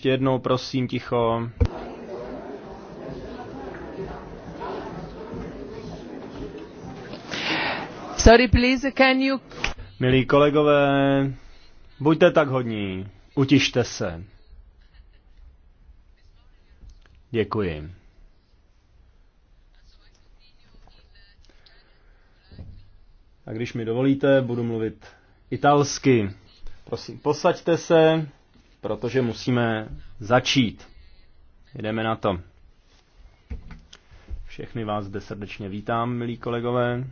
Ještě jednou prosím ticho. Sorry, please, can you... Milí kolegové, buďte tak hodní, utište se. Děkuji. A když mi dovolíte, budu mluvit italsky. Prosím, posaďte se protože musíme začít. Jdeme na to. Všechny vás zde srdečně vítám, milí kolegové.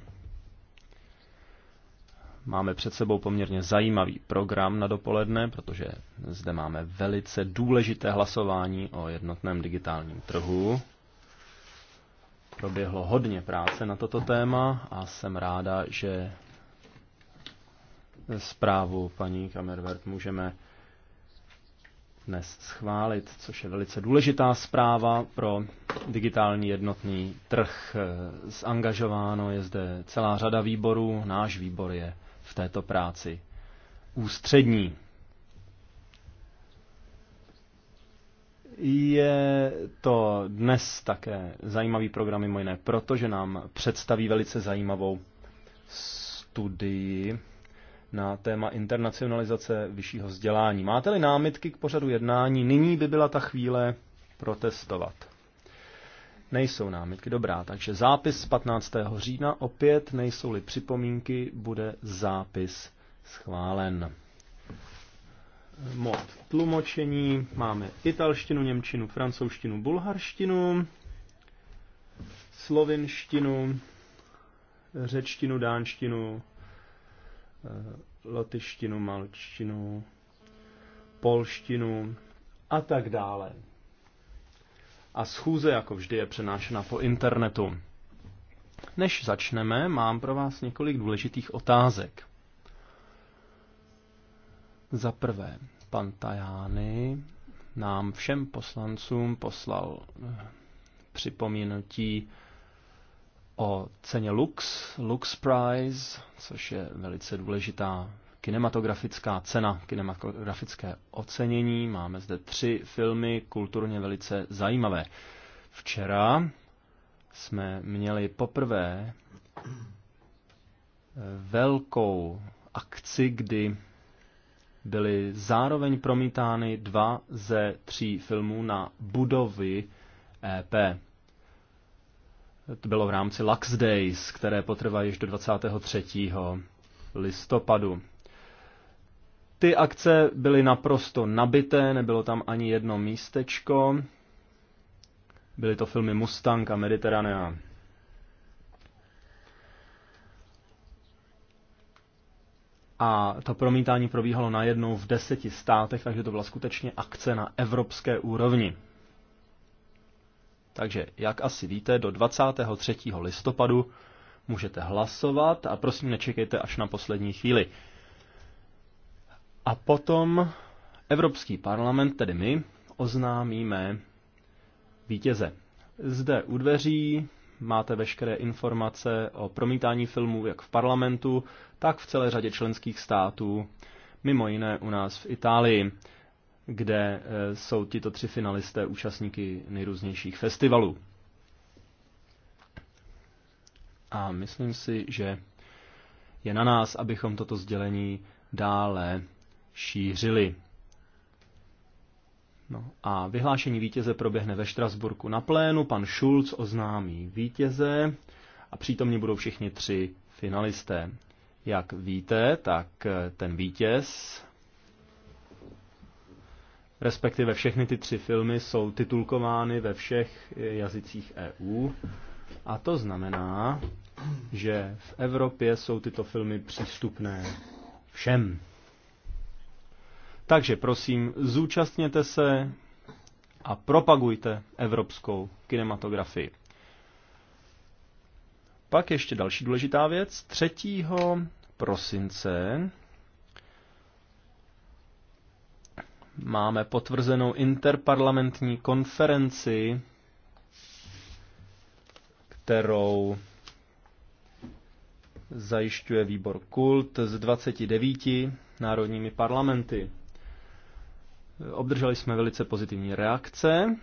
Máme před sebou poměrně zajímavý program na dopoledne, protože zde máme velice důležité hlasování o jednotném digitálním trhu. Proběhlo hodně práce na toto téma a jsem ráda, že zprávu paní Kamerwert můžeme dnes schválit, což je velice důležitá zpráva pro digitální jednotný trh. Eh, zangažováno je zde celá řada výborů, náš výbor je v této práci ústřední. Je to dnes také zajímavý program mimo jiné, protože nám představí velice zajímavou studii na téma internacionalizace vyššího vzdělání. Máte-li námitky k pořadu jednání, nyní by byla ta chvíle protestovat. Nejsou námitky, dobrá, takže zápis 15. října, opět nejsou-li připomínky, bude zápis schválen. Mod tlumočení, máme italštinu, němčinu, francouzštinu, bulharštinu, slovinštinu, řečtinu, dánštinu, Eh, latištinu, malčtinu, polštinu a tak dále. A schůze, jako vždy, je přenášena po internetu. Než začneme, mám pro vás několik důležitých otázek. Za prvé, pan Tajány nám všem poslancům poslal eh, připomínutí o ceně Lux, Lux Prize, což je velice důležitá kinematografická cena, kinematografické ocenění. Máme zde tři filmy kulturně velice zajímavé. Včera jsme měli poprvé eh, velkou akci, kdy byly zároveň promítány dva ze tří filmů na budovy EP. To bylo v rámci Lux Days, které potrvají již do 23. listopadu. Ty akce byly naprosto nabité, nebylo tam ani jedno místečko. Byly to filmy Mustang a Mediterranea. A to promítání probíhalo najednou v deseti státech, takže to byla skutečně akce na evropské úrovni. Takže, jak asi víte, do 23. listopadu můžete hlasovat a prosím nečekejte až na poslední chvíli. A potom Evropský parlament, tedy my, oznámíme vítěze. Zde u dveří máte veškeré informace o promítání filmů jak v parlamentu, tak v celé řadě členských států, mimo jiné u nás v Itálii kde eh, jsou tito tři finalisté účastníky nejrůznějších festivalů. A myslím si, že je na nás, abychom toto sdělení dále šířili. No a vyhlášení vítěze proběhne ve Štrasburku na plénu. Pan Schulz oznámí vítěze a přítomní budou všichni tři finalisté. Jak víte, tak eh, ten vítěz respektive všechny ty tři filmy jsou titulkovány ve všech jazycích EU. A to znamená, že v Evropě jsou tyto filmy přístupné všem. Takže prosím, zúčastněte se a propagujte evropskou kinematografii. Pak ještě další důležitá věc. 3. prosince Máme potvrzenou interparlamentní konferenci, kterou zajišťuje výbor Kult z 29 národními parlamenty. Obdrželi jsme velice pozitivní reakce.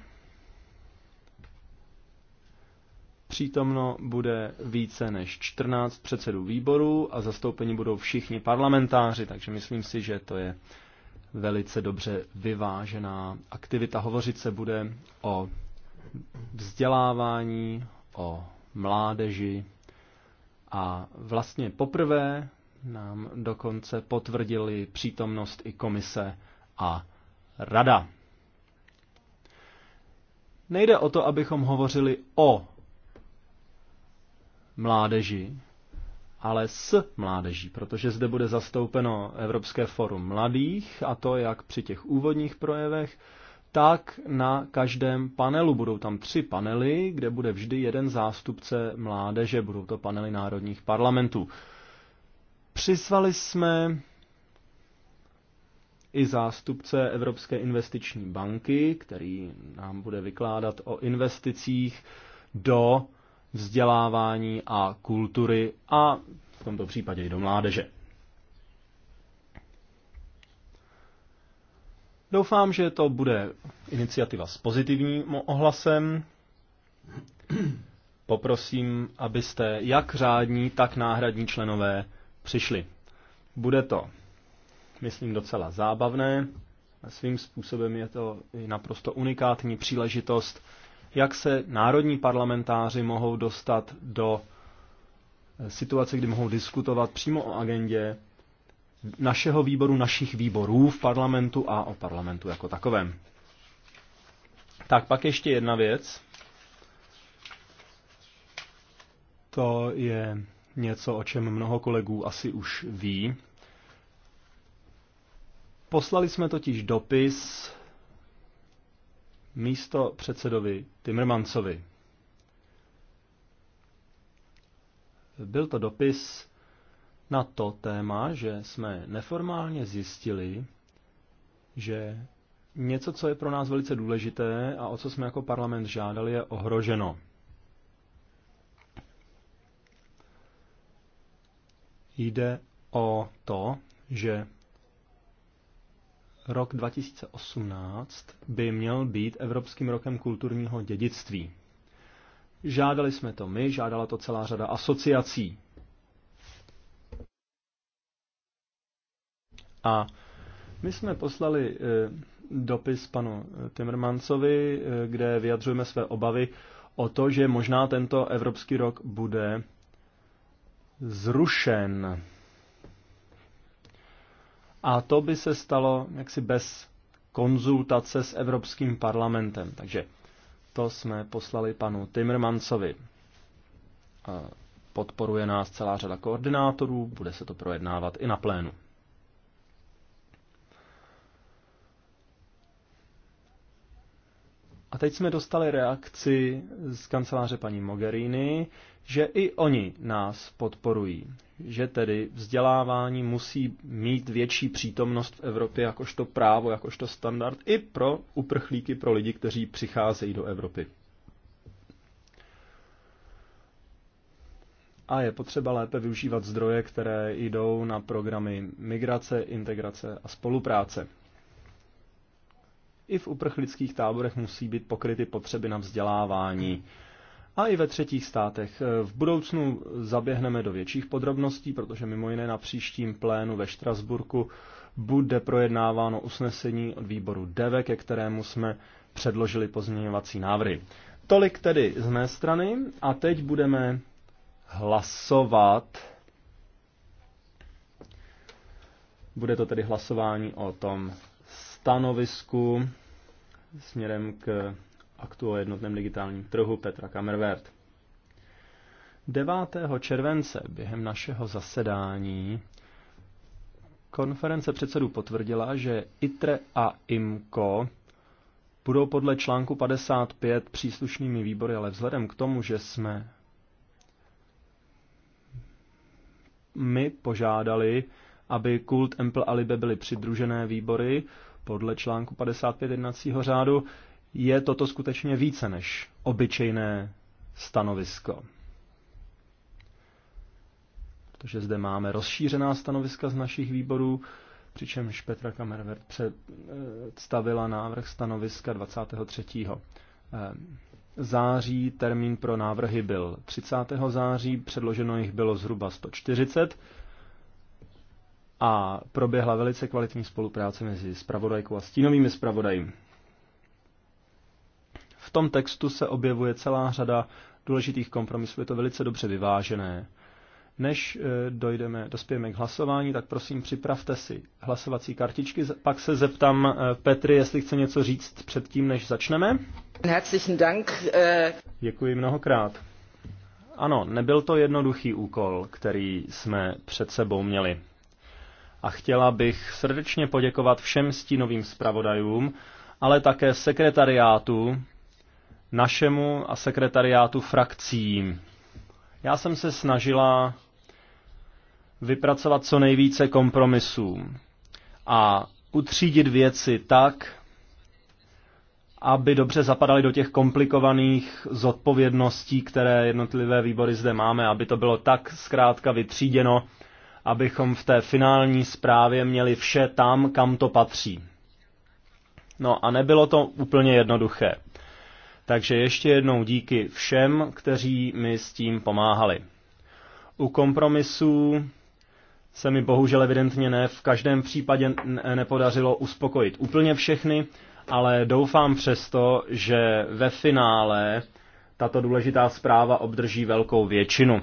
Přítomno bude více než 14 předsedů výborů a zastoupeni budou všichni parlamentáři, takže myslím si, že to je velice dobře vyvážená aktivita. Hovořit se bude o vzdělávání, o mládeži a vlastně poprvé nám dokonce potvrdili přítomnost i komise a rada. Nejde o to, abychom hovořili o mládeži, ale s mládeží, protože zde bude zastoupeno Evropské forum mladých a to jak při těch úvodních projevech, tak na každém panelu. Budou tam tři panely, kde bude vždy jeden zástupce mládeže, budou to panely národních parlamentů. Přizvali jsme i zástupce Evropské investiční banky, který nám bude vykládat o investicích do vzdělávání a kultury a v tomto případě i do mládeže. Doufám, že to bude iniciativa s pozitivním ohlasem. Poprosím, abyste jak řádní, tak náhradní členové přišli. Bude to, myslím, docela zábavné. Svým způsobem je to naprosto unikátní příležitost jak se národní parlamentáři mohou dostat do situace, kdy mohou diskutovat přímo o agendě našeho výboru, našich výborů v parlamentu a o parlamentu jako takovém. Tak pak ještě jedna věc. To je něco, o čem mnoho kolegů asi už ví. Poslali jsme totiž dopis místo předsedovi Timmermansovi. Byl to dopis na to téma, že jsme neformálně zjistili, že něco, co je pro nás velice důležité a o co jsme jako parlament žádali, je ohroženo. Jde o to, že rok 2018 by měl být Evropským rokem kulturního dědictví. Žádali jsme to my, žádala to celá řada asociací. A my jsme poslali eh, dopis panu Timmermansovi, eh, kde vyjadřujeme své obavy o to, že možná tento Evropský rok bude zrušen a to by se stalo jaksi bez konzultace s Evropským parlamentem. Takže to jsme poslali panu Timmermansovi. Podporuje nás celá řada koordinátorů, bude se to projednávat i na plénu. A teď jsme dostali reakci z kanceláře paní Mogherini, že i oni nás podporují, že tedy vzdělávání musí mít větší přítomnost v Evropě jakožto právo, jakožto standard i pro uprchlíky, pro lidi, kteří přicházejí do Evropy. A je potřeba lépe využívat zdroje, které jdou na programy migrace, integrace a spolupráce. I v uprchlických táborech musí být pokryty potřeby na vzdělávání. Hmm a i ve třetích státech. Eh, v budoucnu zaběhneme do větších podrobností, protože mimo jiné na příštím plénu ve Štrasburku bude projednáváno usnesení od výboru DEVE, ke kterému jsme předložili pozměňovací návrhy. Tolik tedy z mé strany a teď budeme hlasovat. Bude to tedy hlasování o tom stanovisku směrem k aktu o jednotném digitálním trhu Petra Kamervert. 9. července během našeho zasedání konference předsedů potvrdila, že ITRE a IMCO budou podle článku 55 příslušnými výbory, ale vzhledem k tomu, že jsme my požádali, aby Kult, Empl a Libe byly přidružené výbory podle článku 55 jednacího řádu, je toto skutečně více než obyčejné stanovisko. Protože zde máme rozšířená stanoviska z našich výborů, přičemž Petra Kamervert představila návrh stanoviska 23. Eh, září. Termín pro návrhy byl 30. září, předloženo jich bylo zhruba 140 a proběhla velice kvalitní spolupráce mezi spravodajkou a stínovými spravodajmi. V tom textu se objevuje celá řada důležitých kompromisů, je to velice dobře vyvážené. Než e, dojdeme, dospějeme k hlasování, tak prosím připravte si hlasovací kartičky. Pak se zeptám e, Petry, jestli chce něco říct předtím, než začneme. Herzlichen Dank. E. Děkuji mnohokrát. Ano, nebyl to jednoduchý úkol, který jsme před sebou měli. A chtěla bych srdečně poděkovat všem stínovým zpravodajům, ale také sekretariátu, našemu a sekretariátu frakcí. Já jsem se snažila vypracovat co nejvíce kompromisů a utřídit věci tak, aby dobře zapadaly do těch komplikovaných zodpovědností, které jednotlivé výbory zde máme, aby to bylo tak zkrátka vytříděno, abychom v té finální zprávě měli vše tam, kam to patří. No a nebylo to úplně jednoduché. Takže ještě jednou díky všem, kteří mi s tím pomáhali. U kompromisů se mi bohužel evidentně ne v každém případě nepodařilo uspokojit úplně všechny, ale doufám přesto, že ve finále tato důležitá zpráva obdrží velkou většinu.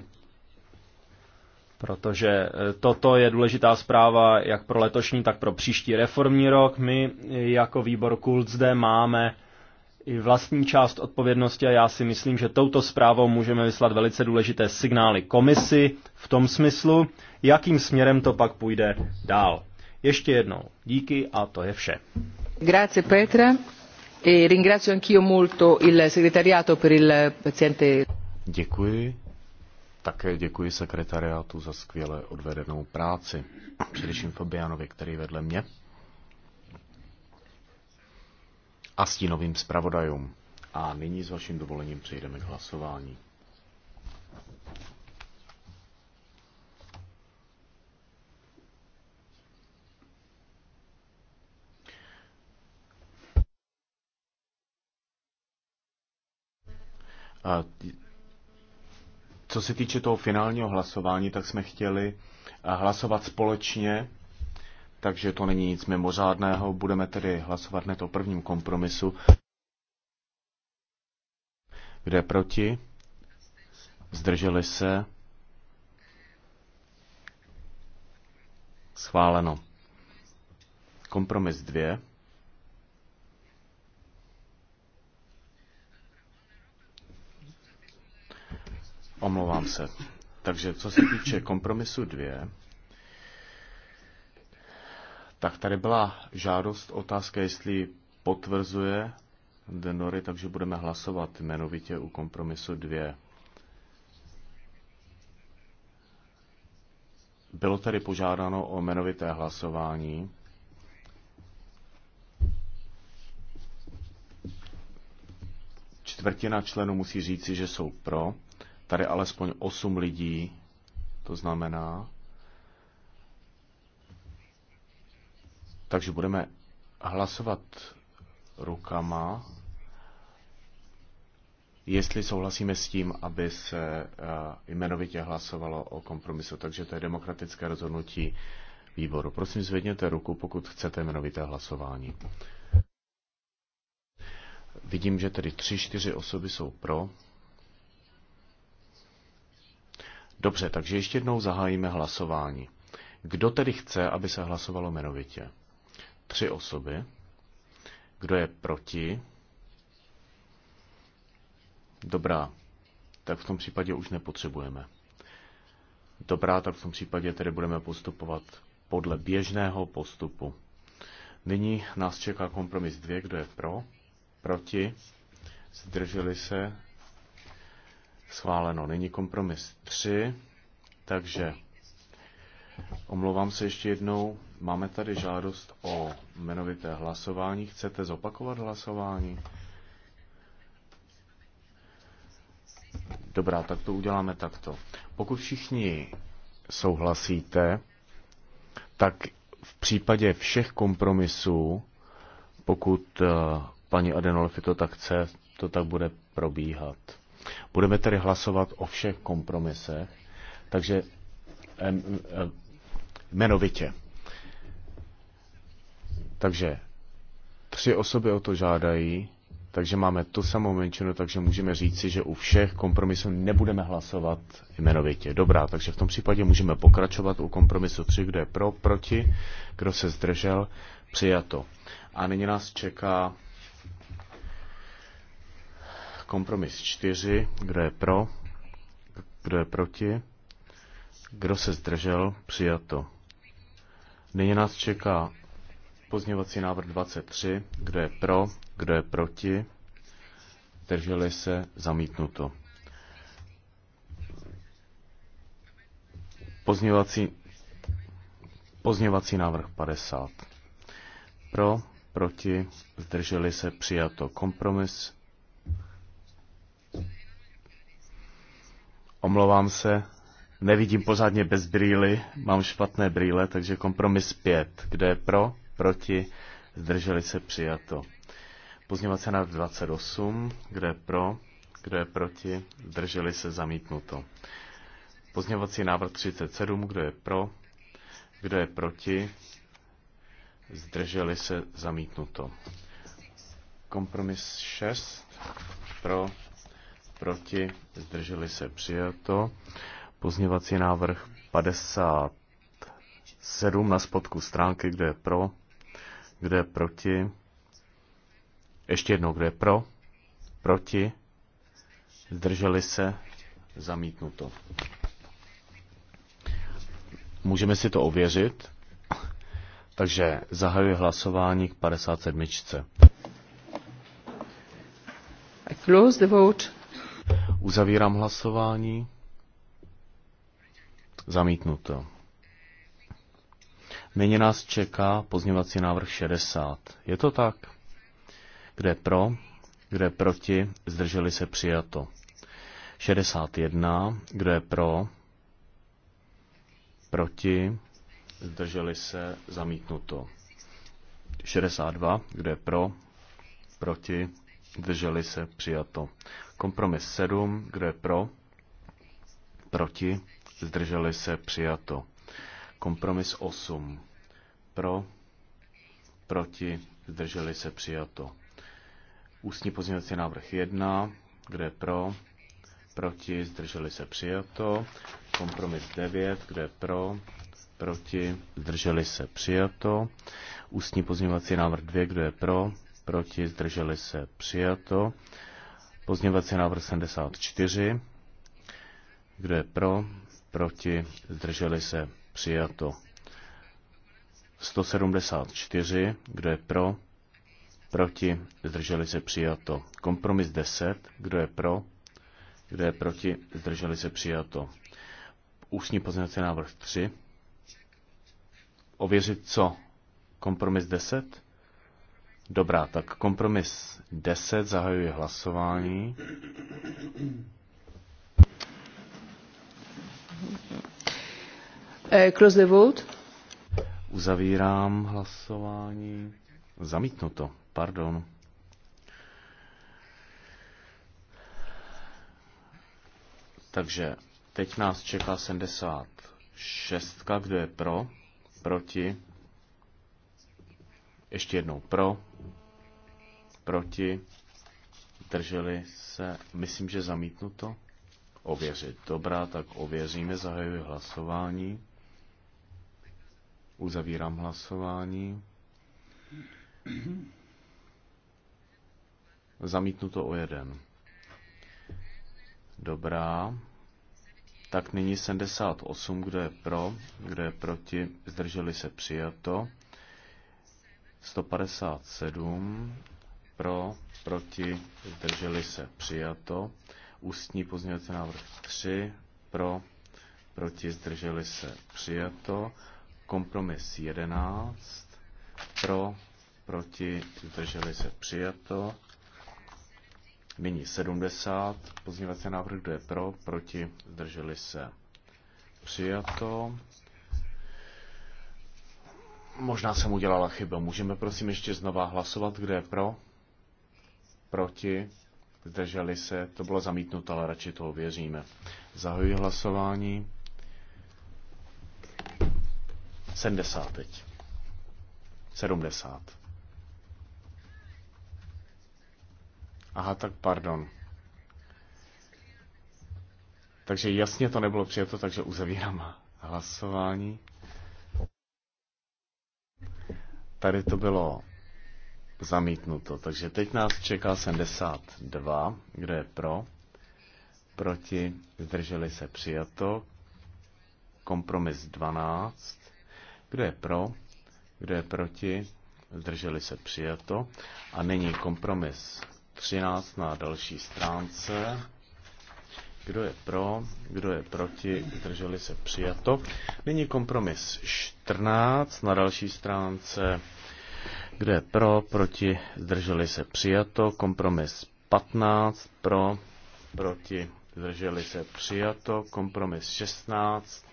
Protože e, toto je důležitá zpráva jak pro letošní, tak pro příští reformní rok. My jako výbor Kult zde máme i vlastní část odpovědnosti a já si myslím, že touto zprávou můžeme vyslat velice důležité signály komisi v tom smyslu, jakým směrem to pak půjde dál. Ještě jednou díky a to je vše. Grazie Petra. E ringrazio anch'io molto il segretariato per il paziente. Děkuji. Také děkuji sekretariátu za skvěle odvedenou práci. Především Fabianovi, který vedle mě. a stínovým zpravodajům. A nyní s vaším dovolením přejdeme k hlasování. A co se týče toho finálního hlasování, tak jsme chtěli eh, hlasovat společně takže to není nic mimořádného. Budeme tedy hlasovat hned o prvním kompromisu. Kde proti? Zdrželi se? Schváleno. Kompromis 2. Omlouvám se. Takže co se týče kompromisu 2, tak tady byla žádost, otázka, jestli potvrzuje Denory, takže budeme hlasovat jmenovitě u kompromisu 2. Bylo tady požádáno o jmenovité hlasování. Čtvrtina členů musí říci, že jsou pro. Tady alespoň 8 lidí, to znamená, Takže budeme hlasovat rukama, jestli souhlasíme s tím, aby se eh, jmenovitě hlasovalo o kompromisu. Takže to je demokratické rozhodnutí výboru. Prosím, zvedněte ruku, pokud chcete jmenovité hlasování. Vidím, že tedy tři, čtyři osoby jsou pro. Dobře, takže ještě jednou zahájíme hlasování. Kdo tedy chce, aby se hlasovalo jmenovitě? tři osoby. Kdo je proti? Dobrá, tak v tom případě už nepotřebujeme. Dobrá, tak v tom případě tedy budeme postupovat podle běžného postupu. Nyní nás čeká kompromis dvě, kdo je pro, proti, zdrželi se, schváleno. Nyní kompromis tři, takže Omlouvám se ještě jednou. Máme tady žádost o jmenovité hlasování. Chcete zopakovat hlasování? Dobrá, tak to uděláme takto. Pokud všichni souhlasíte, tak v případě všech kompromisů, pokud eh, paní Adenolfi to tak chce, to tak bude probíhat. Budeme tedy hlasovat o všech kompromisech, takže Eh, jmenovitě. Takže tři osoby o to žádají, takže máme tu samou menšinu, takže můžeme říci, že u všech kompromisů nebudeme hlasovat jmenovitě. Dobrá, takže v tom případě můžeme pokračovat u kompromisu 3, kdo je pro, proti, kdo se zdržel, přijato. A nyní nás čeká kompromis 4, kdo je pro, kdo je proti, kdo se zdržel? Přijato. Nyní nás čeká pozměňovací návrh 23. Kdo je pro? Kdo je proti? Zdrželi se? Zamítnuto. Pozměňovací, pozměňovací návrh 50. Pro, proti, zdrželi se, přijato. Kompromis. Omlouvám se, Nevidím pořádně bez brýly, mám špatné brýle, takže kompromis 5. Kde je pro, proti, zdrželi se přijato. Pozněvací návrh 28, kde je pro, kde je proti, zdrželi se zamítnuto. Pozněvací návrh 37, kdo je pro, kdo je proti, zdrželi se zamítnuto. Kompromis 6, pro, proti, zdrželi se přijato. Pozněvací návrh 57 na spodku stránky, kde je pro, kde je proti. Ještě jednou, kde je pro, proti, zdrželi se, zamítnuto. Můžeme si to ověřit. Takže zahajuji hlasování k 57. I close the vote. Uzavírám hlasování. Zamítnuto. Nyní nás čeká pozněvací návrh 60. Je to tak? Kde pro, kde proti, zdrželi se přijato. 61. Kdo je pro, proti, zdrželi se zamítnuto. 62. Kdo je pro, proti, zdrželi se přijato. Kompromis 7. Kdo je pro, proti, zdrželi se, přijato. Kompromis 8. Pro, proti, zdrželi se, přijato. Ústní pozměňovací návrh 1, kde pro, proti, zdrželi se, přijato. Kompromis 9, kde pro, proti, zdrželi se, přijato. Ústní pozměňovací návrh 2, kde je pro, proti, zdrželi se, přijato. Pozměňovací návrh 74, kdo je pro, proti, zdrželi se, přijato. 174, kdo je pro, proti, zdrželi se, přijato. Kompromis 10, kdo je pro, kdo je proti, zdrželi se, přijato. Ústní pozměňovací návrh 3. Ověřit co? Kompromis 10? Dobrá, tak kompromis 10 zahajuje hlasování. Eh, close the vote. Uzavírám hlasování. Zamítnuto, pardon. Takže teď nás čeká 76. Kdo je pro? Proti? Ještě jednou pro? Proti? Drželi se? Myslím, že zamítnuto ověřit. Dobrá, tak ověříme, zahajuji hlasování. Uzavírám hlasování. Zamítnu to o jeden. Dobrá. Tak nyní 78, kdo je pro, kdo je proti, zdrželi se přijato. 157, pro, proti, zdrželi se přijato. Ústní pozměňovací návrh 3 pro, proti zdrželi se přijato. Kompromis 11 pro, proti zdrželi se přijato. Nyní 70, pozměňovací návrh, kdo je pro, proti, zdrželi se. Přijato. Možná jsem udělala chybu. Můžeme prosím ještě znova hlasovat, kdo je pro, proti, zdrželi se, to bylo zamítnuto, ale radši to věříme. Zahajuji hlasování. 70 teď. 70. Aha, tak pardon. Takže jasně to nebylo přijato, takže uzavírám hlasování. Tady to bylo Zamítnuto. Takže teď nás čeká 72. Kdo je pro? Proti? Zdrželi se přijato. Kompromis 12. Kdo je pro? Kdo je proti? Zdrželi se přijato. A nyní kompromis 13 na další stránce. Kdo je pro, kdo je proti, zdrželi se přijato. Nyní kompromis 14 na další stránce. Kdo je pro, proti, zdrželi se přijato. Kompromis 15, pro, proti, zdrželi se přijato. Kompromis 16,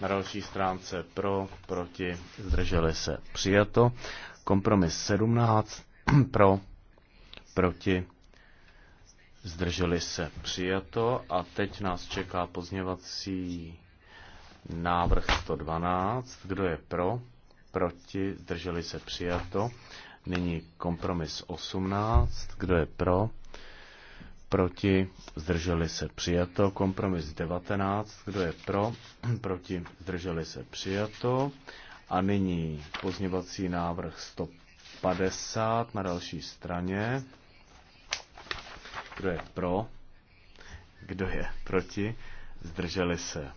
na další stránce pro, proti, zdrželi se přijato. Kompromis 17, pro, proti, zdrželi se přijato. A teď nás čeká pozněvací návrh 112. Kdo je pro? proti, zdrželi se přijato. Nyní kompromis 18, kdo je pro, proti, zdrželi se přijato. Kompromis 19, kdo je pro, proti, zdrželi se přijato. A nyní pozněvací návrh 150 na další straně. Kdo je pro? Kdo je proti? Zdrželi se.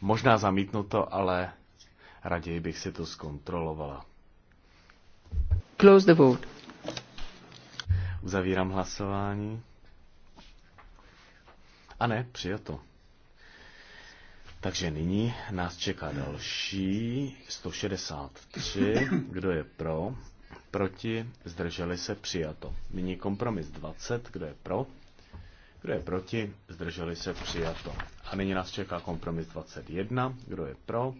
Možná zamítnuto, ale Raději bych si to zkontrolovala. Close the vote. Uzavírám hlasování. A ne, přijato. Takže nyní nás čeká další 163. Kdo je pro? Proti? Zdrželi se? Přijato. Nyní kompromis 20. Kdo je pro? Kdo je proti? Zdrželi se? Přijato. A nyní nás čeká kompromis 21. Kdo je pro?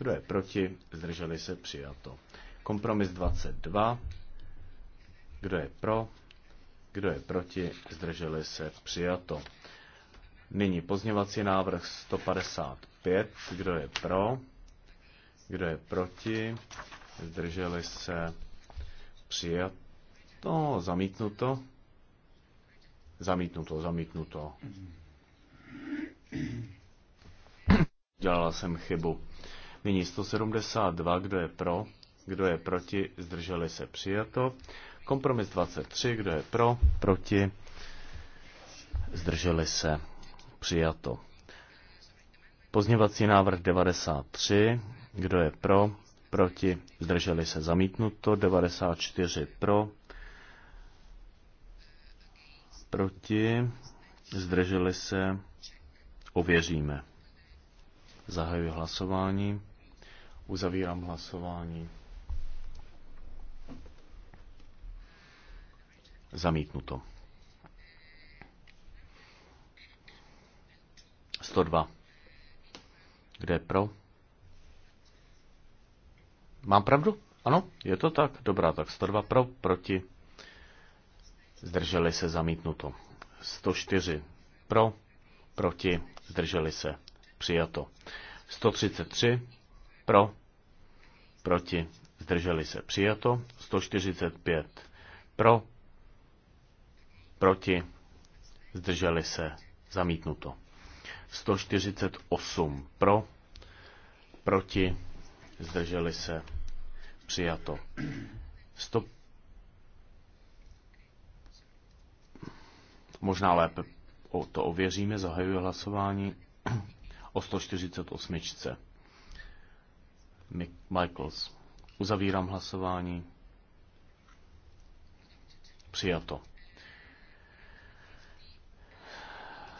Kdo je proti? Zdrželi se přijato. Kompromis 22. Kdo je pro? Kdo je proti? Zdrželi se přijato. Nyní pozněvací návrh 155. Kdo je pro? Kdo je proti? Zdrželi se přijato. Zamítnuto. Zamítnuto, zamítnuto. Dělala jsem chybu. Nyní 172, kdo je pro, kdo je proti, zdrželi se přijato. Kompromis 23, kdo je pro, proti, zdrželi se přijato. Pozněvací návrh 93, kdo je pro, proti, zdrželi se zamítnuto, 94 pro, proti, zdrželi se, ověříme. Zahajuji hlasování. Uzavírám hlasování. Zamítnuto. 102. Kde je pro? Mám pravdu? Ano, je to tak. Dobrá, tak 102 pro, proti. Zdrželi se zamítnuto. 104 pro, proti, zdrželi se. Přijato. 133 pro, proti, zdrželi se přijato, 145 pro, proti, zdrželi se zamítnuto, 148 pro, proti, zdrželi se přijato, 100 možná lépe to ověříme, zahajuje hlasování o 148. Mick Michaels. Uzavírám hlasování. Přijato.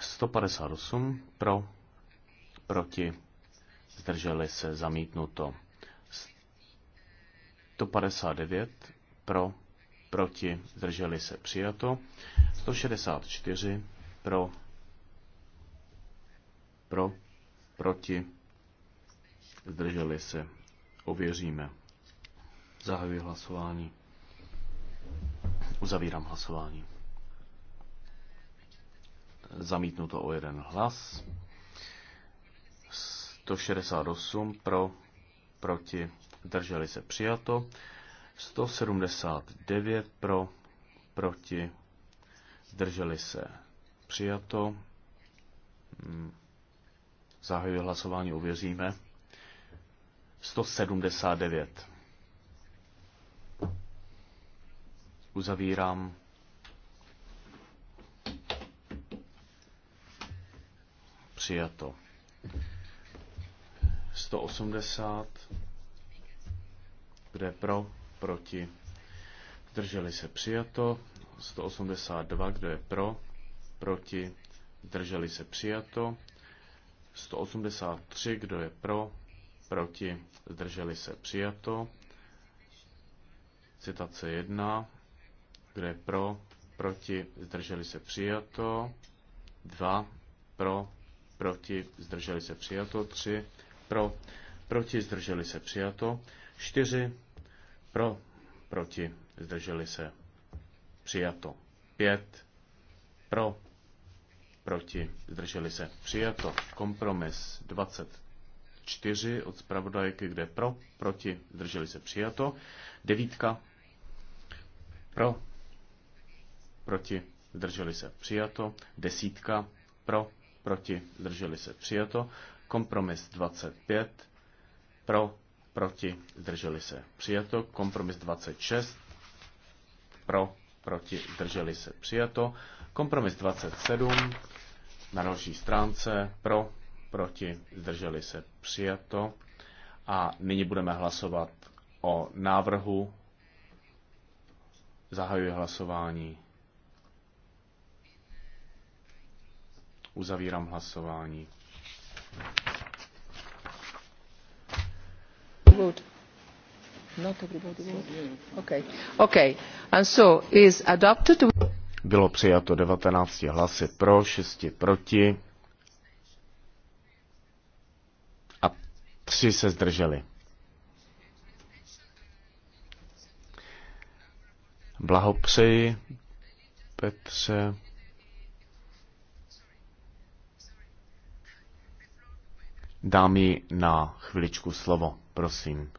158 pro, proti, zdrželi se, zamítnuto. 159 pro, proti, zdrželi se, přijato. 164 pro, pro, proti, zdrželi se, ověříme. Zahajuji hlasování. Uzavírám hlasování. Zamítnu to o jeden hlas. 168 pro, proti, drželi se přijato. 179 pro, proti, zdrželi se přijato. Hmm. Zahajuji hlasování, uvěříme. 179. Uzavírám. Přijato. 180. Kde pro? Proti. Drželi se přijato. 182. Kdo je pro? Proti. Drželi se přijato. 183. Kdo je pro? proti, zdrželi se přijato. Citace 1, kde je pro, proti, zdrželi se přijato. 2, pro, proti, zdrželi se přijato. 3, pro, proti, zdrželi se přijato. 4, pro, proti, zdrželi se přijato. 5, pro, proti, zdrželi se přijato. Kompromis 20 4 od zpravodajky, kde pro, proti, zdrželi se přijato. Devítka pro, proti, zdrželi se přijato. Desítka pro, proti, zdrželi se přijato. Kompromis 25 pro, proti, zdrželi se přijato. Kompromis 26 pro, proti, zdrželi se přijato. Kompromis 27 na další stránce pro, proti, zdrželi se přijato. A nyní budeme hlasovat o návrhu. Zahajuji hlasování. Uzavírám hlasování. Good. Not everybody voted. Okay. Okay. And so is adopted. Bylo přijato 19 hlasy pro, 6 proti. Tři se zdrželi. Blahopřeji, Petře. Dám ji na chviličku slovo, prosím.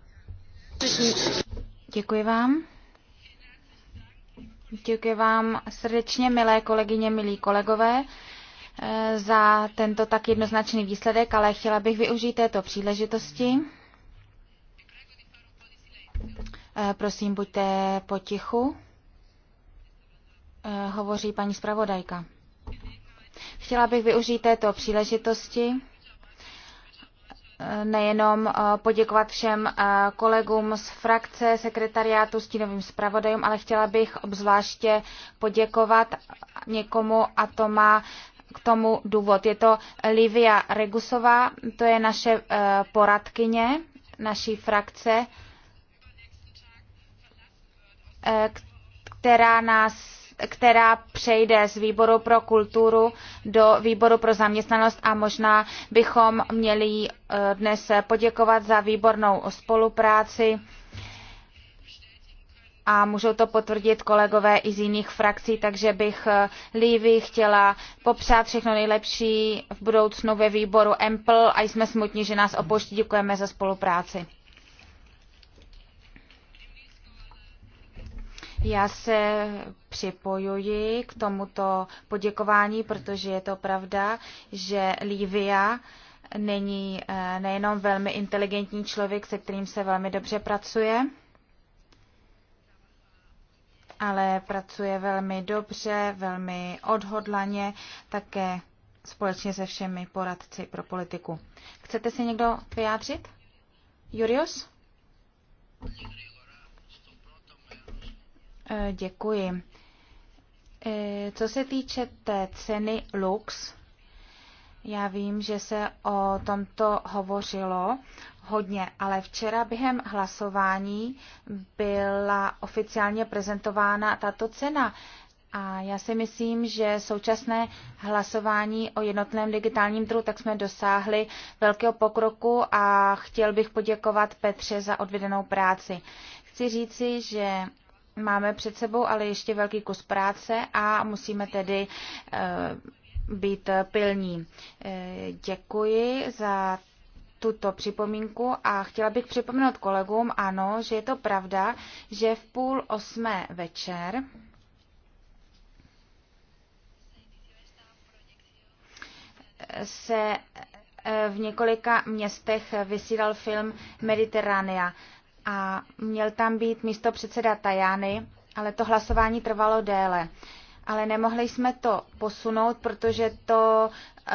Děkuji vám. Děkuji vám srdečně, milé kolegyně, milí kolegové. Eh, za tento tak jednoznačný výsledek, ale chtěla bych využít této příležitosti. Eh, prosím, buďte potichu. Eh, hovoří paní zpravodajka. Chtěla bych využít této příležitosti nejenom poděkovat všem kolegům z frakce, sekretariátu, stínovým zpravodajům, ale chtěla bych obzvláště poděkovat někomu a to má k tomu důvod. Je to Livia Regusová, to je naše eh, poradkyně naší frakce, eh, která nás která přejde z výboru pro kulturu do výboru pro zaměstnanost a možná bychom měli eh, dnes poděkovat za výbornou spolupráci a můžou to potvrdit kolegové i z jiných frakcí, takže bych eh, Lívy chtěla popřát všechno nejlepší v budoucnu ve výboru EMPL a jsme smutní, že nás opouští. Děkujeme za spolupráci. Já se připojuji k tomuto poděkování, protože je to pravda, že Lívia není eh, nejenom velmi inteligentní člověk, se kterým se velmi dobře pracuje, ale pracuje velmi dobře, velmi odhodlaně, také společně se všemi poradci pro politiku. Chcete se někdo vyjádřit? Jurius? Eh, děkuji. Eh, co se týče té ceny Lux, já vím, že se o tomto hovořilo hodně, ale včera během hlasování byla oficiálně prezentována tato cena. A já si myslím, že současné hlasování o jednotném digitálním trhu, tak jsme dosáhli velkého pokroku a chtěl bych poděkovat Petře za odvedenou práci. Chci říci, že máme před sebou ale ještě velký kus práce a musíme tedy eh, být pilní. Eh, děkuji za tuto připomínku a chtěla bych připomenout kolegům, ano, že je to pravda, že v půl osmé večer se eh, v několika městech vysílal film Mediterránea a měl tam být místo předseda Tajány, ale to hlasování trvalo déle ale nemohli jsme to posunout, protože to eh,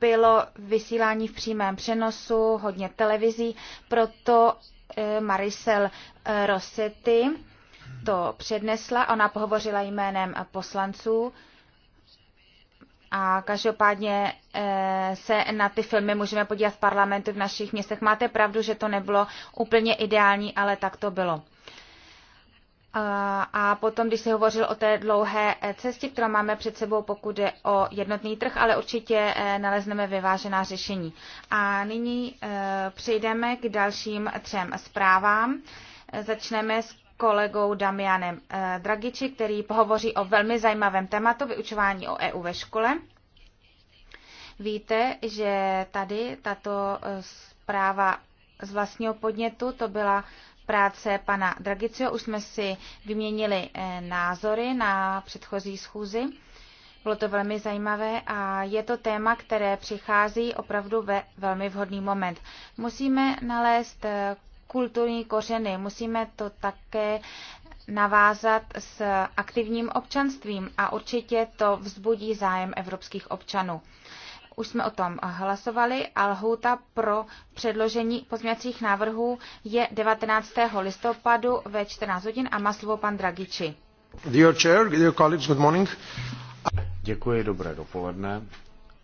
bylo vysílání v přímém přenosu, hodně televizí, proto eh, Marisel eh, Rossetti to přednesla, ona pohovořila jménem poslanců a každopádně se na ty filmy můžeme podívat v parlamentu v našich městech. Máte pravdu, že to nebylo úplně ideální, ale tak to bylo. A potom, když se hovořil o té dlouhé eh, cestě, kterou máme před sebou, pokud je o jednotný trh, ale určitě eh, nalezneme vyvážená řešení. A nyní eh, přejdeme k dalším třem zprávám. Začneme s kolegou Damianem Dragiči, který pohovoří o velmi zajímavém tématu vyučování o EU ve škole. Víte, že tady tato zpráva z vlastního podnětu, to byla práce pana Dragicio. Už jsme si vyměnili eh, názory na předchozí schůzi. Bylo to velmi zajímavé a je to téma, které přichází opravdu ve velmi vhodný moment. Musíme nalézt eh, kulturní kořeny, musíme to také navázat s aktivním občanstvím a určitě to vzbudí zájem evropských občanů. Už jsme o tom hlasovali a lhůta pro předložení pozměňovacích návrhů je 19. listopadu ve 14 hodin a má slovo pan Dragiči. Dear chair, dear colleagues, good morning. Děkuji, dobré dopoledne.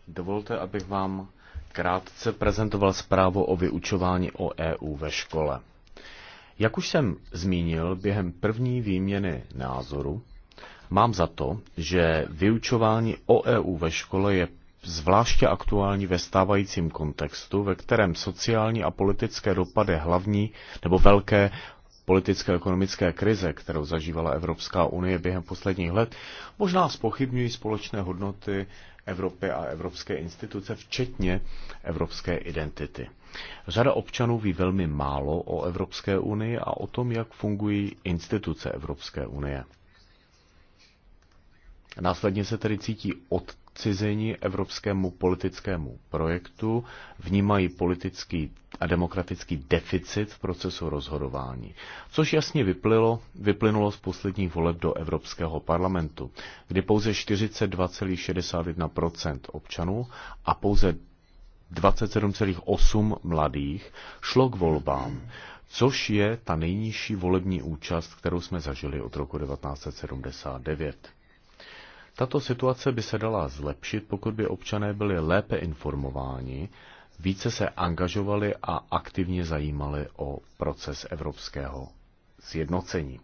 Dovolte, abych vám krátce prezentoval zprávu o vyučování o EU ve škole. Jak už jsem zmínil během první výměny názoru, mám za to, že vyučování o EU ve škole je zvláště aktuální ve stávajícím kontextu, ve kterém sociální a politické dopady hlavní nebo velké politické ekonomické krize, kterou zažívala Evropská unie během posledních let, možná spochybňují společné hodnoty Evropy a evropské instituce, včetně evropské identity. Řada občanů ví velmi málo o Evropské unii a o tom, jak fungují instituce Evropské unie. Následně se tedy cítí od odcizení evropskému politickému projektu, vnímají politický a demokratický deficit v procesu rozhodování, což jasně vyplilo, vyplynulo z posledních voleb do Evropského parlamentu, kdy pouze 42,61 občanů a pouze 27,8 mladých šlo k volbám, což je ta nejnižší volební účast, kterou jsme zažili od roku 1979. Tato situace by se dala zlepšit, pokud by občané byli lépe informováni, více se angažovali a aktivně zajímali o proces evropského sjednocení.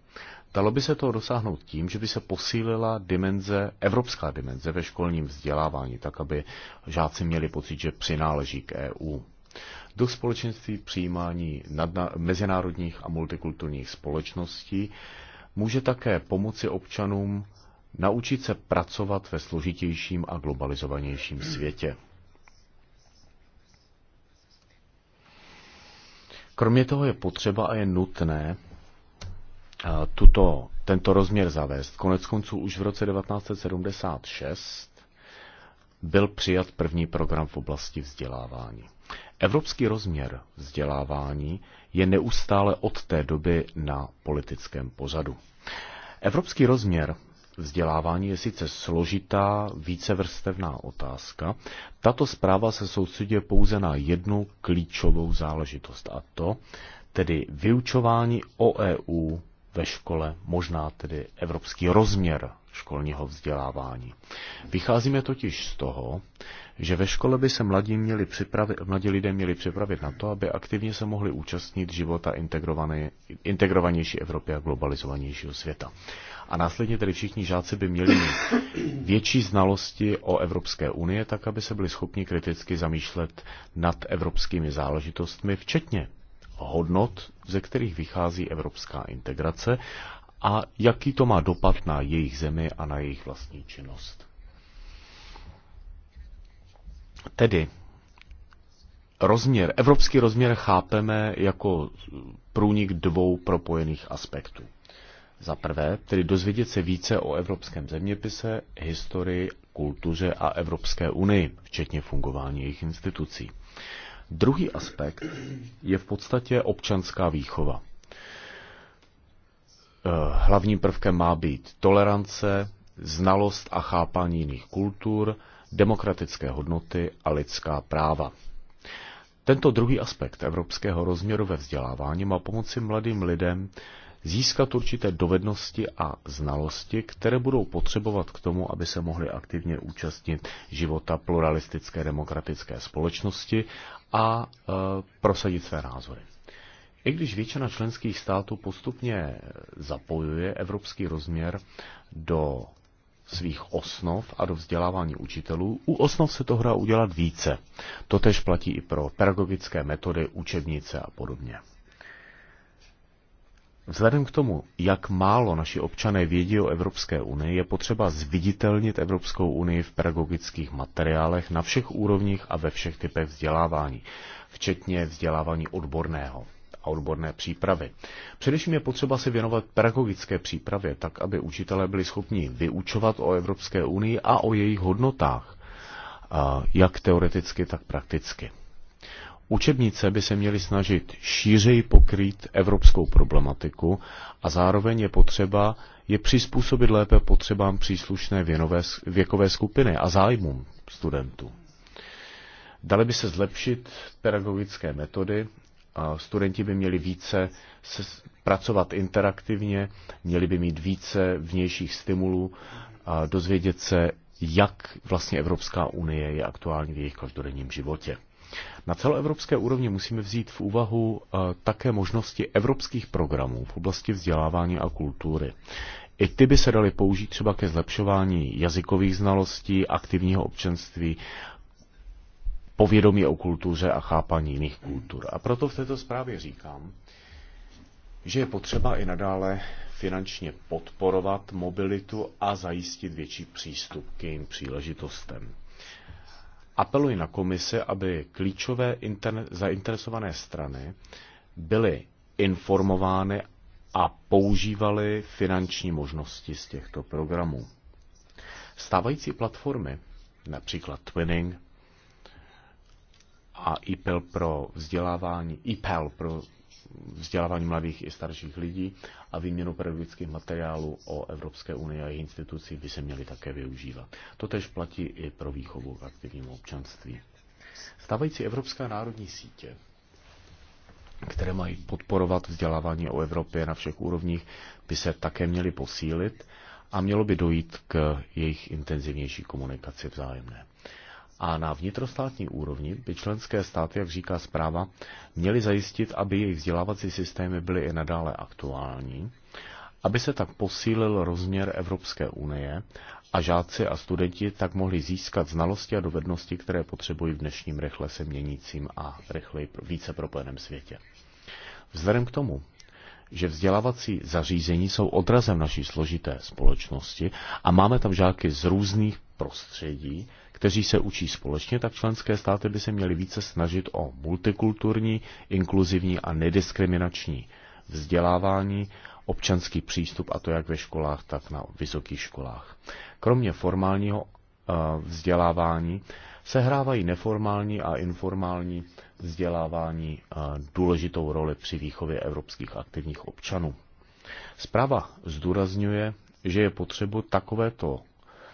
Dalo by se to dosáhnout tím, že by se posílila dimenze, evropská dimenze ve školním vzdělávání, tak aby žáci měli pocit, že přináleží k EU. Do společenství přijímání nadna- mezinárodních a multikulturních společností může také pomoci občanům naučit se pracovat ve složitějším a globalizovanějším světě. Kromě toho je potřeba a je nutné tuto, tento rozměr zavést. Konec konců už v roce 1976 byl přijat první program v oblasti vzdělávání. Evropský rozměr vzdělávání je neustále od té doby na politickém pozadu. Evropský rozměr vzdělávání je sice složitá, vícevrstevná otázka. Tato zpráva se soustředuje pouze na jednu klíčovou záležitost a to tedy vyučování o EU ve škole, možná tedy evropský rozměr školního vzdělávání. Vycházíme totiž z toho, že ve škole by se mladí, měli připravit, mladí lidé měli připravit na to, aby aktivně se mohli účastnit života integrovanější Evropy a globalizovanějšího světa. A následně tedy všichni žáci by měli mít větší znalosti o Evropské unie, tak aby se byli schopni kriticky zamýšlet nad evropskými záležitostmi, včetně hodnot, ze kterých vychází evropská integrace a jaký to má dopad na jejich zemi a na jejich vlastní činnost. Tedy rozměr, evropský rozměr chápeme jako průnik dvou propojených aspektů. Za prvé, tedy dozvědět se více o evropském zeměpise, historii, kultuře a Evropské unii, včetně fungování jejich institucí. Druhý aspekt je v podstatě občanská výchova. Eh, hlavním prvkem má být tolerance, znalost a chápání jiných kultur, demokratické hodnoty a lidská práva. Tento druhý aspekt evropského rozměru ve vzdělávání má pomoci mladým lidem získat určité dovednosti a znalosti, které budou potřebovat k tomu, aby se mohli aktivně účastnit života pluralistické demokratické společnosti a e, prosadit své názory. I když většina členských států postupně zapojuje evropský rozměr do svých osnov a do vzdělávání učitelů. U osnov se to hra udělat více. Totež platí i pro pedagogické metody, učebnice a podobně. Vzhledem k tomu, jak málo naši občané vědí o Evropské unii, je potřeba zviditelnit Evropskou unii v pedagogických materiálech na všech úrovních a ve všech typech vzdělávání, včetně vzdělávání odborného a odborné přípravy. Především je potřeba se věnovat pedagogické přípravě, tak aby učitelé byli schopni vyučovat o Evropské unii a o jejich hodnotách, jak teoreticky, tak prakticky. Učebnice by se měly snažit šířeji pokrýt evropskou problematiku a zároveň je potřeba je přizpůsobit lépe potřebám příslušné věnové, věkové skupiny a zájmům studentů. Dali by se zlepšit pedagogické metody studenti by měli více se pracovat interaktivně, měli by mít více vnějších stimulů a dozvědět se, jak vlastně Evropská unie je aktuální v jejich každodenním životě. Na celoevropské úrovni musíme vzít v úvahu e, také možnosti evropských programů v oblasti vzdělávání a kultury. I ty by se daly použít třeba ke zlepšování jazykových znalostí, aktivního občanství, povědomí o kultuře a chápaní jiných kultur. A proto v této zprávě říkám, že je potřeba i nadále finančně podporovat mobilitu a zajistit větší přístup k jejím příležitostem. Apeluji na komise, aby klíčové interne- zainteresované strany byly informovány a používaly finanční možnosti z těchto programů. Stávající platformy, například Twinning, a IPEL pro vzdělávání, IPEL pro vzdělávání mladých i starších lidí a výměnu pedagogických materiálů o Evropské unii a jejich institucí by se měly také využívat. To tež platí i pro výchovu k aktivnímu občanství. Stávající Evropská národní sítě, které mají podporovat vzdělávání o Evropě na všech úrovních, by se také měly posílit a mělo by dojít k jejich intenzivnější komunikaci vzájemné. A na vnitrostátní úrovni by členské státy, jak říká zpráva, měly zajistit, aby jejich vzdělávací systémy byly i nadále aktuální, aby se tak posílil rozměr Evropské unie a žáci a studenti tak mohli získat znalosti a dovednosti, které potřebují v dnešním rychle se měnícím a rychleji více propojeném světě. Vzhledem k tomu, že vzdělávací zařízení jsou odrazem naší složité společnosti a máme tam žáky z různých prostředí, kteří se učí společně, tak členské státy by se měly více snažit o multikulturní, inkluzivní a nediskriminační vzdělávání, občanský přístup, a to jak ve školách, tak na vysokých školách. Kromě formálního uh, vzdělávání sehrávají neformální a informální vzdělávání uh, důležitou roli při výchově evropských aktivních občanů. Zpráva zdůrazňuje, že je potřeba takovéto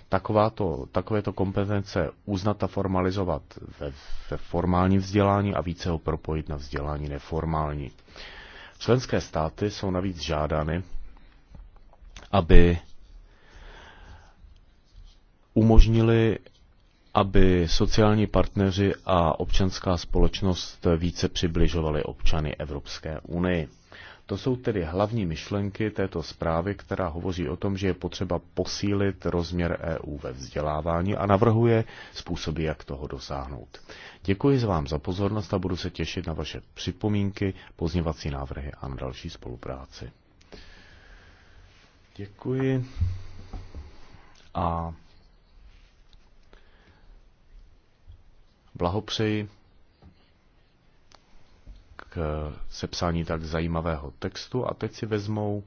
takováto, takovéto kompetence uznat a formalizovat ve, ve formálním vzdělání a více ho propojit na vzdělání neformální. Členské státy jsou navíc žádány, aby umožnili, aby sociální partneři a občanská společnost více přibližovali občany Evropské unii. To jsou tedy hlavní myšlenky této zprávy, která hovoří o tom, že je potřeba posílit rozměr EU ve vzdělávání a navrhuje způsoby, jak toho dosáhnout. Děkuji za vám za pozornost a budu se těšit na vaše připomínky, pozněvací návrhy a na další spolupráci. Děkuji. A blahopřeji Eh, sepsání tak zajímavého textu a teď si vezmou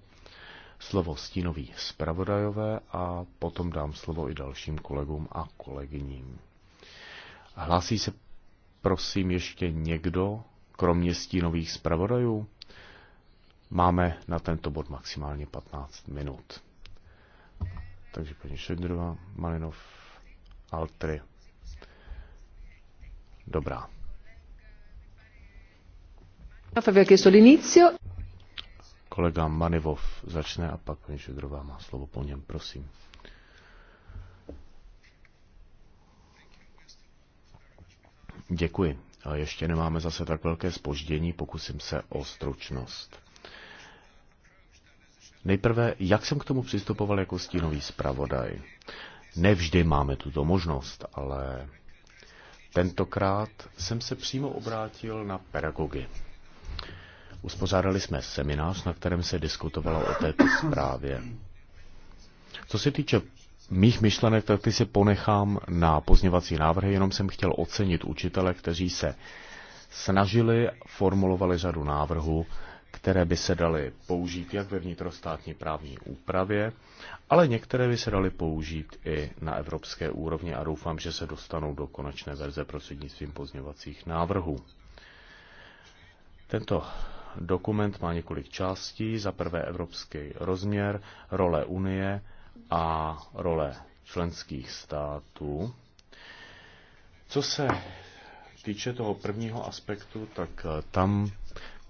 slovo stínový zpravodajové a potom dám slovo i dalším kolegům a kolegyním. Hlásí se prosím ještě někdo, kromě stínových zpravodajů? Máme na tento bod maximálně 15 minut. Takže paní Šedrova, Malinov, Altry. Dobrá. Kolega Manivov začne a pak paní Šedrová má slovo po něm, prosím. Děkuji. A ještě nemáme zase tak velké spoždění, pokusím se o stručnost. Nejprve, jak jsem k tomu přistupoval jako stínový zpravodaj. Nevždy máme tuto možnost, ale tentokrát jsem se přímo obrátil na pedagogy Uspořádali jsme seminář, na kterém se diskutovalo o této zprávě. Co se týče mých myšlenek, tak ty si ponechám na pozněvací návrhy, jenom jsem chtěl ocenit učitele, kteří se snažili, formulovali řadu návrhů, které by se daly použít jak ve vnitrostátní právní úpravě, ale některé by se daly použít i na evropské úrovni a doufám, že se dostanou do konečné verze prostřednictvím pozněvacích návrhů. Tento dokument má několik částí. Za prvé evropský rozměr, role Unie a role členských států. Co se týče toho prvního aspektu, tak eh, tam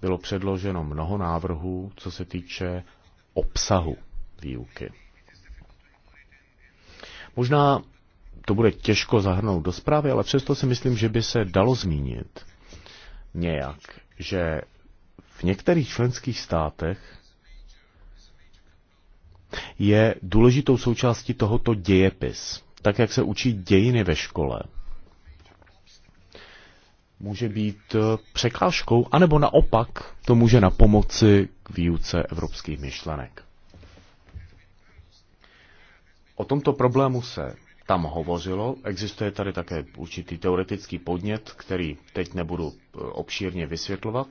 bylo předloženo mnoho návrhů, co se týče obsahu výuky. Možná to bude těžko zahrnout do zprávy, ale přesto si myslím, že by se dalo zmínit nějak, že v některých členských státech je důležitou součástí tohoto dějepis. Tak, jak se učí dějiny ve škole, může být eh, překážkou, anebo naopak to může na pomoci k výuce evropských myšlenek. O tomto problému se tam hovořilo. Existuje tady také určitý teoretický podnět, který teď nebudu eh, obšírně vysvětlovat.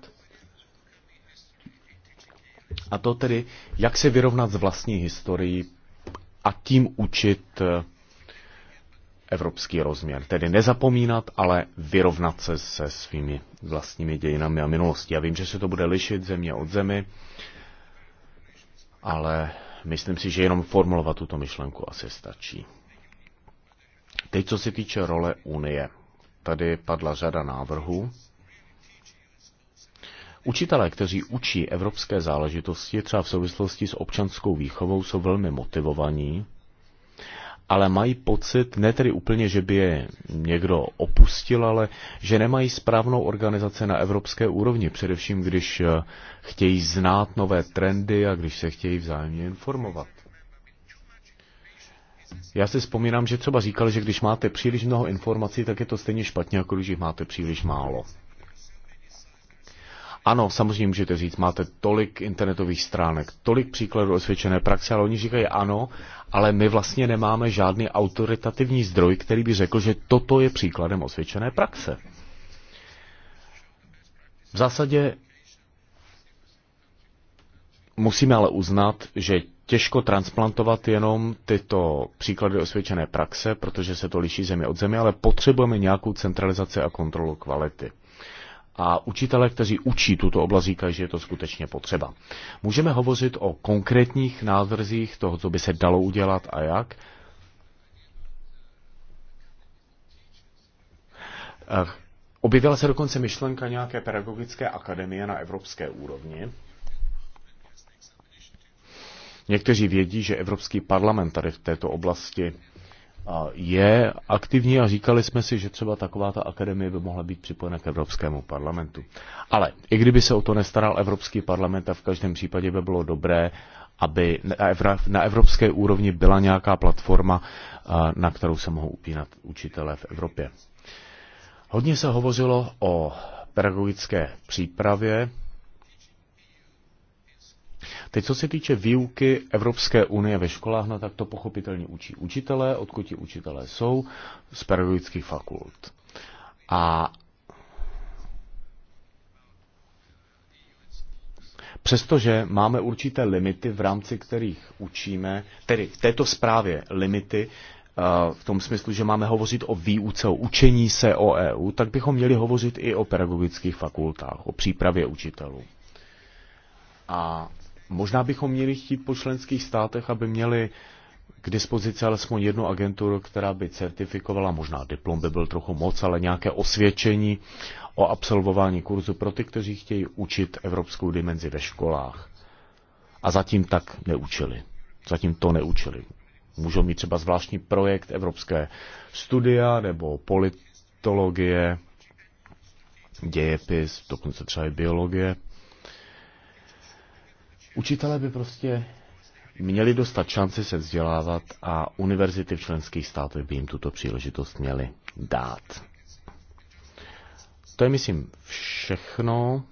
A to tedy, jak se vyrovnat s vlastní historií a tím učit eh, evropský rozměr. Tedy nezapomínat, ale vyrovnat se se svými vlastními dějinami a minulostí. Já vím, že se to bude lišit země od zemi, ale myslím si, že jenom formulovat tuto myšlenku asi stačí. Teď, co se týče role Unie. Tady padla řada návrhů Učitelé, kteří učí evropské záležitosti, třeba v souvislosti s občanskou výchovou, jsou velmi motivovaní, ale mají pocit, ne tedy úplně, že by je někdo opustil, ale že nemají správnou organizaci na evropské úrovni, především když eh, chtějí znát nové trendy a když se chtějí vzájemně informovat. Já si vzpomínám, že třeba říkal, že když máte příliš mnoho informací, tak je to stejně špatně, jako když jich máte příliš málo. Ano, samozřejmě můžete říct, máte tolik internetových stránek, tolik příkladů osvědčené praxe, ale oni říkají ano, ale my vlastně nemáme žádný autoritativní zdroj, který by řekl, že toto je příkladem osvědčené praxe. V zásadě musíme ale uznat, že těžko transplantovat jenom tyto příklady osvědčené praxe, protože se to liší zemi od zemi, ale potřebujeme nějakou centralizaci a kontrolu kvality a učitele, kteří učí tuto oblast, říkají, že je to skutečně potřeba. Můžeme hovořit o konkrétních návrzích toho, co by se dalo udělat a jak. Eh, objevila se dokonce myšlenka nějaké pedagogické akademie na evropské úrovni. Někteří vědí, že Evropský parlament tady v této oblasti je aktivní a říkali jsme si, že třeba taková ta akademie by mohla být připojena k Evropskému parlamentu. Ale i kdyby se o to nestaral Evropský parlament a v každém případě by bylo dobré, aby na evropské úrovni byla nějaká platforma, eh, na kterou se mohou upínat učitelé v Evropě. Hodně se hovořilo o pedagogické přípravě, Teď, co se týče výuky Evropské unie ve školách, no tak to pochopitelně učí učitelé, odkud ti učitelé jsou, z pedagogických fakult. A Přestože máme určité limity, v rámci kterých učíme, tedy v této zprávě limity, eh, v tom smyslu, že máme hovořit o výuce, o učení se o EU, tak bychom měli hovořit i o pedagogických fakultách, o přípravě učitelů. A Možná bychom měli chtít po členských státech, aby měli k dispozici alespoň jednu agenturu, která by certifikovala, možná diplom by byl trochu moc, ale nějaké osvědčení o absolvování kurzu pro ty, kteří chtějí učit evropskou dimenzi ve školách. A zatím tak neučili. Zatím to neučili. Můžou mít třeba zvláštní projekt evropské studia nebo politologie, dějepis, dokonce třeba i biologie. Učitelé by prostě měli dostat šanci se vzdělávat a univerzity v členských státech by jim tuto příležitost měly dát. To je, myslím, všechno.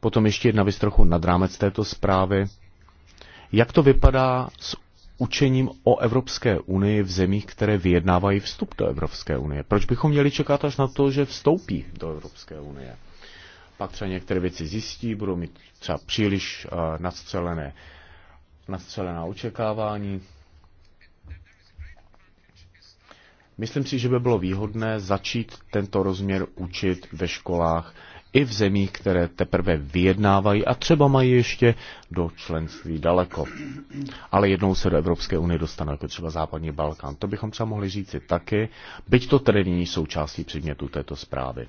Potom ještě jedna věc trochu nad rámec této zprávy. Jak to vypadá s učením o Evropské unii v zemích, které vyjednávají vstup do Evropské unie? Proč bychom měli čekat až na to, že vstoupí do Evropské unie? pak třeba některé věci zjistí, budou mít třeba příliš eh, nadstřelené, nadstřelená očekávání. Myslím si, že by bylo výhodné začít tento rozměr učit ve školách i v zemích, které teprve vyjednávají a třeba mají ještě do členství daleko. Ale jednou se do Evropské unie dostane, jako třeba Západní Balkán. To bychom třeba mohli říci taky, byť to tedy není součástí předmětu této zprávy.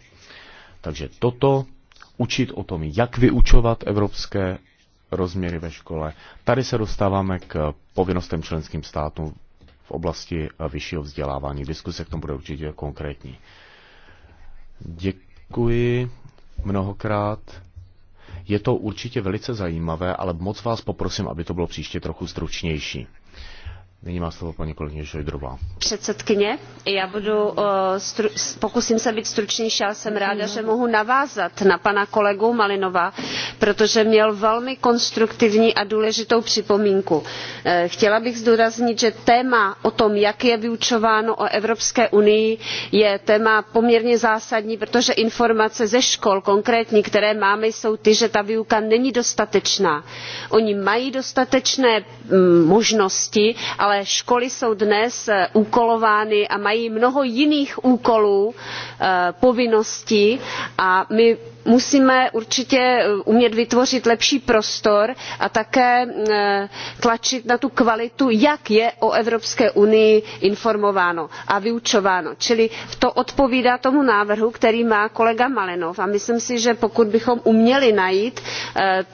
Takže toto učit o tom, jak vyučovat evropské rozměry ve škole. Tady se dostáváme k povinnostem členským státům v oblasti vyššího vzdělávání. Diskuse k tomu bude určitě konkrétní. Děkuji mnohokrát. Je to určitě velice zajímavé, ale moc vás poprosím, aby to bylo příště trochu stručnější. Nyní má slovo paní kolegyně Šojdrová. Předsedkyně, já budu, eh, stru, pokusím se být stručnější, ale jsem ráda, že mohu navázat na pana kolegu Malinova, protože měl velmi konstruktivní a důležitou připomínku. Eh, chtěla bych zdůraznit, že téma o tom, jak je vyučováno o Evropské unii, je téma poměrně zásadní, protože informace ze škol konkrétní, které máme, jsou ty, že ta výuka není dostatečná. Oni mají dostatečné mm, možnosti, ale ale školy jsou dnes eh, úkolovány a mají mnoho jiných úkolů eh, povinností a my musíme určitě eh, umět vytvořit lepší prostor a také eh, tlačit na tu kvalitu jak je o evropské unii informováno a vyučováno. čili to odpovídá tomu návrhu který má kolega malinov a myslím si že pokud bychom uměli najít eh,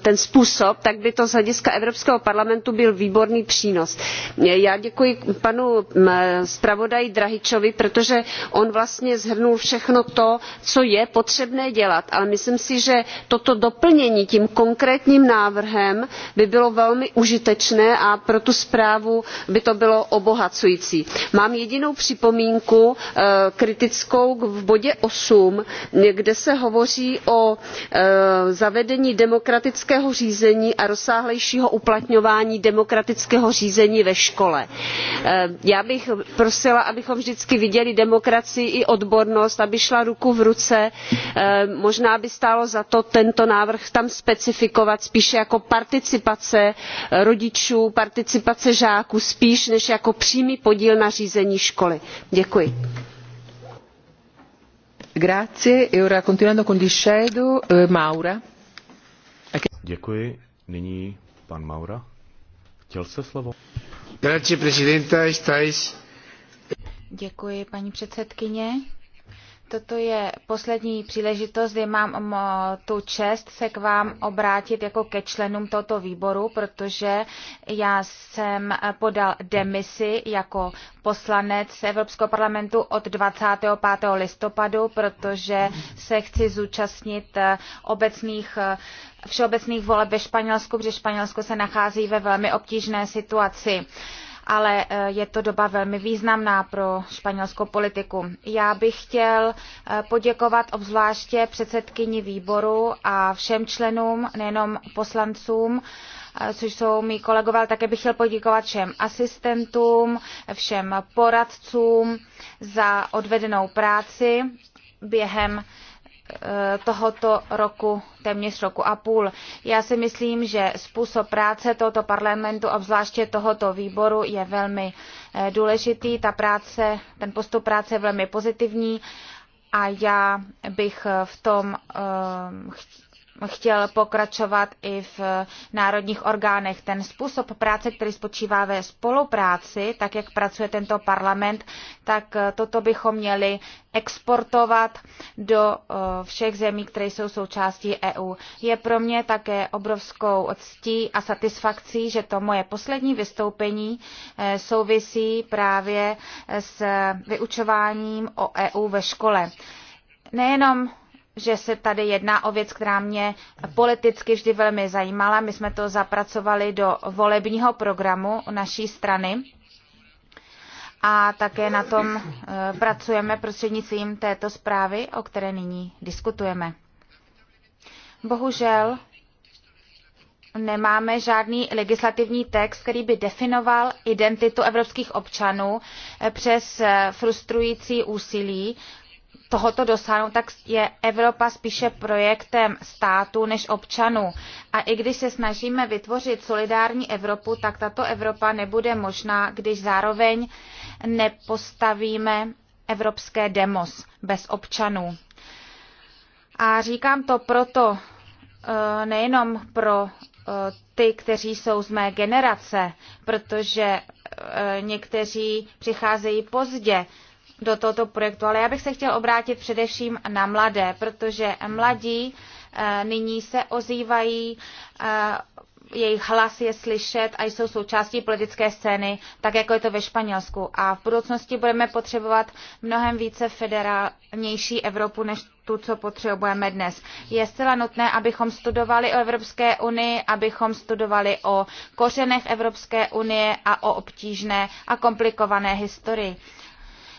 ten, způsob tak by to z hlediska evropského parlamentu byl výborný přínos. já děkuji panu mm, zpravodaji drahičovi protože on vlastně shrnul všechno to co je potřeba potřebné dělat ale myslím si že toto doplnění tím konkrétním návrhem by bylo velmi užitečné a pro tu zprávu by to bylo obohacující. mám jedinou připomínku eh, kritickou v bodě eight kde se hovoří o eh, zavedení demokratického řízení a rozsáhlejšího uplatňování demokratického řízení ve škole. Eh, já bych prosila abychom vždycky viděli demokracii i odbornost aby šly ruku v ruce Eh, možná by stálo za to tento návrh tam specifikovat spíše jako participace eh, rodičů participace žáků spíš než jako přímý podíl na řízení školy. děkuji. E eh, děkuji. Nyní pan Maura. Chtěl se slovo. Děkuji, paní předsedkyně. Toto je poslední příležitost, kdy mám tu čest se k vám obrátit jako ke členům tohoto výboru, protože já jsem podal demisi jako poslanec Evropského parlamentu od 25. listopadu, protože se chci zúčastnit eh, obecných eh, všeobecných voleb ve Španělsku, protože Španělsko se nachází ve velmi obtížné situaci ale eh, je to doba velmi významná pro španělskou politiku. Já bych chtěl eh, poděkovat obzvláště předsedkyni výboru a všem členům, nejenom poslancům, eh, což jsou mý kolegové, ale také bych chtěl poděkovat všem asistentům, všem poradcům za odvedenou práci během Eh, tohoto roku, téměř roku a půl. Já si myslím, že způsob práce tohoto parlamentu, obzvláště tohoto výboru, je velmi eh, důležitý. Ta práce, ten postup práce je velmi pozitivní a já bych eh, v tom chtěl pokračovat i v národních orgánech. Ten způsob práce, který spočívá ve spolupráci, tak jak pracuje tento parlament, tak toto bychom měli exportovat do eh, všech zemí, které jsou součástí EU. Je pro mě také obrovskou ctí a satisfakcí, že to moje poslední vystoupení eh, souvisí právě s vyučováním o EU ve škole. Nejenom že se tady jedná o věc, která mě politicky vždy velmi zajímala. My jsme to zapracovali do volebního programu naší strany a také na tom eh, pracujeme prostřednictvím této zprávy, o které nyní diskutujeme. Bohužel nemáme žádný legislativní text, který by definoval identitu evropských občanů eh, přes eh, frustrující úsilí tohoto dosáhnout, tak je Evropa spíše projektem států než občanů. A i když se snažíme vytvořit solidární Evropu, tak tato Evropa nebude možná, když zároveň nepostavíme evropské demos bez občanů. A říkám to proto e, nejenom pro e, ty, kteří jsou z mé generace, protože e, někteří přicházejí pozdě do tohoto projektu. Ale já bych se chtěl obrátit především na mladé, protože mladí eh, nyní se ozývají, eh, jejich hlas je slyšet a jsou součástí politické scény, tak jako je to ve Španělsku. A v budoucnosti budeme potřebovat mnohem více federálnější Evropu, než tu, co potřebujeme dnes. Je zcela nutné, abychom studovali o Evropské unii, abychom studovali o kořenech Evropské unie a o obtížné a komplikované historii.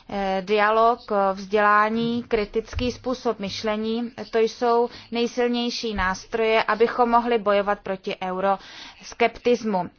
Eh, dialog, eh, vzdělání, kritický způsob myšlení, to jsou nejsilnější nástroje, abychom mohli bojovat proti euroskeptismu.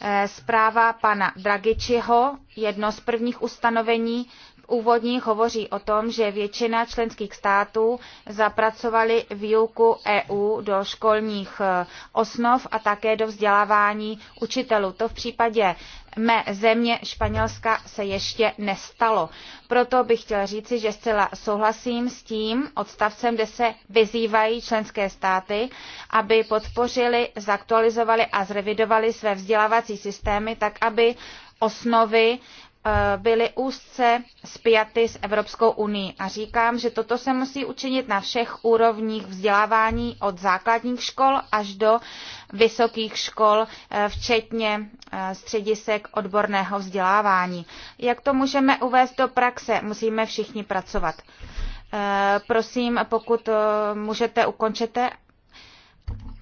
Eh, zpráva pana Dragičiho, jedno z prvních ustanovení, úvodní hovoří o tom, že většina členských států zapracovali výuku EU do školních eh, osnov a také do vzdělávání učitelů. To v případě mé země Španělska se ještě nestalo. Proto bych chtěla říci, že zcela souhlasím s tím odstavcem, kde se vyzývají členské státy, aby podpořili, zaktualizovali a zrevidovali své vzdělávací systémy tak, aby osnovy Eh, byly úzce spjaty s Evropskou unií A říkám, že toto se musí učinit na všech úrovních vzdělávání od základních škol až do vysokých škol, eh, včetně eh, středisek odborného vzdělávání. Jak to můžeme uvést do praxe? Musíme všichni pracovat. Prosím, pokud můžete, ukončete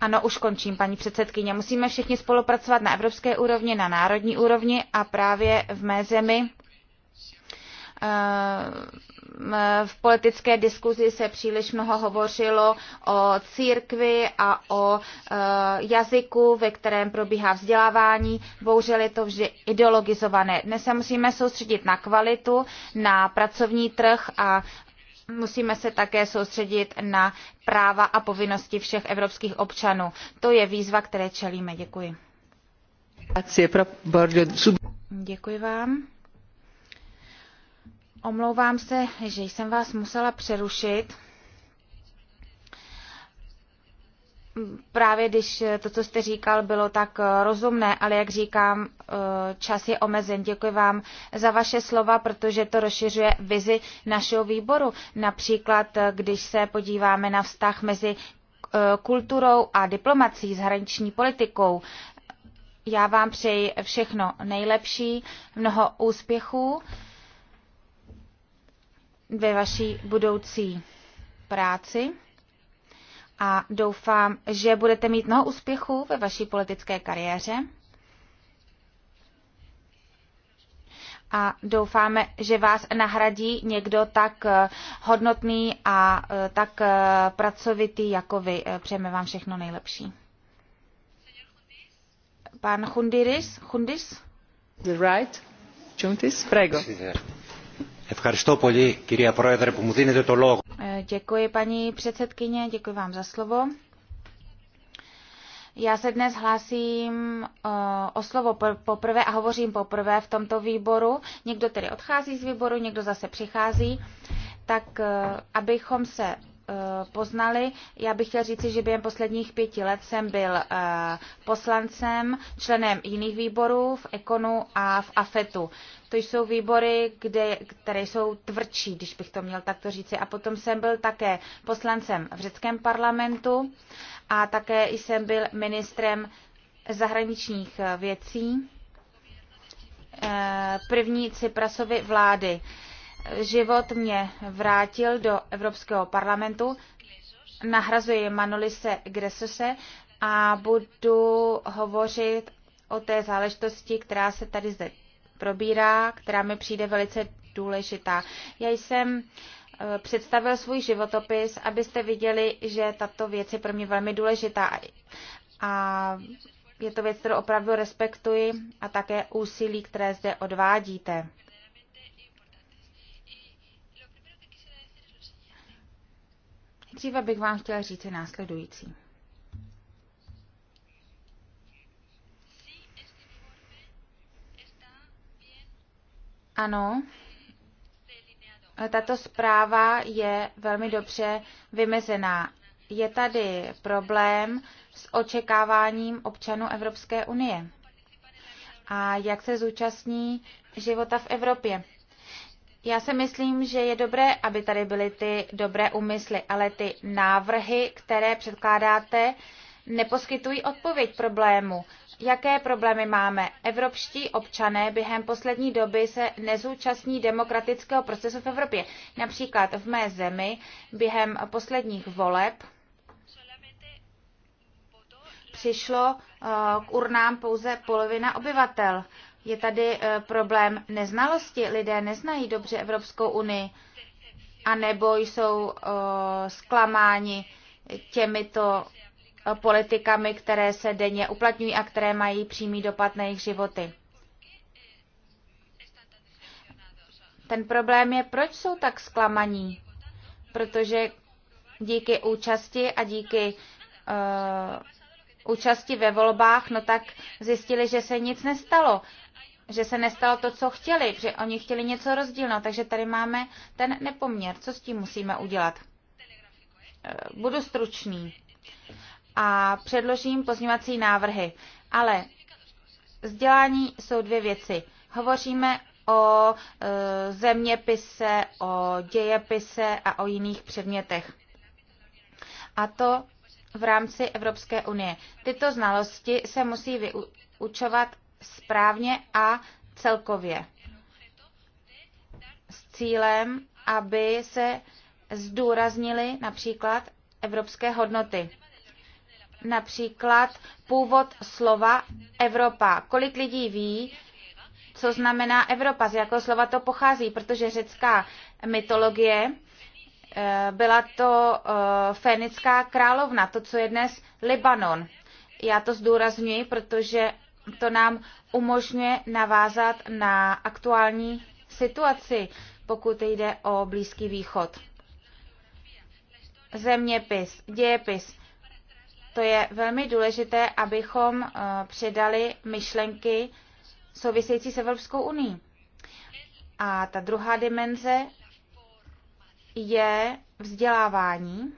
ano, už končím, paní předsedkyně. Musíme všichni spolupracovat na evropské úrovni, na národní úrovni a právě v mé zemi eh, v politické diskuzi se příliš mnoho hovořilo o církvi a o eh, jazyku, ve kterém probíhá vzdělávání. Bohužel je to vždy ideologizované. Dnes se musíme soustředit na kvalitu, na pracovní trh a Musíme se také soustředit na práva a povinnosti všech evropských občanů. To je výzva, které čelíme. Děkuji. Děkuji vám. Omlouvám se, že jsem vás musela přerušit. právě když eh, to, co jste říkal, bylo tak eh, rozumné, ale jak říkám, eh, čas je omezen. Děkuji vám za vaše slova, protože to rozšiřuje vizi našeho výboru. Například, když se podíváme na vztah mezi kulturou a diplomací, zahraniční politikou. Já vám přeji všechno nejlepší, mnoho úspěchů ve vaší budoucí práci a doufám, že budete mít mnoho úspěchů ve vaší politické kariéře. A doufáme, že vás nahradí někdo tak eh, hodnotný a eh, tak eh, pracovitý jako vy. Přejeme vám všechno nejlepší. Pan Chundiris, Chundis? The right. Chundis? prego. Děkuji, paní předsedkyně, děkuji vám za slovo. Já se dnes hlásím e, o slovo poprvé a hovořím poprvé v tomto výboru. Někdo tedy odchází z výboru, někdo zase přichází. Tak e, abychom se Eh, poznali. Já bych chtěl říci, že během posledních pěti let jsem byl eh, poslancem, členem jiných výborů v Ekonu a v AFETu. To jsou výbory, kde, které jsou tvrdší, když bych to měl takto říci. A potom jsem byl také poslancem v řeckém parlamentu a také jsem byl ministrem zahraničních eh, věcí první Cyprasovy vlády život mě vrátil do Evropského parlamentu. Nahrazuji Manolise Gresose a budu hovořit o té záležitosti, která se tady zde probírá, která mi přijde velice důležitá. Já jsem eh, představil svůj životopis, abyste viděli, že tato věc je pro mě velmi důležitá. A je to věc, kterou opravdu respektuji a také úsilí, které zde odvádíte. Dříve bych vám chtěla říct následující. Ano, tato zpráva je velmi dobře vymezená. Je tady problém s očekáváním občanů Evropské unie. A jak se zúčastní života v Evropě? Já si myslím, že je dobré, aby tady byly ty dobré úmysly, ale ty návrhy, které předkládáte, neposkytují odpověď problému. Jaké problémy máme? Evropští občané během poslední doby se nezúčastní demokratického procesu v Evropě. Například v mé zemi během posledních voleb přišlo eh, k urnám pouze polovina obyvatel. Je tady eh, problém neznalosti. Lidé neznají dobře Evropskou unii, anebo jsou eh, zklamáni těmito eh, politikami, které se denně uplatňují a které mají přímý dopad na jejich životy. Ten problém je, proč jsou tak zklamaní. Protože díky účasti a díky uh, účasti ve volbách, no tak zjistili, že se nic nestalo že se nestalo to, co chtěli, že oni chtěli něco rozdílno. takže tady máme ten nepoměr. Co s tím musíme udělat? Eh, budu stručný a předložím pozněvací návrhy, ale vzdělání jsou dvě věci. Hovoříme o e, zeměpise, o dějepise a o jiných předmětech. A to v rámci Evropské unie. Tyto znalosti se musí vyučovat správně a celkově s cílem, aby se zdůraznily například evropské hodnoty. Například původ slova Evropa. Kolik lidí ví, co znamená Evropa, z jakého slova to pochází, protože řecká mytologie Eh, byla to eh, Fénická královna, to, co je dnes Libanon. Já to zdůrazňuji, protože to nám umožňuje navázat na aktuální situaci, pokud jde o Blízký východ. Zeměpis, dějepis. To je velmi důležité, abychom eh, předali myšlenky související s Evropskou unii. A ta druhá dimenze je vzdělávání.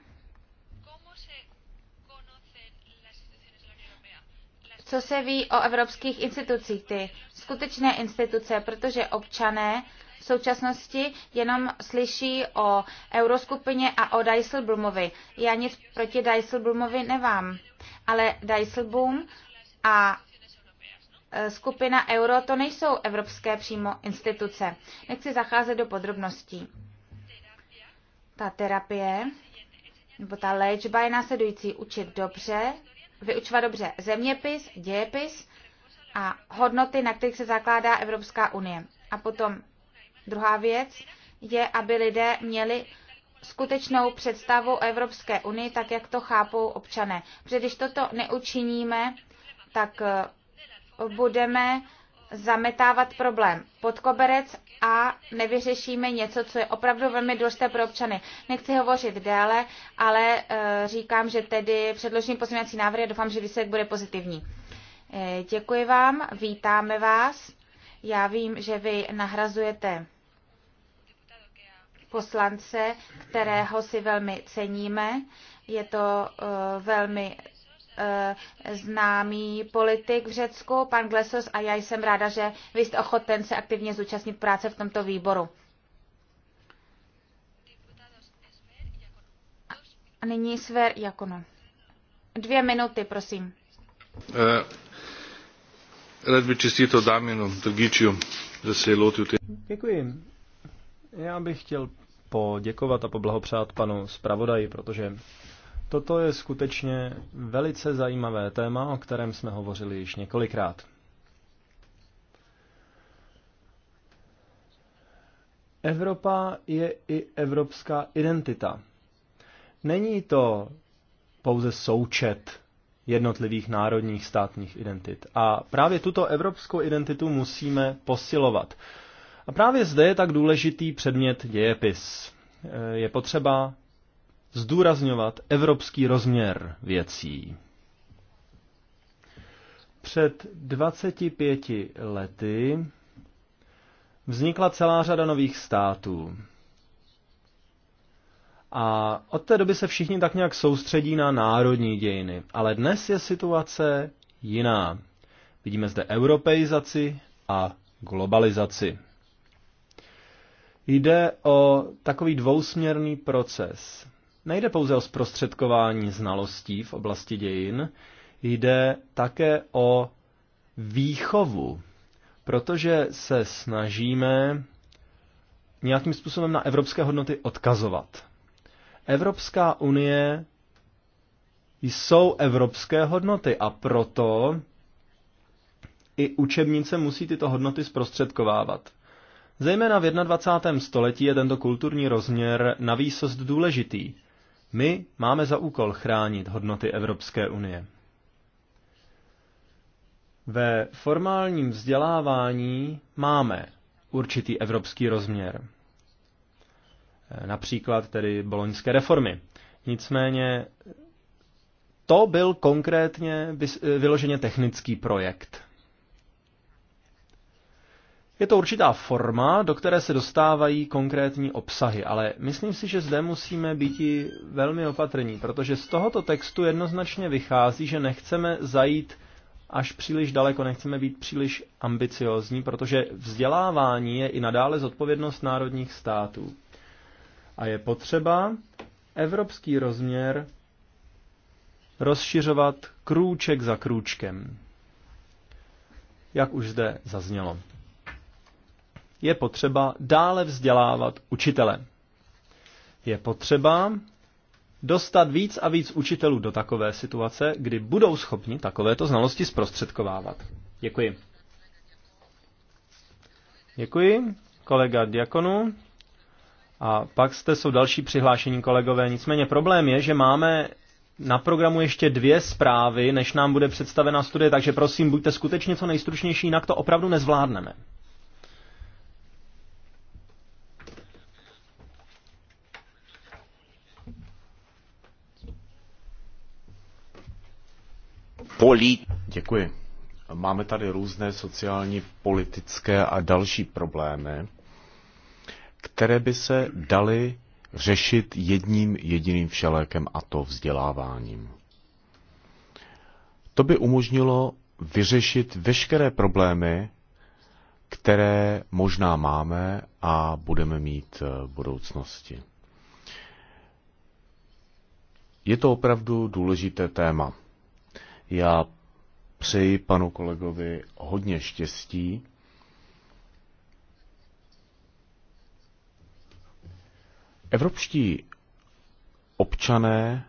Co se ví o evropských institucích, ty skutečné instituce, protože občané v současnosti jenom slyší o euroskupině a o Dijsselblumovi. Já nic proti Dijsselblumovi nevám, ale Dijsselblum a e, skupina euro to nejsou evropské přímo instituce. Nechci zacházet do podrobností ta terapie nebo ta léčba je následující učit dobře, vyučovat dobře zeměpis, dějepis a hodnoty, na kterých se zakládá Evropská unie. A potom druhá věc je, aby lidé měli skutečnou představu o Evropské unii, tak jak to chápou občané. Protože když toto neučiníme, tak eh, budeme zametávat problém pod koberec a nevyřešíme něco, co je opravdu velmi důležité pro občany. Nechci hovořit déle, ale eh, říkám, že tedy předložím pozměňovací návrhy a doufám, že výsledek bude pozitivní. Eh, děkuji vám, vítáme vás. Já vím, že vy nahrazujete poslance, kterého si velmi ceníme. Je to eh, velmi Eh, známý politik v Řecku, pan Glesos, a já jsem ráda, že vy jste ochoten se aktivně zúčastnit práce v tomto výboru. A nyní Sver Jakono. Dvě minuty, prosím. Eh, Rád bych čistil Damienu Drgičiu, že se lotil Děkuji. Já bych chtěl poděkovat a poblahopřát panu zpravodaji, protože Toto je skutečně velice zajímavé téma, o kterém jsme hovořili již několikrát. Evropa je i evropská identita. Není to pouze součet jednotlivých národních státních identit. A právě tuto evropskou identitu musíme posilovat. A právě zde je tak důležitý předmět dějepis. Je potřeba zdůrazňovat evropský rozměr věcí. Před 25 lety vznikla celá řada nových států. A od té doby se všichni tak nějak soustředí na národní dějiny. Ale dnes je situace jiná. Vidíme zde europeizaci a globalizaci. Jde o takový dvousměrný proces. Nejde pouze o zprostředkování znalostí v oblasti dějin, jde také o výchovu, protože se snažíme nějakým způsobem na evropské hodnoty odkazovat. Evropská unie jsou evropské hodnoty a proto i učebnice musí tyto hodnoty zprostředkovávat. Zejména v 21. století je tento kulturní rozměr navýsost důležitý. My máme za úkol chránit hodnoty Evropské unie. Ve formálním vzdělávání máme určitý evropský rozměr. Například tedy boloňské reformy. Nicméně to byl konkrétně vyloženě technický projekt. Je to určitá forma, do které se dostávají konkrétní obsahy, ale myslím si, že zde musíme být i velmi opatrní, protože z tohoto textu jednoznačně vychází, že nechceme zajít až příliš daleko, nechceme být příliš ambiciozní, protože vzdělávání je i nadále zodpovědnost národních států. A je potřeba evropský rozměr rozšiřovat krůček za krůčkem. Jak už zde zaznělo je potřeba dále vzdělávat učitele. Je potřeba dostat víc a víc učitelů do takové situace, kdy budou schopni takovéto znalosti zprostředkovávat. Děkuji. Děkuji, kolega Diakonu. A pak jste jsou další přihlášení kolegové. Nicméně problém je, že máme na programu ještě dvě zprávy, než nám bude představena studie, takže prosím, buďte skutečně co nejstručnější, jinak to opravdu nezvládneme. polit. Děkuji. Máme tady různé sociální, politické a další problémy, které by se daly řešit jedním jediným všelékem a to vzděláváním. To by umožnilo vyřešit veškeré problémy, které možná máme a budeme mít eh, v budoucnosti. Je to opravdu důležité téma. Já přeji panu kolegovi hodně štěstí. Evropští občané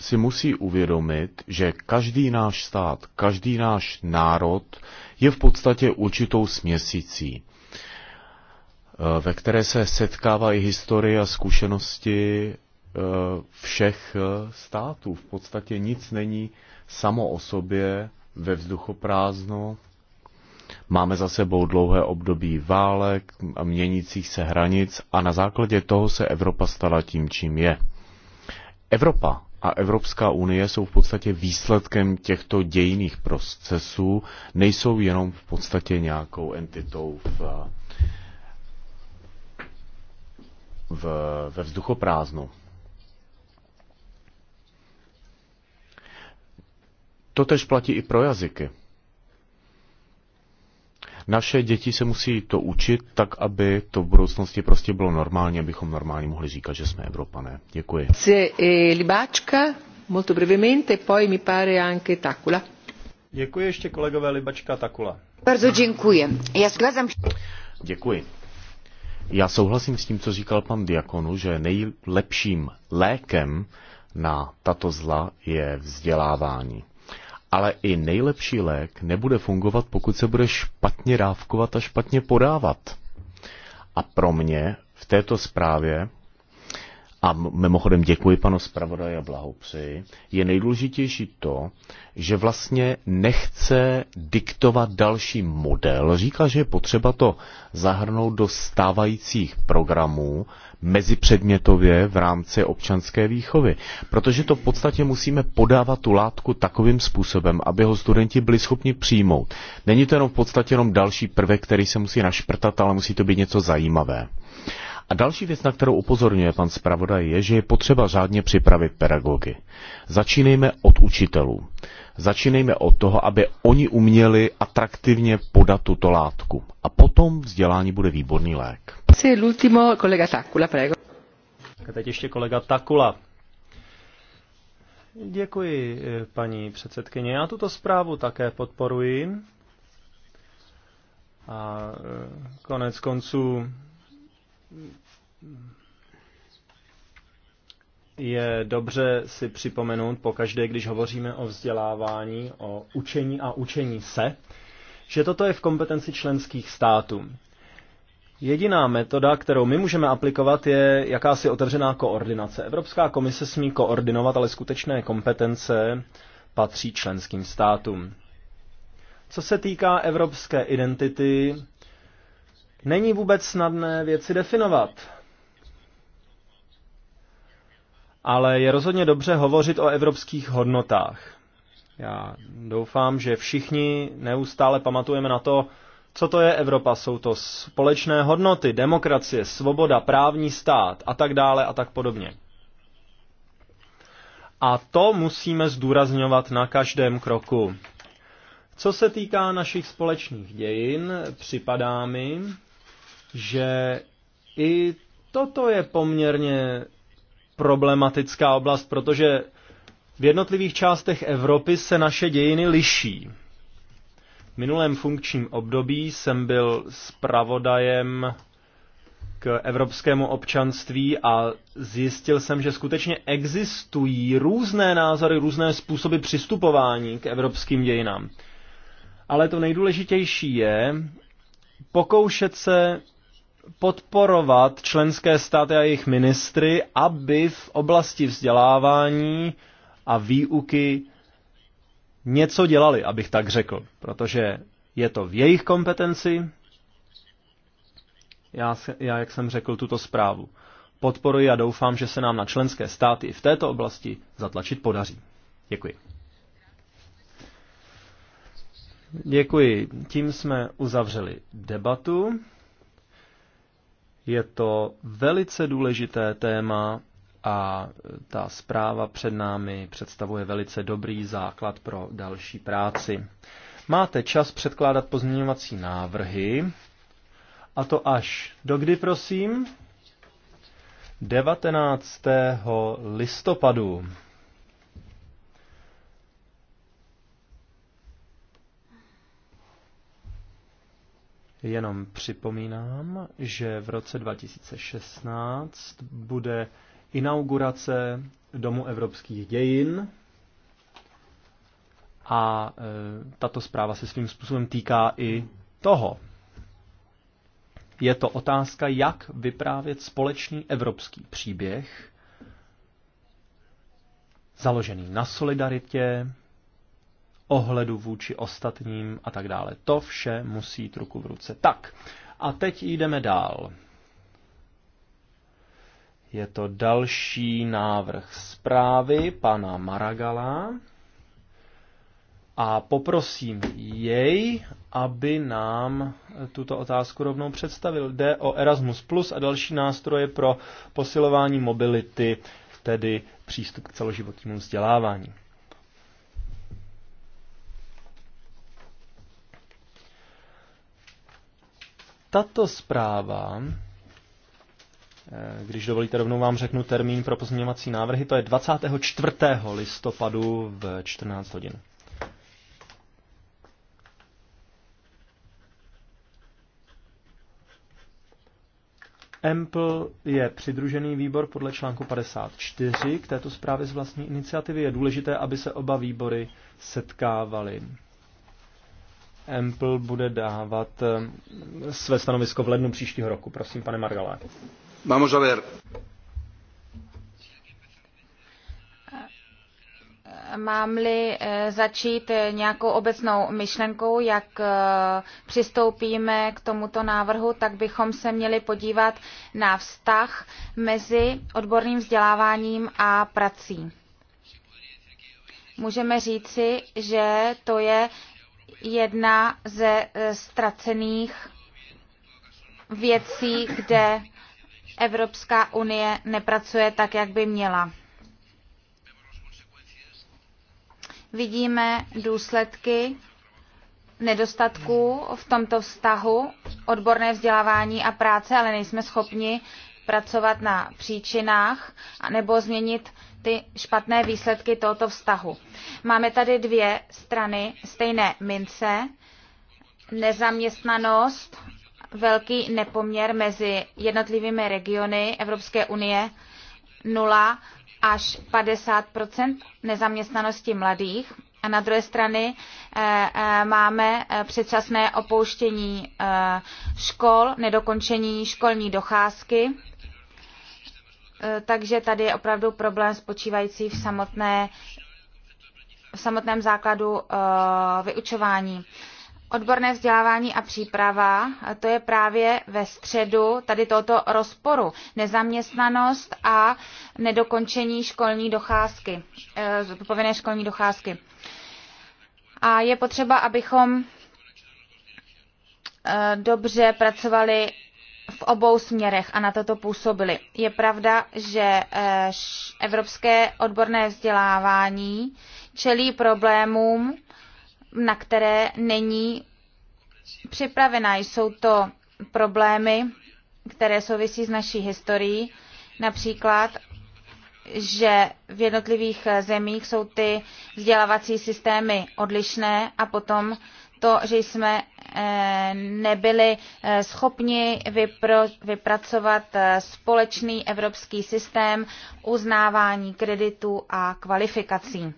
si musí uvědomit, že každý náš stát, každý náš národ je v podstatě určitou směsicí, eh, ve které se setkávají historie a zkušenosti Eh, všech eh, států. V podstatě nic není samo o sobě ve vzduchoprázdno. Máme za sebou dlouhé období válek a měnících se hranic a na základě toho se Evropa stala tím, čím je. Evropa a Evropská unie jsou v podstatě výsledkem těchto dějiných procesů, nejsou jenom v podstatě nějakou entitou v, v, ve vzduchoprázdnu. Totež platí i pro jazyky. Naše děti se musí to učit tak, aby to v budoucnosti prostě bylo normálně, abychom normálně mohli říkat, že jsme Evropané. Děkuji. Eh, Libáčka, molto brevemente, poi mi pare anche Takula. Děkuji ještě kolegové Libačka Takula. Bardzo děkuji. Já zgadzam... Děkuji. Já souhlasím s tím, co říkal pan Diakonu, že nejlepším lékem na tato zla je vzdělávání. Ale i nejlepší lék nebude fungovat, pokud se bude špatně dávkovat a špatně podávat. A pro mě v této zprávě, a mimochodem děkuji panu zpravodaji a blahopřeji, je nejdůležitější to, že vlastně nechce diktovat další model. Říká, že je potřeba to zahrnout do stávajících programů, mezipředmětově v rámci občanské výchovy. Protože to v podstatě musíme podávat tu látku takovým způsobem, aby ho studenti byli schopni přijmout. Není to jenom v podstatě jenom další prvek, který se musí našprtat, ale musí to být něco zajímavé. A další věc, na kterou upozorňuje pan zpravodaj, je, že je potřeba řádně připravit pedagogy. Začínejme od učitelů. Začínejme od toho, aby oni uměli atraktivně podat tuto látku. A potom vzdělání bude výborný lék teď ještě kolega Takula. Děkuji, eh, paní předsedkyně. Já tuto zprávu také podporuji. A eh, konec konců je dobře si připomenout pokaždé, když hovoříme o vzdělávání, o učení a učení se, že toto je v kompetenci členských států. Jediná metoda, kterou my můžeme aplikovat, je jakási otevřená koordinace. Evropská komise smí koordinovat, ale skutečné kompetence patří členským státům. Co se týká evropské identity, není vůbec snadné věci definovat. Ale je rozhodně dobře hovořit o evropských hodnotách. Já doufám, že všichni neustále pamatujeme na to, co to je Evropa? Jsou to společné hodnoty, demokracie, svoboda, právní stát a tak dále a tak podobně. A to musíme zdůrazňovat na každém kroku. Co se týká našich společných dějin, připadá mi, že i toto je poměrně problematická oblast, protože v jednotlivých částech Evropy se naše dějiny liší minulém funkčním období jsem byl zpravodajem k evropskému občanství a zjistil jsem, že skutečně existují různé názory, různé způsoby přistupování k evropským dějinám. Ale to nejdůležitější je pokoušet se podporovat členské státy a jejich ministry, aby v oblasti vzdělávání a výuky něco dělali, abych tak řekl, protože je to v jejich kompetenci. Já, já jak jsem řekl, tuto zprávu podporuji a doufám, že se nám na členské státy v této oblasti zatlačit podaří. Děkuji. Děkuji. Tím jsme uzavřeli debatu. Je to velice důležité téma a ta zpráva před námi představuje velice dobrý základ pro další práci. Máte čas předkládat pozměňovací návrhy, a to až do kdy, prosím? 19. listopadu. Jenom připomínám, že v roce 2016 bude inaugurace Domu evropských dějin a e, tato zpráva se svým způsobem týká i toho. Je to otázka, jak vyprávět společný evropský příběh, založený na solidaritě, ohledu vůči ostatním a tak dále. To vše musí jít ruku v ruce. Tak, a teď jdeme dál. Je to další návrh zprávy pana Maragala. A poprosím jej, aby nám tuto otázku rovnou představil. Jde o Erasmus Plus a další nástroje pro posilování mobility, tedy přístup k celoživotnímu vzdělávání. Tato zpráva Eh, když dovolíte, rovnou vám řeknu termín pro pozměňovací návrhy. To je 24. listopadu v 14 hodin. Ample je přidružený výbor podle článku 54 k této zprávě z vlastní iniciativy. Je důležité, aby se oba výbory setkávaly. Ample bude dávat eh, své stanovisko v lednu příštího roku. Prosím, pane Margalé. Vamos a ver. Mám-li eh, začít eh, nějakou obecnou myšlenkou, jak eh, přistoupíme k tomuto návrhu, tak bychom se měli podívat na vztah mezi odborným vzděláváním a prací. Můžeme říci, že to je jedna ze ztracených věcí, kde Evropská unie nepracuje tak, jak by měla. Vidíme důsledky nedostatků v tomto vztahu odborné vzdělávání a práce, ale nejsme schopni pracovat na příčinách nebo změnit ty špatné výsledky tohoto vztahu. Máme tady dvě strany stejné mince. Nezaměstnanost velký nepoměr mezi jednotlivými regiony Evropské unie 0 až 50 nezaměstnanosti mladých. A na druhé strany eh, eh, máme eh, předčasné opouštění škol, nedokončení školní docházky. Takže tady je opravdu problém spočívající v, samotné, v samotném základu vyučování odborné vzdělávání a příprava, to je právě ve středu tady tohoto rozporu. Nezaměstnanost a nedokončení školní docházky, e, povinné školní docházky. A je potřeba, abychom e, dobře pracovali v obou směrech a na toto působili. Je pravda, že e, evropské odborné vzdělávání čelí problémům, na které není připravená. Jsou to problémy, které souvisí s naší historií, například že v jednotlivých zemích jsou ty vzdělávací systémy odlišné a potom to, že jsme eh, nebyli eh, schopni vypracovat eh, společný evropský systém uznávání kreditů a kvalifikací.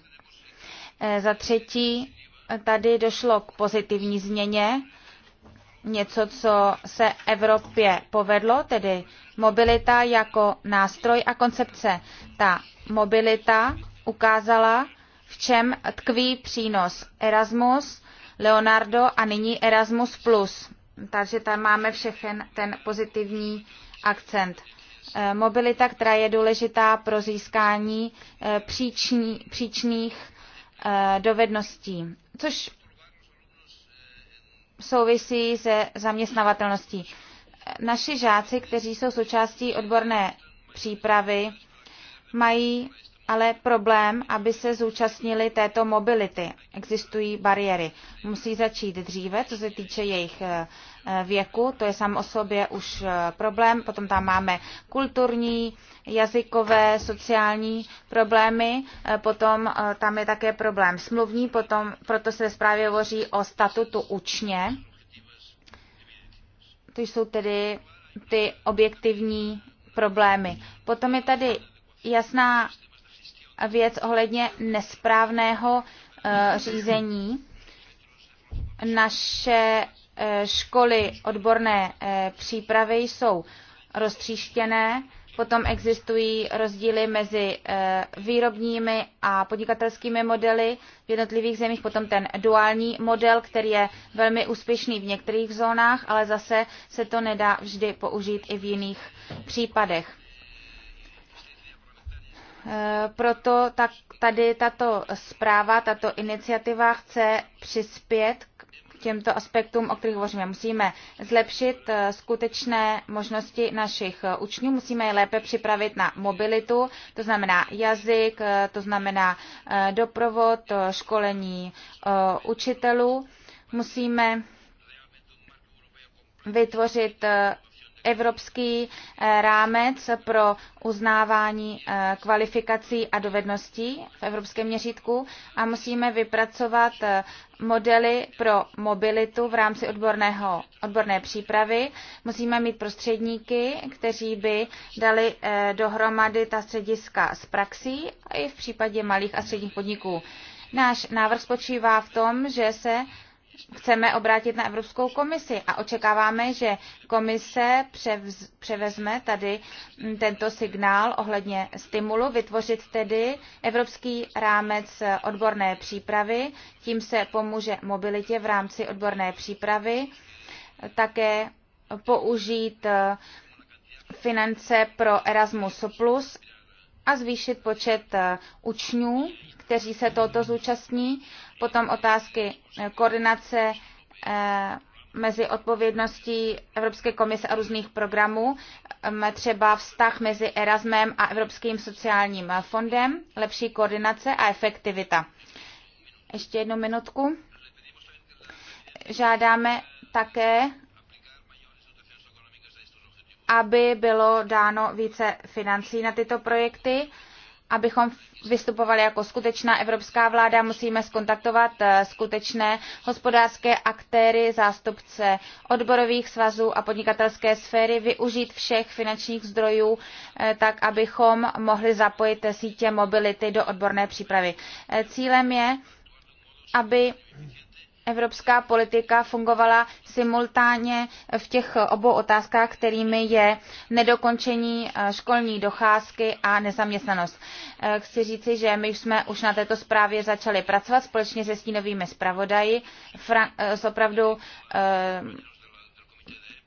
Za třetí, tady došlo k pozitivní změně, něco, co se Evropě povedlo, tedy mobilita jako nástroj a koncepce. Ta mobilita ukázala, v čem tkví přínos Erasmus, Leonardo a nyní Erasmus+. Plus. Takže tam máme všechen ten pozitivní akcent. E, mobilita, která je důležitá pro získání e, příční, příčných Eh, dovedností, což souvisí se zaměstnavatelností. Naši žáci, kteří jsou součástí odborné přípravy, mají ale problém, aby se zúčastnili této mobility. Existují bariéry. Musí začít dříve, co se týče jejich eh, věku, to je sám o sobě už eh, problém. Potom tam máme kulturní, jazykové, sociální problémy, eh, potom tam je také problém smluvní, potom proto se zprávě hovoří o statutu učně. To jsou tedy ty objektivní problémy. Potom je tady jasná věc ohledně nesprávného eh, řízení. Naše eh, školy odborné eh, přípravy jsou roztříštěné, potom existují rozdíly mezi výrobními a podnikatelskými modely v jednotlivých zemích, potom ten duální model, který je velmi úspěšný v některých zónách, ale zase se to nedá vždy použít i v jiných případech. Eh, proto tak tady tato zpráva, tato iniciativa chce přispět k těmto aspektům, o kterých hovoříme. Musíme zlepšit eh, skutečné možnosti našich eh, učňů, musíme je lépe připravit na mobilitu, to znamená jazyk, to znamená doprovod, školení učitelů. Musíme vytvořit evropský eh, rámec pro uznávání eh, kvalifikací a dovedností v evropském měřítku a musíme vypracovat eh, modely pro mobilitu v rámci odborného, odborné přípravy. Musíme mít prostředníky, kteří by dali dohromady ta střediska s praxí i v případě malých a středních podniků. Náš návrh spočívá v tom, že se chceme obrátit na Evropskou komisi a očekáváme, že komise převz, převezme tady mm, tento signál ohledně stimulu, vytvořit tedy evropský rámec odborné přípravy, tím se pomůže mobilitě v rámci odborné přípravy, také použít eh, finance pro Erasmus Plus a zvýšit počet eh, učňů, kteří se tohoto zúčastní. Potom otázky eh, koordinace eh, mezi odpovědností Evropské komise a různých programů, třeba vztah mezi Erasmem a Evropským sociálním fondem, lepší koordinace a efektivita. Ještě jednu minutku. Žádáme také aby bylo dáno více financí na tyto projekty. Abychom vystupovali jako skutečná evropská vláda, musíme skontaktovat eh, skutečné hospodářské aktéry, zástupce odborových svazů a podnikatelské sféry, využít všech finančních zdrojů, eh, tak abychom mohli zapojit sítě mobility do odborné přípravy. Eh, cílem je, aby evropská politika fungovala simultánně v těch obou otázkách, kterými je nedokončení eh, školní docházky a nezaměstnanost. Eh, chci říci, že my jsme už na této zprávě začali pracovat společně se stínovými zpravodaji eh, s opravdu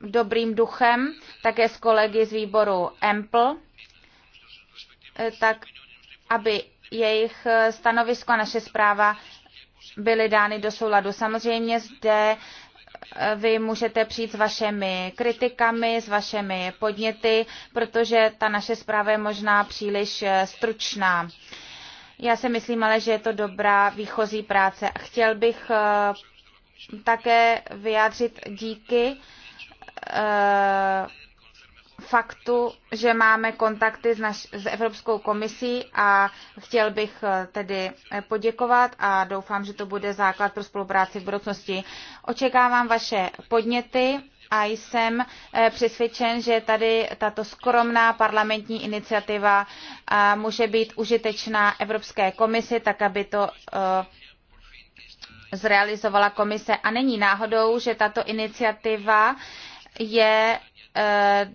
dobrým duchem, také s kolegy z výboru EMPL, tak aby jejich stanovisko a naše zpráva byly dány do souladu. Samozřejmě zde eh, vy můžete přijít s vašimi kritikami, s vašimi podněty, protože ta naše zpráva je možná příliš eh, stručná. Já si myslím ale, že je to dobrá výchozí práce. Chtěl bych eh, také vyjádřit díky faktu, že máme kontakty s, naš, s Evropskou komisí a chtěl bych eh, tedy eh, poděkovat a doufám, že to bude základ pro spolupráci v budoucnosti. Očekávám vaše podněty a jsem eh, přesvědčen, že tady tato skromná parlamentní iniciativa může být užitečná Evropské komisi, tak aby to zrealizovala komise. A není náhodou, že tato iniciativa je Eh,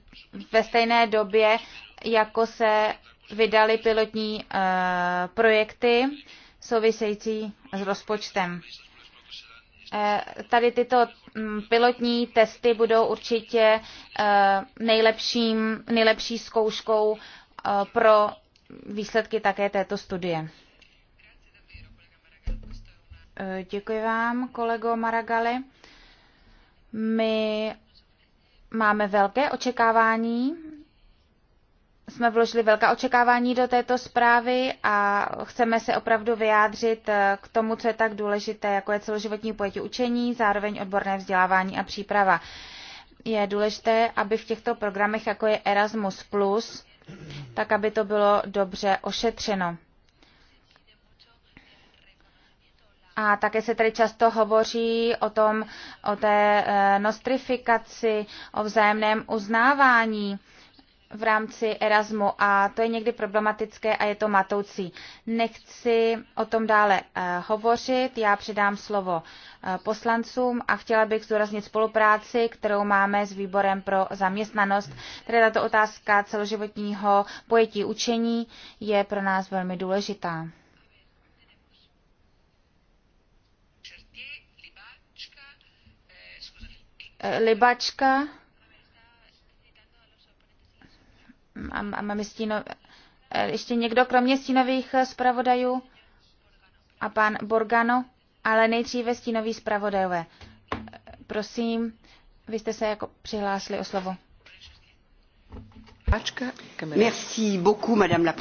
ve stejné době, jako se vydali pilotní eh, projekty související s rozpočtem. Eh, tady tyto mm, pilotní testy budou určitě nejlepším, nejlepší zkouškou pro výsledky také této studie. Děkuji vám, kolego Maragali. My Máme velké očekávání. Jsme vložili velká očekávání do této zprávy a chceme se opravdu vyjádřit eh, k tomu, co je tak důležité, jako je celoživotní pojetí učení, zároveň odborné vzdělávání a příprava. Je důležité, aby v těchto programech, jako je Erasmus+, tak aby to bylo dobře ošetřeno. A také se tady často hovoří o tom, o té e, nostrifikaci, o vzájemném uznávání v rámci Erasmu a to je někdy problematické a je to matoucí. Nechci o tom dále e, hovořit, já předám slovo e, poslancům a chtěla bych zdůraznit spolupráci, kterou máme s výborem pro zaměstnanost. Tedy tato otázka celoživotního pojetí učení je pro nás velmi důležitá. Libačka, a máme stíno, ještě někdo kromě stínových zpravodajů a pan Borgano, ale nejdříve stínoví zpravodajové. Prosím, vy jste se jako přihlásili o slovo. Merci beaucoup, madame la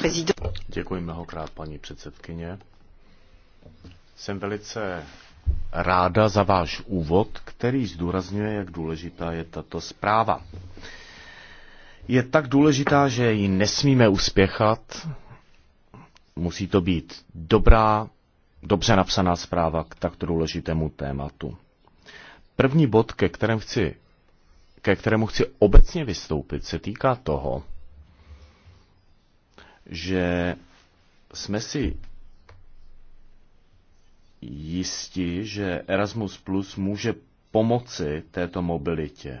Děkuji mnohokrát, paní předsedkyně. Jsem velice ráda za váš úvod, který zdůrazňuje, jak důležitá je tato zpráva. Je tak důležitá, že ji nesmíme uspěchat. Musí to být dobrá, dobře napsaná zpráva k takto důležitému tématu. První bod, ke, kterém chci, ke kterému chci obecně vystoupit, se týká toho, že jsme si jistí, že Erasmus Plus může pomoci této mobilitě.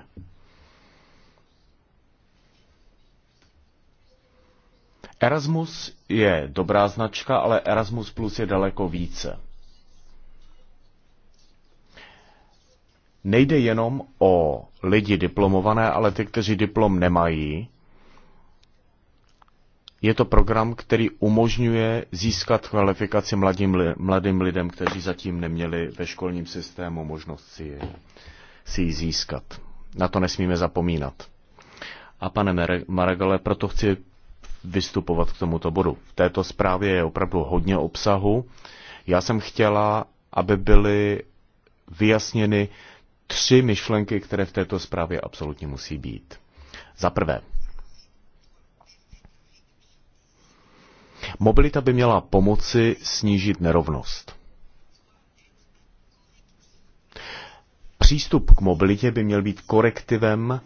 Erasmus je dobrá značka, ale Erasmus Plus je daleko více. Nejde jenom o lidi diplomované, ale ty, kteří diplom nemají, je to program, který umožňuje získat kvalifikaci mladým, mladým lidem, kteří zatím neměli ve školním systému možnost si, si ji získat. Na to nesmíme zapomínat. A pane Maragale, proto chci vystupovat k tomuto bodu. V této zprávě je opravdu hodně obsahu. Já jsem chtěla, aby byly vyjasněny tři myšlenky, které v této zprávě absolutně musí být. Za prvé, Mobilita by měla pomoci snížit nerovnost. Přístup k mobilitě by měl být korektivem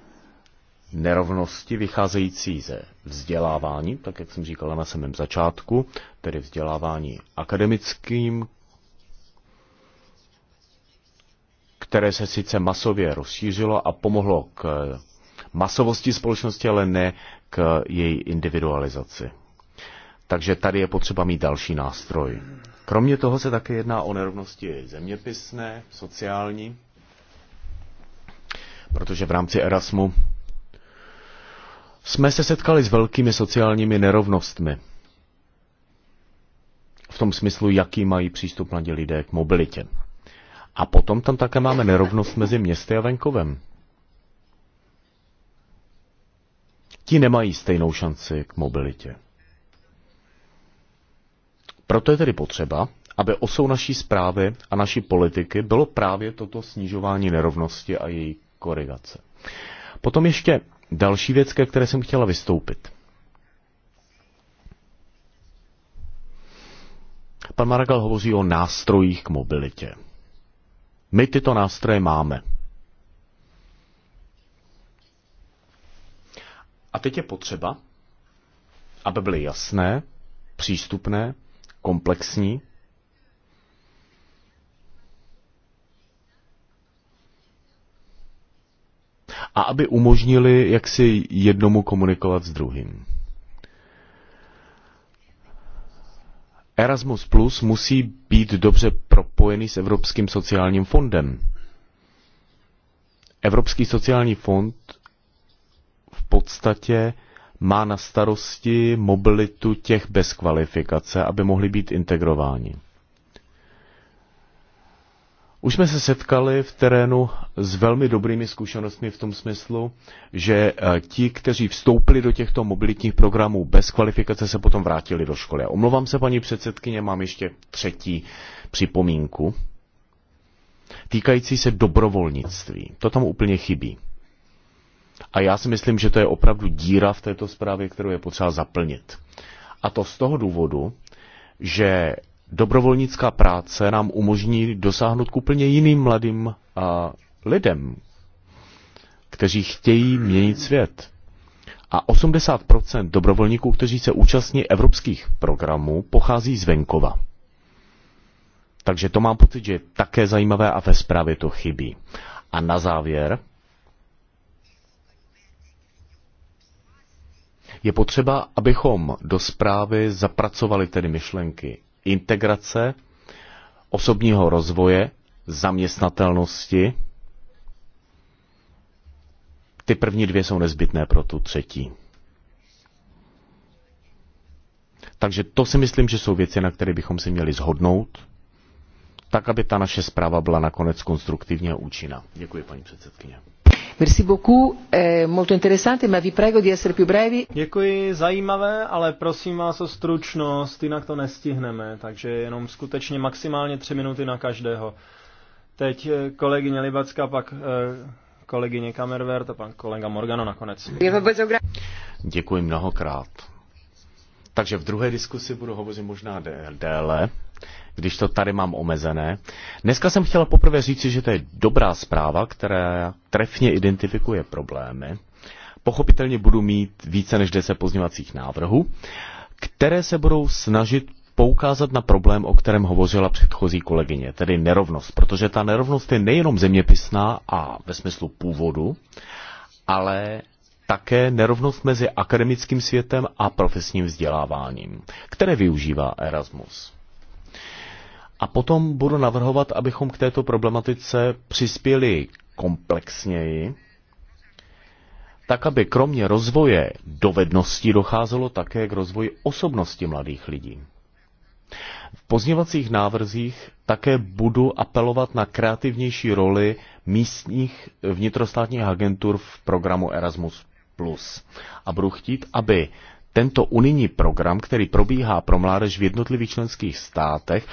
nerovnosti vycházející ze vzdělávání, tak jak jsem říkala na samém začátku, tedy vzdělávání akademickým, které se sice masově rozšířilo a pomohlo k masovosti společnosti, ale ne k její individualizaci. Takže tady je potřeba mít další nástroj. Kromě toho se také jedná o nerovnosti zeměpisné, sociální, protože v rámci Erasmu jsme se setkali s velkými sociálními nerovnostmi. V tom smyslu, jaký mají přístup mladí lidé k mobilitě. A potom tam také máme nerovnost mezi městy a venkovem. Ti nemají stejnou šanci k mobilitě. Proto je tedy potřeba, aby osou naší zprávy a naší politiky bylo právě toto snižování nerovnosti a její korigace. Potom ještě další věc, ke které jsem chtěla vystoupit. Pan Maragal hovoří o nástrojích k mobilitě. My tyto nástroje máme. A teď je potřeba, aby byly jasné, přístupné komplexní. A aby umožnili, jak si jednomu komunikovat s druhým. Erasmus Plus musí být dobře propojený s Evropským sociálním fondem. Evropský sociální fond v podstatě má na starosti mobilitu těch bez kvalifikace, aby mohli být integrováni. Už jsme se setkali v terénu s velmi dobrými zkušenostmi v tom smyslu, že eh, ti, kteří vstoupili do těchto mobilitních programů bez kvalifikace, se potom vrátili do školy. A omlouvám se, paní předsedkyně, mám ještě třetí připomínku, týkající se dobrovolnictví. To tam úplně chybí. A já si myslím, že to je opravdu díra v této zprávě, kterou je potřeba zaplnit. A to z toho důvodu, že dobrovolnická práce nám umožní dosáhnout k úplně jiným mladým a, lidem, kteří chtějí měnit svět. A 80% dobrovolníků, kteří se účastní evropských programů, pochází z venkova. Takže to mám pocit, že je také zajímavé a ve zprávě to chybí. A na závěr Je potřeba, abychom do zprávy zapracovali tedy myšlenky integrace, osobního rozvoje, zaměstnatelnosti. Ty první dvě jsou nezbytné pro tu třetí. Takže to si myslím, že jsou věci, na které bychom si měli zhodnout, tak aby ta naše zpráva byla nakonec konstruktivně účinná. Děkuji, paní předsedkyně. Děkuji, zajímavé, ale prosím vás o stručnost, jinak to nestihneme, takže jenom skutečně maximálně tři minuty na každého. Teď eh, kolegyně Libacka, pak eh, kolegyně Kamervert a pan kolega Morgano nakonec. Děkuji mnohokrát. Takže v druhé diskusi budu hovořit možná déle, když to tady mám omezené. Dneska jsem chtěla poprvé říci, že to je dobrá zpráva, která trefně identifikuje problémy. Pochopitelně budu mít více než 10 pozněvacích návrhů, které se budou snažit poukázat na problém, o kterém hovořila předchozí kolegyně, tedy nerovnost, protože ta nerovnost je nejenom zeměpisná a ve smyslu původu, ale také nerovnost mezi akademickým světem a profesním vzděláváním, které využívá Erasmus. A potom budu navrhovat, abychom k této problematice přispěli komplexněji, tak aby kromě rozvoje dovedností docházelo také k rozvoji osobnosti mladých lidí. V pozněvacích návrzích také budu apelovat na kreativnější roli místních vnitrostátních agentur v programu Erasmus. A budu chtít, aby tento unijní program, který probíhá pro mládež v jednotlivých členských státech,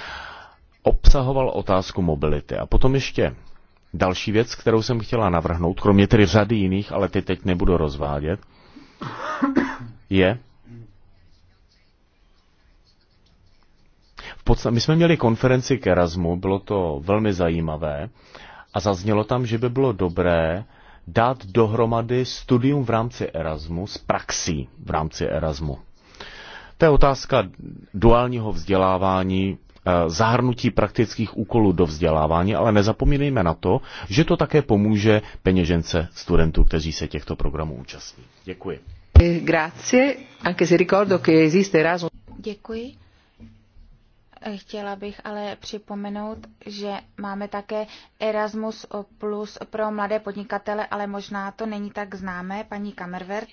obsahoval otázku mobility. A potom ještě další věc, kterou jsem chtěla navrhnout, kromě tedy řady jiných, ale ty teď nebudu rozvádět, je, v podstatě, my jsme měli konferenci k Erasmu, bylo to velmi zajímavé a zaznělo tam, že by bylo dobré dát dohromady studium v rámci Erasmu s praxí v rámci Erasmu. To je otázka duálního vzdělávání Eh, zahrnutí praktických úkolů do vzdělávání, ale nezapomínejme na to, že to také pomůže peněžence studentů, kteří se těchto programů účastní. Děkuji. Grazie, anche se ricordo che esiste Erasmus. Děkuji. Chtěla bych ale připomenout, že máme také Erasmus Plus pro mladé podnikatele, ale možná to není tak známé, paní Kamervert.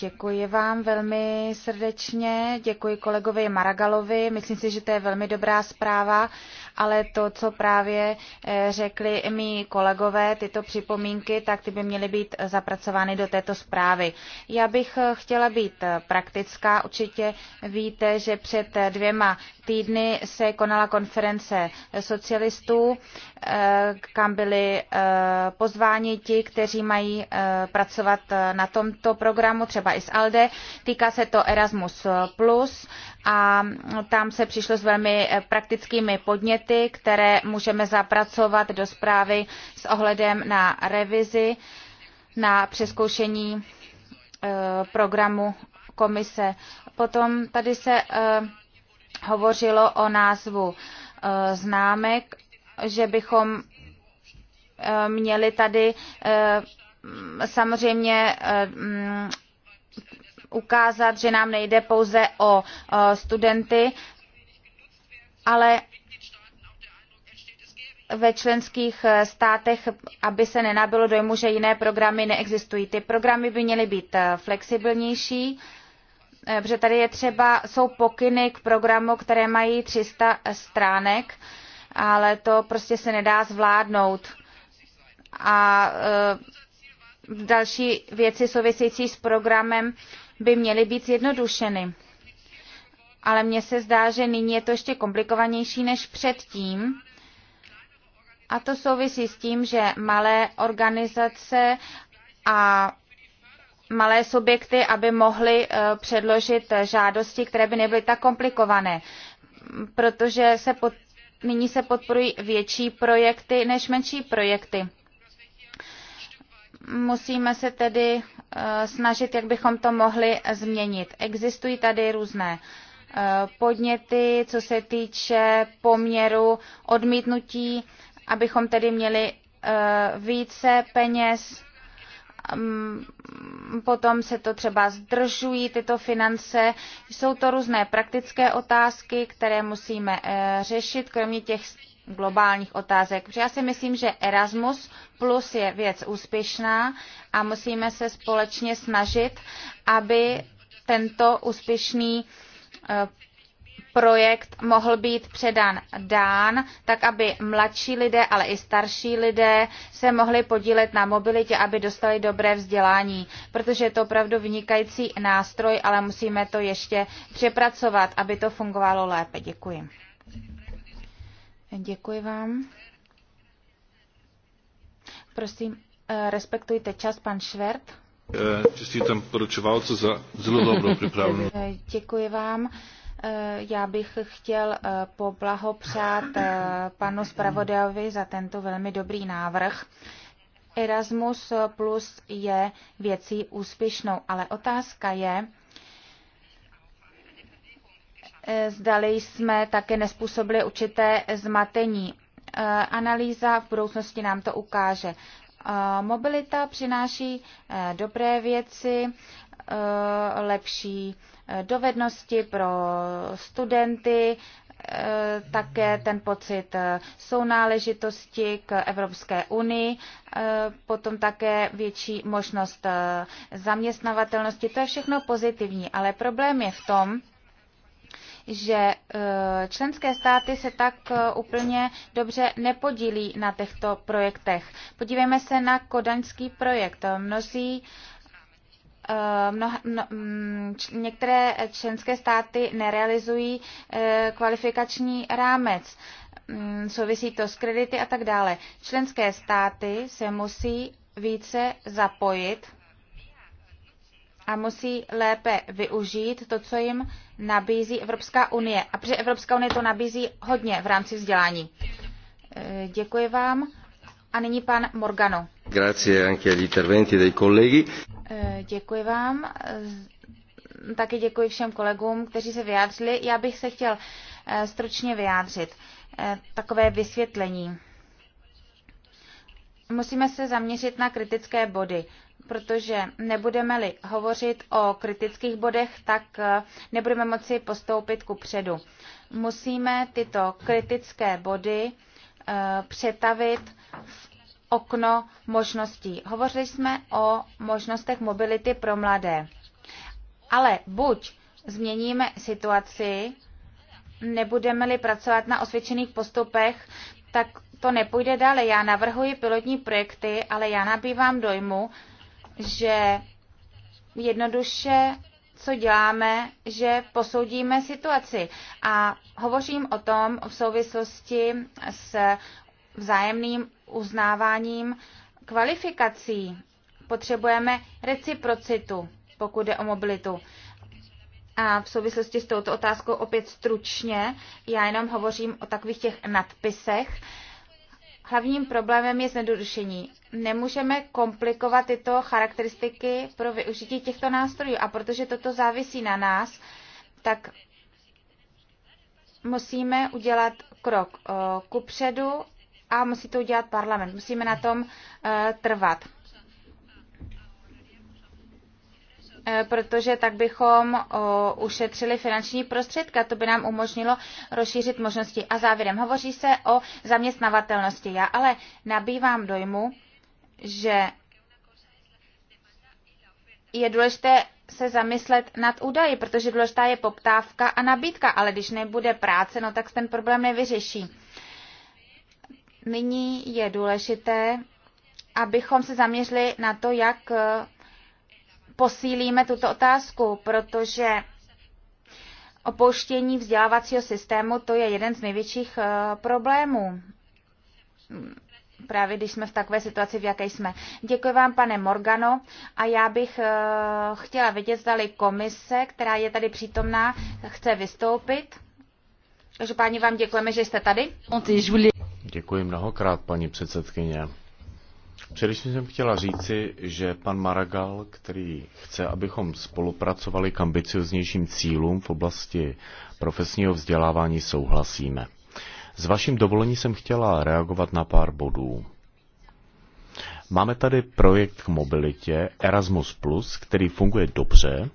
Děkuji vám velmi srdečně, děkuji kolegovi Maragalovi. Myslím si, že to je velmi dobrá zpráva ale to, co právě eh, řekli mý kolegové, tyto připomínky, tak ty by měly být zapracovány do této zprávy. Já bych eh, chtěla být eh, praktická. Určitě víte, že před dvěma týdny se konala konference socialistů, kam byli pozváni ti, kteří mají pracovat na tomto programu, třeba i z ALDE. Týká se to Erasmus+, a tam se přišlo s velmi eh, praktickými podněty, které můžeme zapracovat do zprávy s ohledem na revizi, na přeskoušení eh, programu komise. Potom tady se eh, hovořilo o názvu známek, že bychom měli tady samozřejmě ukázat, že nám nejde pouze o studenty, ale ve členských státech, aby se nenabilo dojmu, že jiné programy neexistují. Ty programy by měly být eh, flexibilnější, eh, protože tady je třeba, jsou pokyny k programu, které mají 300 stránek, ale to prostě se nedá zvládnout. A eh, další věci související s programem by měly být zjednodušeny. Ale mně se zdá, že nyní je to ještě komplikovanější než předtím. A to souvisí s tím, že malé organizace a malé subjekty, aby mohly eh, předložit žádosti, které by nebyly tak komplikované, protože se pod, nyní se podporují větší projekty než menší projekty. Musíme se tedy eh, snažit, jak bychom to mohli změnit. Existují tady různé eh, podněty, co se týče poměru odmítnutí, abychom tedy měli eh, více peněz. Mm, potom se to třeba zdržují, tyto finance. Jsou to různé praktické otázky, které musíme řešit, kromě těch globálních otázek. Protože já si myslím, že Erasmus plus je věc úspěšná a musíme se společně snažit, aby tento úspěšný eh, projekt mohl být předán dán, tak aby mladší lidé, ale i starší lidé se mohli podílet na mobilitě, aby dostali dobré vzdělání, protože je to opravdu vynikající nástroj, ale musíme to ještě přepracovat, aby to fungovalo lépe. Děkuji. Děkuji vám. Prosím, eh, respektujte čas, pan Švert. Eh, tam poručovalce za zelo dobrou připravenou. Eh, děkuji vám. Já bych chtěl poblahopřát panu zpravodajovi za tento velmi dobrý návrh. Erasmus Plus je věcí úspěšnou, ale otázka je, zdali jsme také nespůsobili určité zmatení. E, analýza v budoucnosti nám to ukáže. E, mobilita přináší e, dobré věci, lepší dovednosti pro studenty, také ten pocit sounáležitosti k Evropské unii, potom také větší možnost zaměstnavatelnosti. To je všechno pozitivní, ale problém je v tom, že e, členské státy se tak e, úplně dobře nepodílí na těchto projektech. Podívejme se na kodaňský projekt. Mnozí e, Mnoha, mno, některé členské státy nerealizují kvalifikační rámec. Souvisí to s kredity a tak dále. Členské státy se musí více zapojit a musí lépe využít to, co jim nabízí Evropská unie. A protože Evropská unie to nabízí hodně v rámci vzdělání. E, děkuji vám. A nyní pan Morgano. Grazie anche agli interventi dei colleghi. E, děkuji vám. E, taky děkuji všem kolegům, kteří se vyjádřili. Já bych se chtěl stručně vyjádřit. Takové vysvětlení. Musíme se zaměřit na kritické body protože nebudeme-li hovořit o kritických bodech, tak eh, nebudeme moci postoupit ku předu. Musíme tyto kritické body eh, přetavit v okno možností. Hovořili jsme o možnostech mobility pro mladé. Ale buď změníme situaci, nebudeme-li pracovat na osvědčených postupech, tak to nepůjde dále. Já navrhuji pilotní projekty, ale já nabývám dojmu, že jednoduše, co děláme, že posoudíme situaci. A hovořím o tom v souvislosti s vzájemným uznáváním kvalifikací. Potřebujeme reciprocitu, pokud jde o mobilitu. A v souvislosti s touto otázkou opět stručně, já jenom hovořím o takových těch nadpisech, Hlavním problémem je zjednodušení. Nemůžeme komplikovat tyto charakteristiky pro využití těchto nástrojů a protože toto závisí na nás, tak musíme udělat krok eh, kupředu a musí to udělat parlament. Musíme na tom eh, trvat. Eh, protože tak bychom ušetřili finanční prostředky a to by nám umožnilo rozšířit možnosti. A závěrem hovoří se o zaměstnavatelnosti. Já ale nabývám dojmu, že je důležité se zamyslet nad údaji, protože důležitá je poptávka a nabídka, ale když nebude práce, no tak ten problém nevyřeší. Nyní je důležité, abychom se zaměřili na to, jak eh, posílíme tuto otázku, protože opouštění vzdělávacího systému to je jeden z největších eh, problémů. Právě když jsme v takové situaci, v jaké jsme. Děkuji vám, pane Morgano, a já bych eh, chtěla vědět, zdali komise, která je tady přítomná, chce vystoupit. Takže, páni, vám děkujeme, že jste tady. Děkuji mnohokrát, paní předsedkyně. Především jsem chtěla říci, že pan Maragal, který chce, abychom spolupracovali k ambicioznějším cílům v oblasti profesního vzdělávání, souhlasíme. S vaším dovolením jsem chtěla reagovat na pár bodů. Máme tady projekt k mobilitě Erasmus+, který funguje dobře,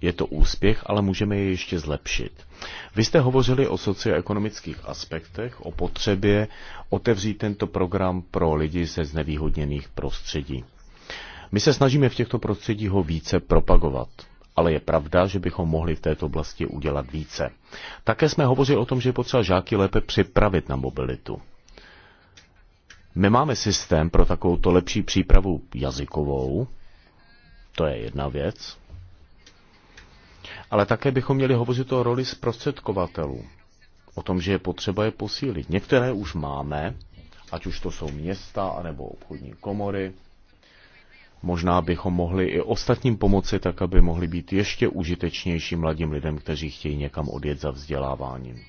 je to úspěch, ale můžeme je ještě zlepšit. Vy jste hovořili o socioekonomických aspektech, o potřebě otevřít tento program pro lidi ze znevýhodněných prostředí. My se snažíme v těchto prostředích ho více propagovat, ale je pravda, že bychom mohli v této oblasti udělat více. Také jsme hovořili o tom, že je potřeba žáky lépe připravit na mobilitu. My máme systém pro takovouto lepší přípravu jazykovou, to je jedna věc, ale také bychom měli hovořit o roli zprostředkovatelů. O tom, že je potřeba je posílit. Některé už máme, ať už to jsou města anebo obchodní komory. Možná bychom mohli i ostatním pomoci, tak aby mohli být ještě užitečnější mladým lidem, kteří chtějí někam odjet za vzděláváním.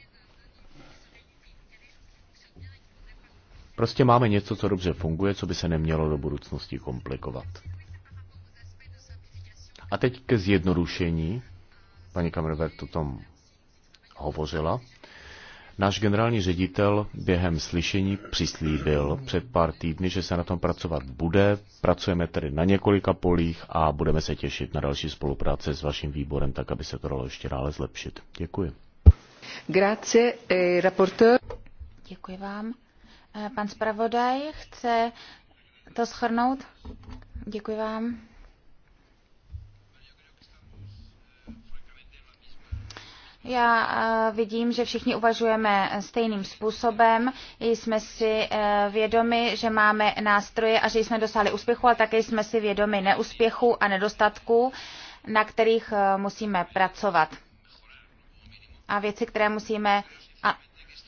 Prostě máme něco, co dobře funguje, co by se nemělo do budoucnosti komplikovat. A teď ke zjednodušení paní Kamervert o tom hovořila. Náš generální ředitel během slyšení přislíbil před pár týdny, že se na tom pracovat bude. Pracujeme tedy na několika polích a budeme se těšit na další spolupráce s vaším výborem, tak aby se to dalo ještě dále zlepšit. Děkuji. Grazie, eh, rapporteur. Děkuji vám. Eh, pan zpravodaj chce to schrnout? Děkuji vám. Já eh, vidím, že všichni uvažujeme stejným způsobem. Jsme si eh, vědomi, že máme nástroje a že jsme dosáhli úspěchu, ale také jsme si vědomi neúspěchu a nedostatků, na kterých eh, musíme pracovat. A věci, které musíme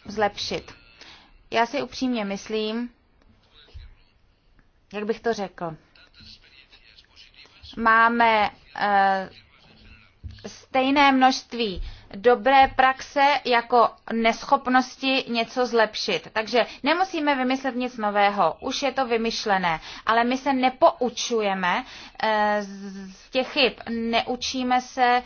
zlepšit. Já si upřímně myslím, jak bych to řekl, máme stejné množství dobré praxe jako neschopnosti něco zlepšit. Takže nemusíme vymyslet nic nového, už je to vymyšlené, ale my se nepoučujeme eh, z těch chyb, neučíme se,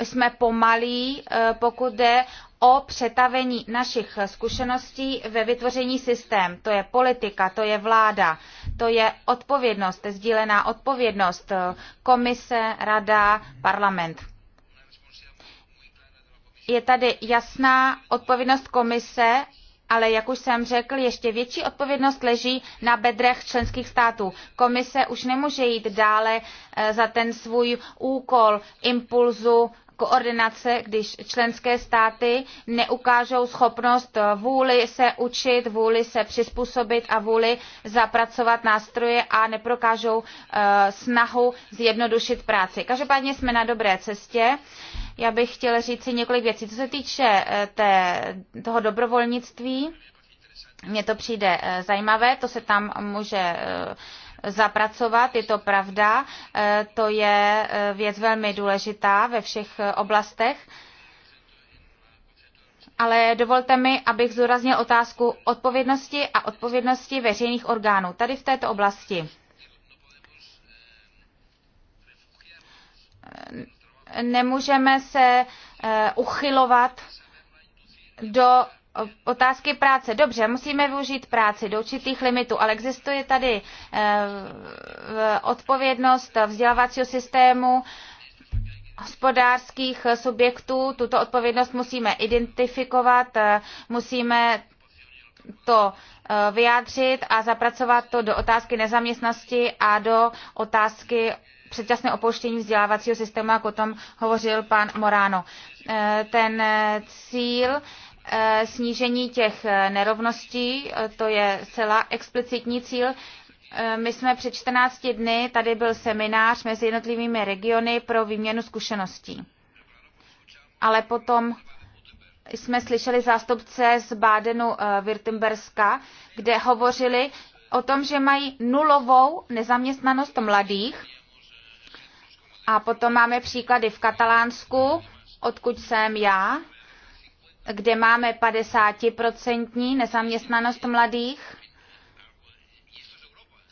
jsme pomalí, eh, pokud jde o přetavení našich zkušeností ve vytvoření systém. To je politika, to je vláda, to je odpovědnost, sdílená odpovědnost, eh, komise, rada, parlament je tady jasná odpovědnost komise, ale jak už jsem řekl, ještě větší odpovědnost leží na bedrech členských států. Komise už nemůže jít dále eh, za ten svůj úkol impulzu koordinace, když členské státy neukážou schopnost vůli se učit, vůli se přizpůsobit a vůli zapracovat nástroje a neprokážou eh, snahu zjednodušit práci. Každopádně jsme na dobré cestě. Já bych chtěla říct si několik věcí. Co se týče eh, té, toho dobrovolnictví, mně to přijde eh, zajímavé, to se tam může zapracovat, je to pravda, eh, to je eh, věc velmi důležitá ve všech eh, oblastech. Ale dovolte mi, abych zúraznil otázku odpovědnosti a odpovědnosti veřejných orgánů tady v této oblasti. Nemůžeme se uchylovat do Otázky práce. Dobře, musíme využít práci do určitých limitů, ale existuje tady eh, odpovědnost vzdělávacího systému hospodářských subjektů. Tuto odpovědnost musíme identifikovat, eh, musíme to eh, vyjádřit a zapracovat to do otázky nezaměstnosti a do otázky předčasné opouštění vzdělávacího systému, jak o tom hovořil pan Morano. Ten cíl Eh, snížení těch eh, nerovností, eh, to je celá explicitní cíl. My jsme před 14 dny, tady byl seminář mezi jednotlivými regiony pro výměnu zkušeností. Ale potom jsme slyšeli zástupce z Bádenu Wirtemberska, kde hovořili o tom, že mají nulovou nezaměstnanost mladých. A potom máme příklady v Katalánsku, odkud jsem já, kde máme 50% nezaměstnanost mladých.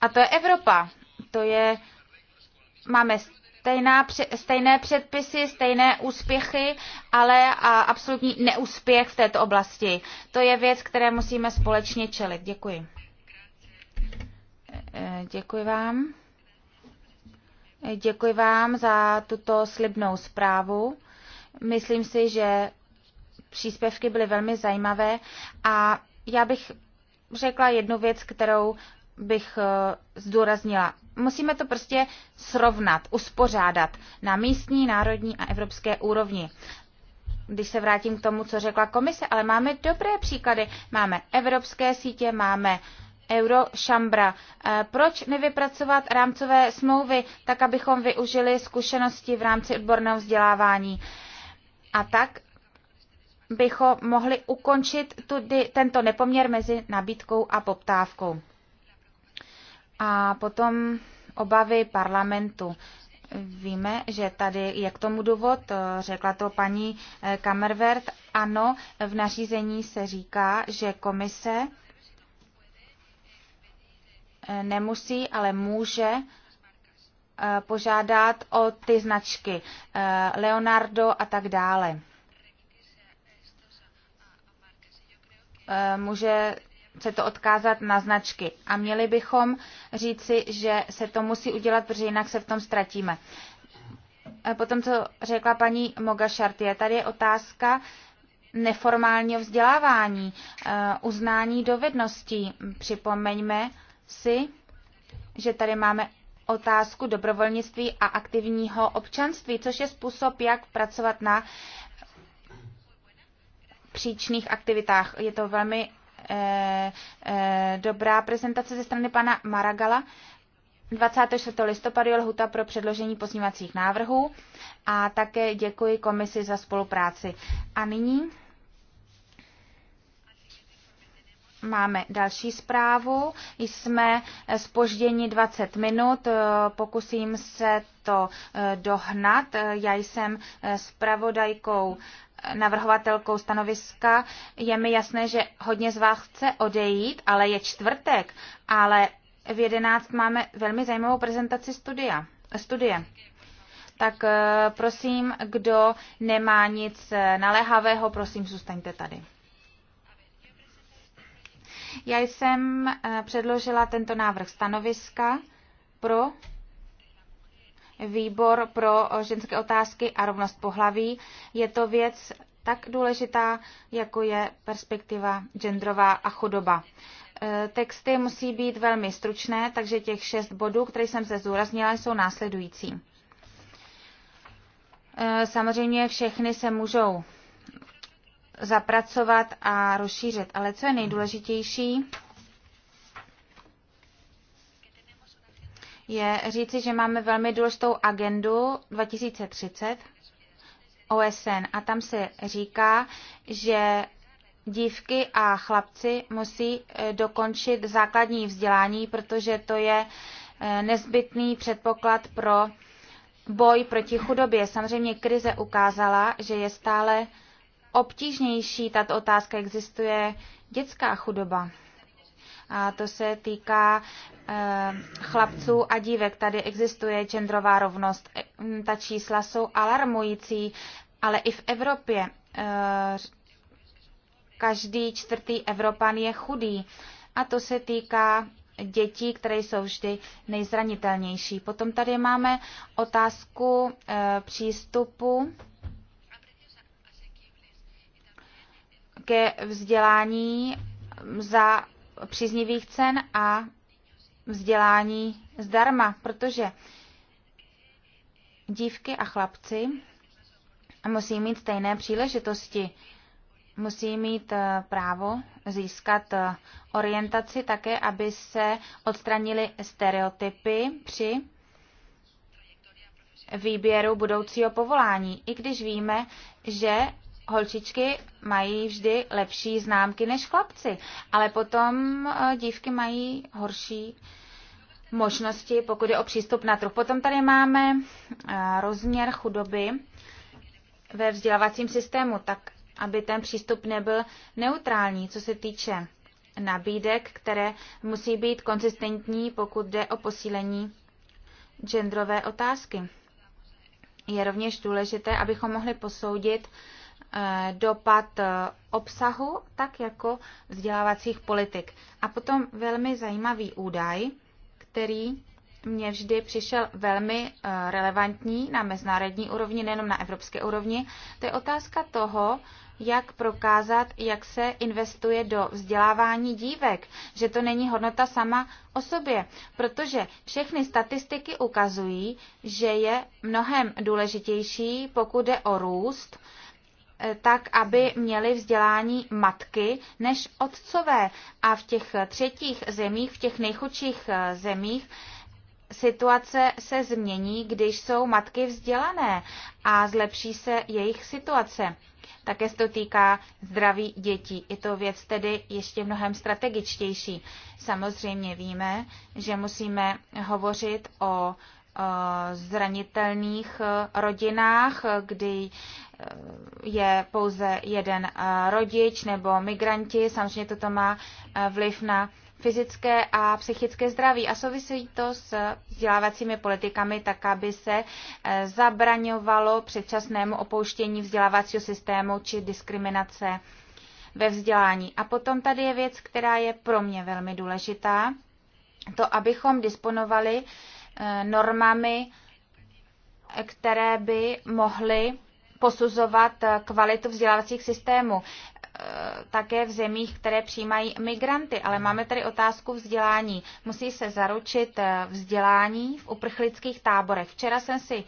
A to je Evropa. To je, máme stejná, stejné předpisy, stejné úspěchy, ale a absolutní neúspěch v této oblasti. To je věc, které musíme společně čelit. Děkuji. E, děkuji vám. E, děkuji vám za tuto slibnou zprávu. Myslím si, že příspěvky byly velmi zajímavé a já bych řekla jednu věc, kterou bych eh, zdůraznila. Musíme to prostě srovnat, uspořádat na místní, národní a evropské úrovni. Když se vrátím k tomu, co řekla komise, ale máme dobré příklady. Máme evropské sítě, máme Eurošambra. Eh, proč nevypracovat rámcové smlouvy, tak abychom využili zkušenosti v rámci odborného vzdělávání? A tak bychom mohli ukončit tudy, tento nepoměr mezi nabídkou a poptávkou. A potom obavy parlamentu. Víme, že tady je k tomu důvod, eh, řekla to paní eh, Kamervert. Ano, v nařízení se říká, že komise eh, nemusí, ale může požádat o ty značky Leonardo a tak dále. Eh, může se to odkázat na značky. A měli bychom říci, že se to musí udělat, protože jinak se v tom ztratíme. Eh, potom, co řekla paní Mogašart, je tady otázka neformálního vzdělávání, eh, uznání dovedností. Připomeňme si, že tady máme otázku dobrovolnictví a aktivního občanství, což je způsob, jak pracovat na příčných aktivitách. Je to velmi eh, eh, dobrá prezentace ze strany pana Maragala. 26. listopadu je lhuta pro předložení pozměňovacích návrhů a také děkuji komisi za spolupráci. A nyní máme další zprávu. Jsme spožděni 20 minut, eh, pokusím se to eh, dohnat. Eh, já jsem zpravodajkou navrhovatelkou stanoviska. Je mi jasné, že hodně z vás chce odejít, ale je čtvrtek, ale v 11 máme velmi zajímavou prezentaci studia, studie. Tak eh, prosím, kdo nemá nic eh, naléhavého, prosím, zůstaňte tady. Já jsem eh, předložila tento návrh stanoviska pro výbor pro ženské otázky a rovnost pohlaví. Je to věc tak důležitá, jako je perspektiva genderová a chudoba. E, texty musí být velmi stručné, takže těch šest bodů, které jsem se zúraznila, jsou následující. E, samozřejmě všechny se můžou zapracovat a rozšířit, ale co je nejdůležitější, je říci, že máme velmi důležitou agendu 2030 OSN a tam se říká, že dívky a chlapci musí eh, dokončit základní vzdělání, protože to je eh, nezbytný předpoklad pro boj proti chudobě. Samozřejmě krize ukázala, že je stále obtížnější tato otázka. Existuje dětská chudoba. A to se týká Eh, chlapců a dívek. Tady existuje genderová rovnost. Eh, ta čísla jsou alarmující, ale i v Evropě eh, každý čtvrtý Evropan je chudý. A to se týká dětí, které jsou vždy nejzranitelnější. Potom tady máme otázku přístupu ke vzdělání za příznivých cen a vzdělání zdarma, protože dívky a chlapci musí mít stejné příležitosti, musí mít eh, právo získat eh, orientaci také, aby se odstranili stereotypy při výběru budoucího povolání, i když víme, že holčičky mají vždy lepší známky než chlapci, ale potom eh, dívky mají horší možnosti, pokud je o přístup na trh. Potom tady máme eh, rozměr chudoby ve vzdělávacím systému, tak aby ten přístup nebyl neutrální, co se týče nabídek, které musí být konzistentní, pokud jde o posílení genderové otázky. Je rovněž důležité, abychom mohli posoudit Eh, dopad eh, obsahu, tak jako vzdělávacích politik. A potom velmi zajímavý údaj, který mně vždy přišel velmi eh, relevantní na mezinárodní úrovni, nejenom na evropské úrovni. To je otázka toho, jak prokázat, jak se investuje do vzdělávání dívek, že to není hodnota sama o sobě, protože všechny statistiky ukazují, že je mnohem důležitější, pokud jde o růst, tak, aby měli vzdělání matky než otcové. A v těch třetích zemích, v těch nejchudších eh, zemích, situace se změní, když jsou matky vzdělané a zlepší se jejich situace. Také se to týká zdraví dětí. Je to věc tedy ještě mnohem strategičtější. Samozřejmě víme, že musíme hovořit o eh, zranitelných eh, rodinách, kdy je pouze jeden rodič nebo migranti. Samozřejmě toto má vliv na fyzické a psychické zdraví a souvisí to s vzdělávacími politikami, tak aby se e, zabraňovalo předčasnému opouštění vzdělávacího systému či diskriminace ve vzdělání. A potom tady je věc, která je pro mě velmi důležitá, to, abychom disponovali e, normami, které by mohly posuzovat eh, kvalitu vzdělávacích systémů eh, také v zemích, které přijímají migranty. Ale máme tady otázku vzdělání. Musí se zaručit eh, vzdělání v uprchlických táborech. Včera jsem si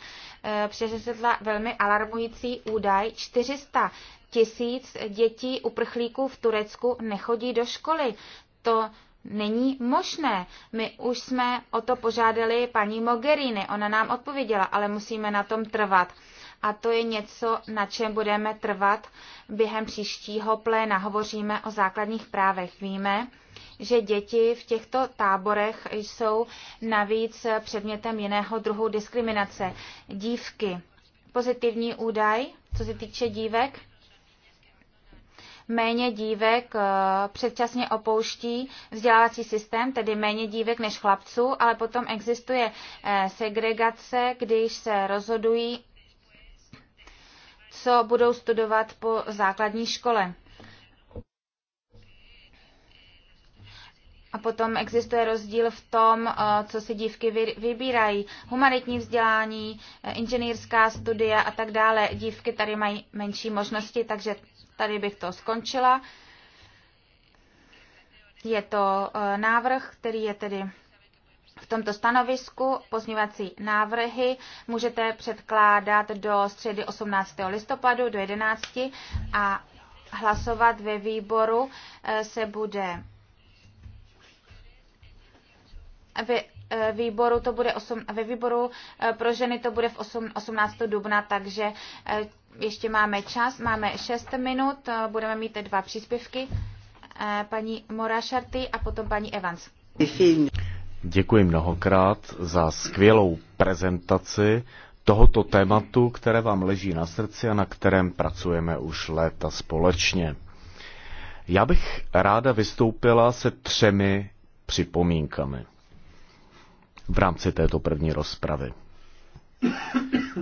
přečetla velmi alarmující údaj. 400 tisíc dětí uprchlíků v Turecku nechodí do školy. To není možné. My už jsme o to požádali paní Mogherini, ona nám odpověděla, ale musíme na tom trvat a to je něco, na čem budeme trvat během příštího pléna. Hovoříme o základních právech. Víme, že děti v těchto táborech jsou navíc předmětem jiného druhu diskriminace. Dívky. Pozitivní údaj, co se týče dívek. Méně dívek eh, předčasně opouští vzdělávací systém, tedy méně dívek než chlapců, ale potom existuje eh, segregace, když se rozhodují co budou studovat po základní škole. A potom existuje rozdíl v tom, eh, co si dívky vybírají. Humanitní vzdělání, eh, inženýrská studia a tak dále. Dívky tady mají menší možnosti, takže tady bych to skončila. Je to eh, návrh, který je tedy v tomto stanovisku pozměňovací návrhy můžete předkládat do středy 18. listopadu do 11. a hlasovat ve výboru eh, se bude ve eh, výboru to bude osm, ve výboru eh, pro ženy to bude v 8, 18. dubna, takže ještě máme čas, máme 6 minut, budeme mít dva příspěvky, paní Mora Šarty a potom paní Evans. Děkuji mnohokrát za skvělou prezentaci tohoto tématu, které vám leží na srdci a na kterém pracujeme už léta společně. Já bych ráda vystoupila se třemi připomínkami v rámci této první rozpravy.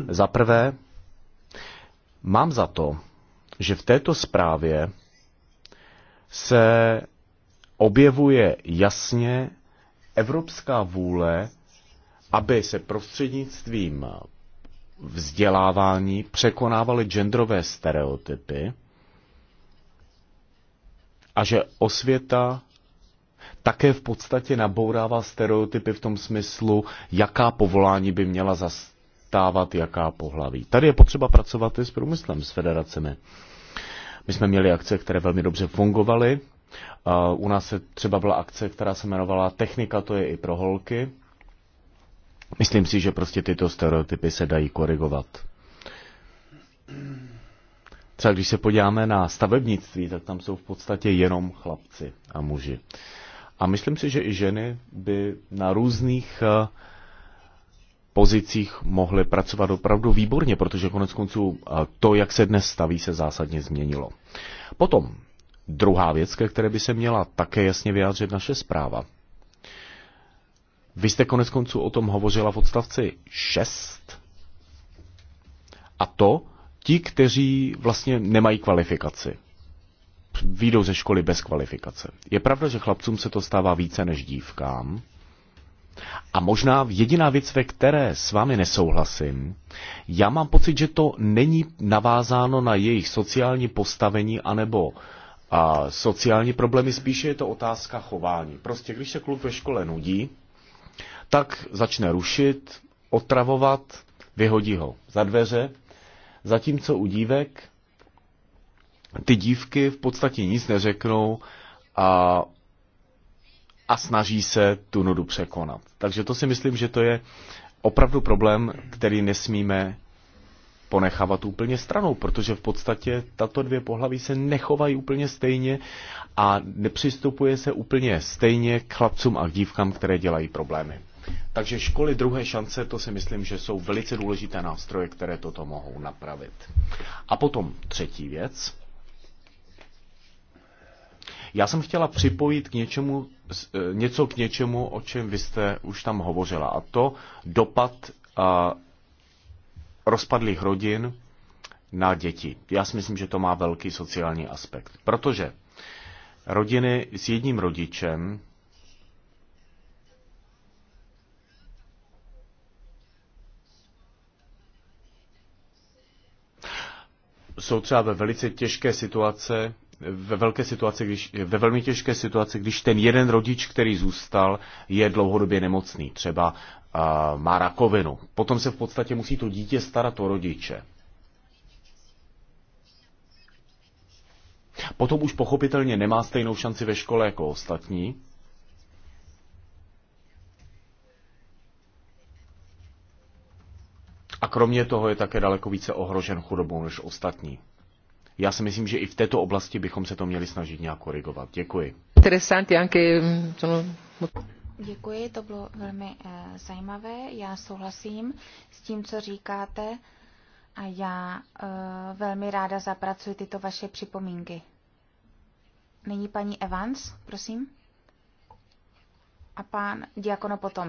Za prvé, mám za to, že v této zprávě se objevuje jasně evropská vůle, aby se prostřednictvím vzdělávání překonávaly genderové stereotypy a že osvěta také v podstatě nabourává stereotypy v tom smyslu, jaká povolání by měla zastávat jaká pohlaví. Tady je potřeba pracovat i s průmyslem, s federacemi. My jsme měli akce, které velmi dobře fungovaly, Uh, u nás se třeba byla akce, která se jmenovala Technika to je i pro holky. Myslím si, že prostě tyto stereotypy se dají korigovat. Třeba když se podíváme na stavebnictví, tak tam jsou v podstatě jenom chlapci a muži. A myslím si, že i ženy by na různých eh, pozicích mohly pracovat opravdu výborně, protože konec konců eh, to, jak se dnes staví, se zásadně změnilo. Potom druhá věc, ke které by se měla také jasně vyjádřit naše zpráva. Vy jste konec konců o tom hovořila v odstavci 6. A to ti, kteří vlastně nemají kvalifikaci. Výjdou ze školy bez kvalifikace. Je pravda, že chlapcům se to stává více než dívkám. A možná jediná věc, ve které s vámi nesouhlasím, já mám pocit, že to není navázáno na jejich sociální postavení anebo a sociální problémy, spíše je to otázka chování. Prostě když se kluk ve škole nudí, tak začne rušit, otravovat, vyhodí ho za dveře, zatímco u dívek ty dívky v podstatě nic neřeknou a, a snaží se tu nudu překonat. Takže to si myslím, že to je opravdu problém, který nesmíme ponechávat úplně stranou, protože v podstatě tato dvě pohlaví se nechovají úplně stejně a nepřistupuje se úplně stejně k chlapcům a k dívkám, které dělají problémy. Takže školy druhé šance, to si myslím, že jsou velice důležité nástroje, které toto mohou napravit. A potom třetí věc. Já jsem chtěla připojit k něčemu, e, něco k něčemu, o čem vy jste už tam hovořila, a to dopad rozpadlých rodin na děti. Já si myslím, že to má velký sociální aspekt, protože rodiny s jedním rodičem jsou třeba ve velice těžké situace, ve, velké situaci, když, ve velmi těžké situaci, když ten jeden rodič, který zůstal, je dlouhodobě nemocný, třeba má rakovinu. Potom se v podstatě musí to dítě starat o rodiče. Potom už pochopitelně nemá stejnou šanci ve škole jako ostatní. A kromě toho je také daleko více ohrožen chudobou než ostatní. Já si myslím, že i v této oblasti bychom se to měli snažit nějak korigovat. Děkuji. Interesanti anche mm, Děkuji, to bylo velmi eh, zajímavé. Já souhlasím s tím, co říkáte a já eh, velmi ráda zapracuji tyto vaše připomínky. Nyní paní Evans, prosím. A pán Diakono potom.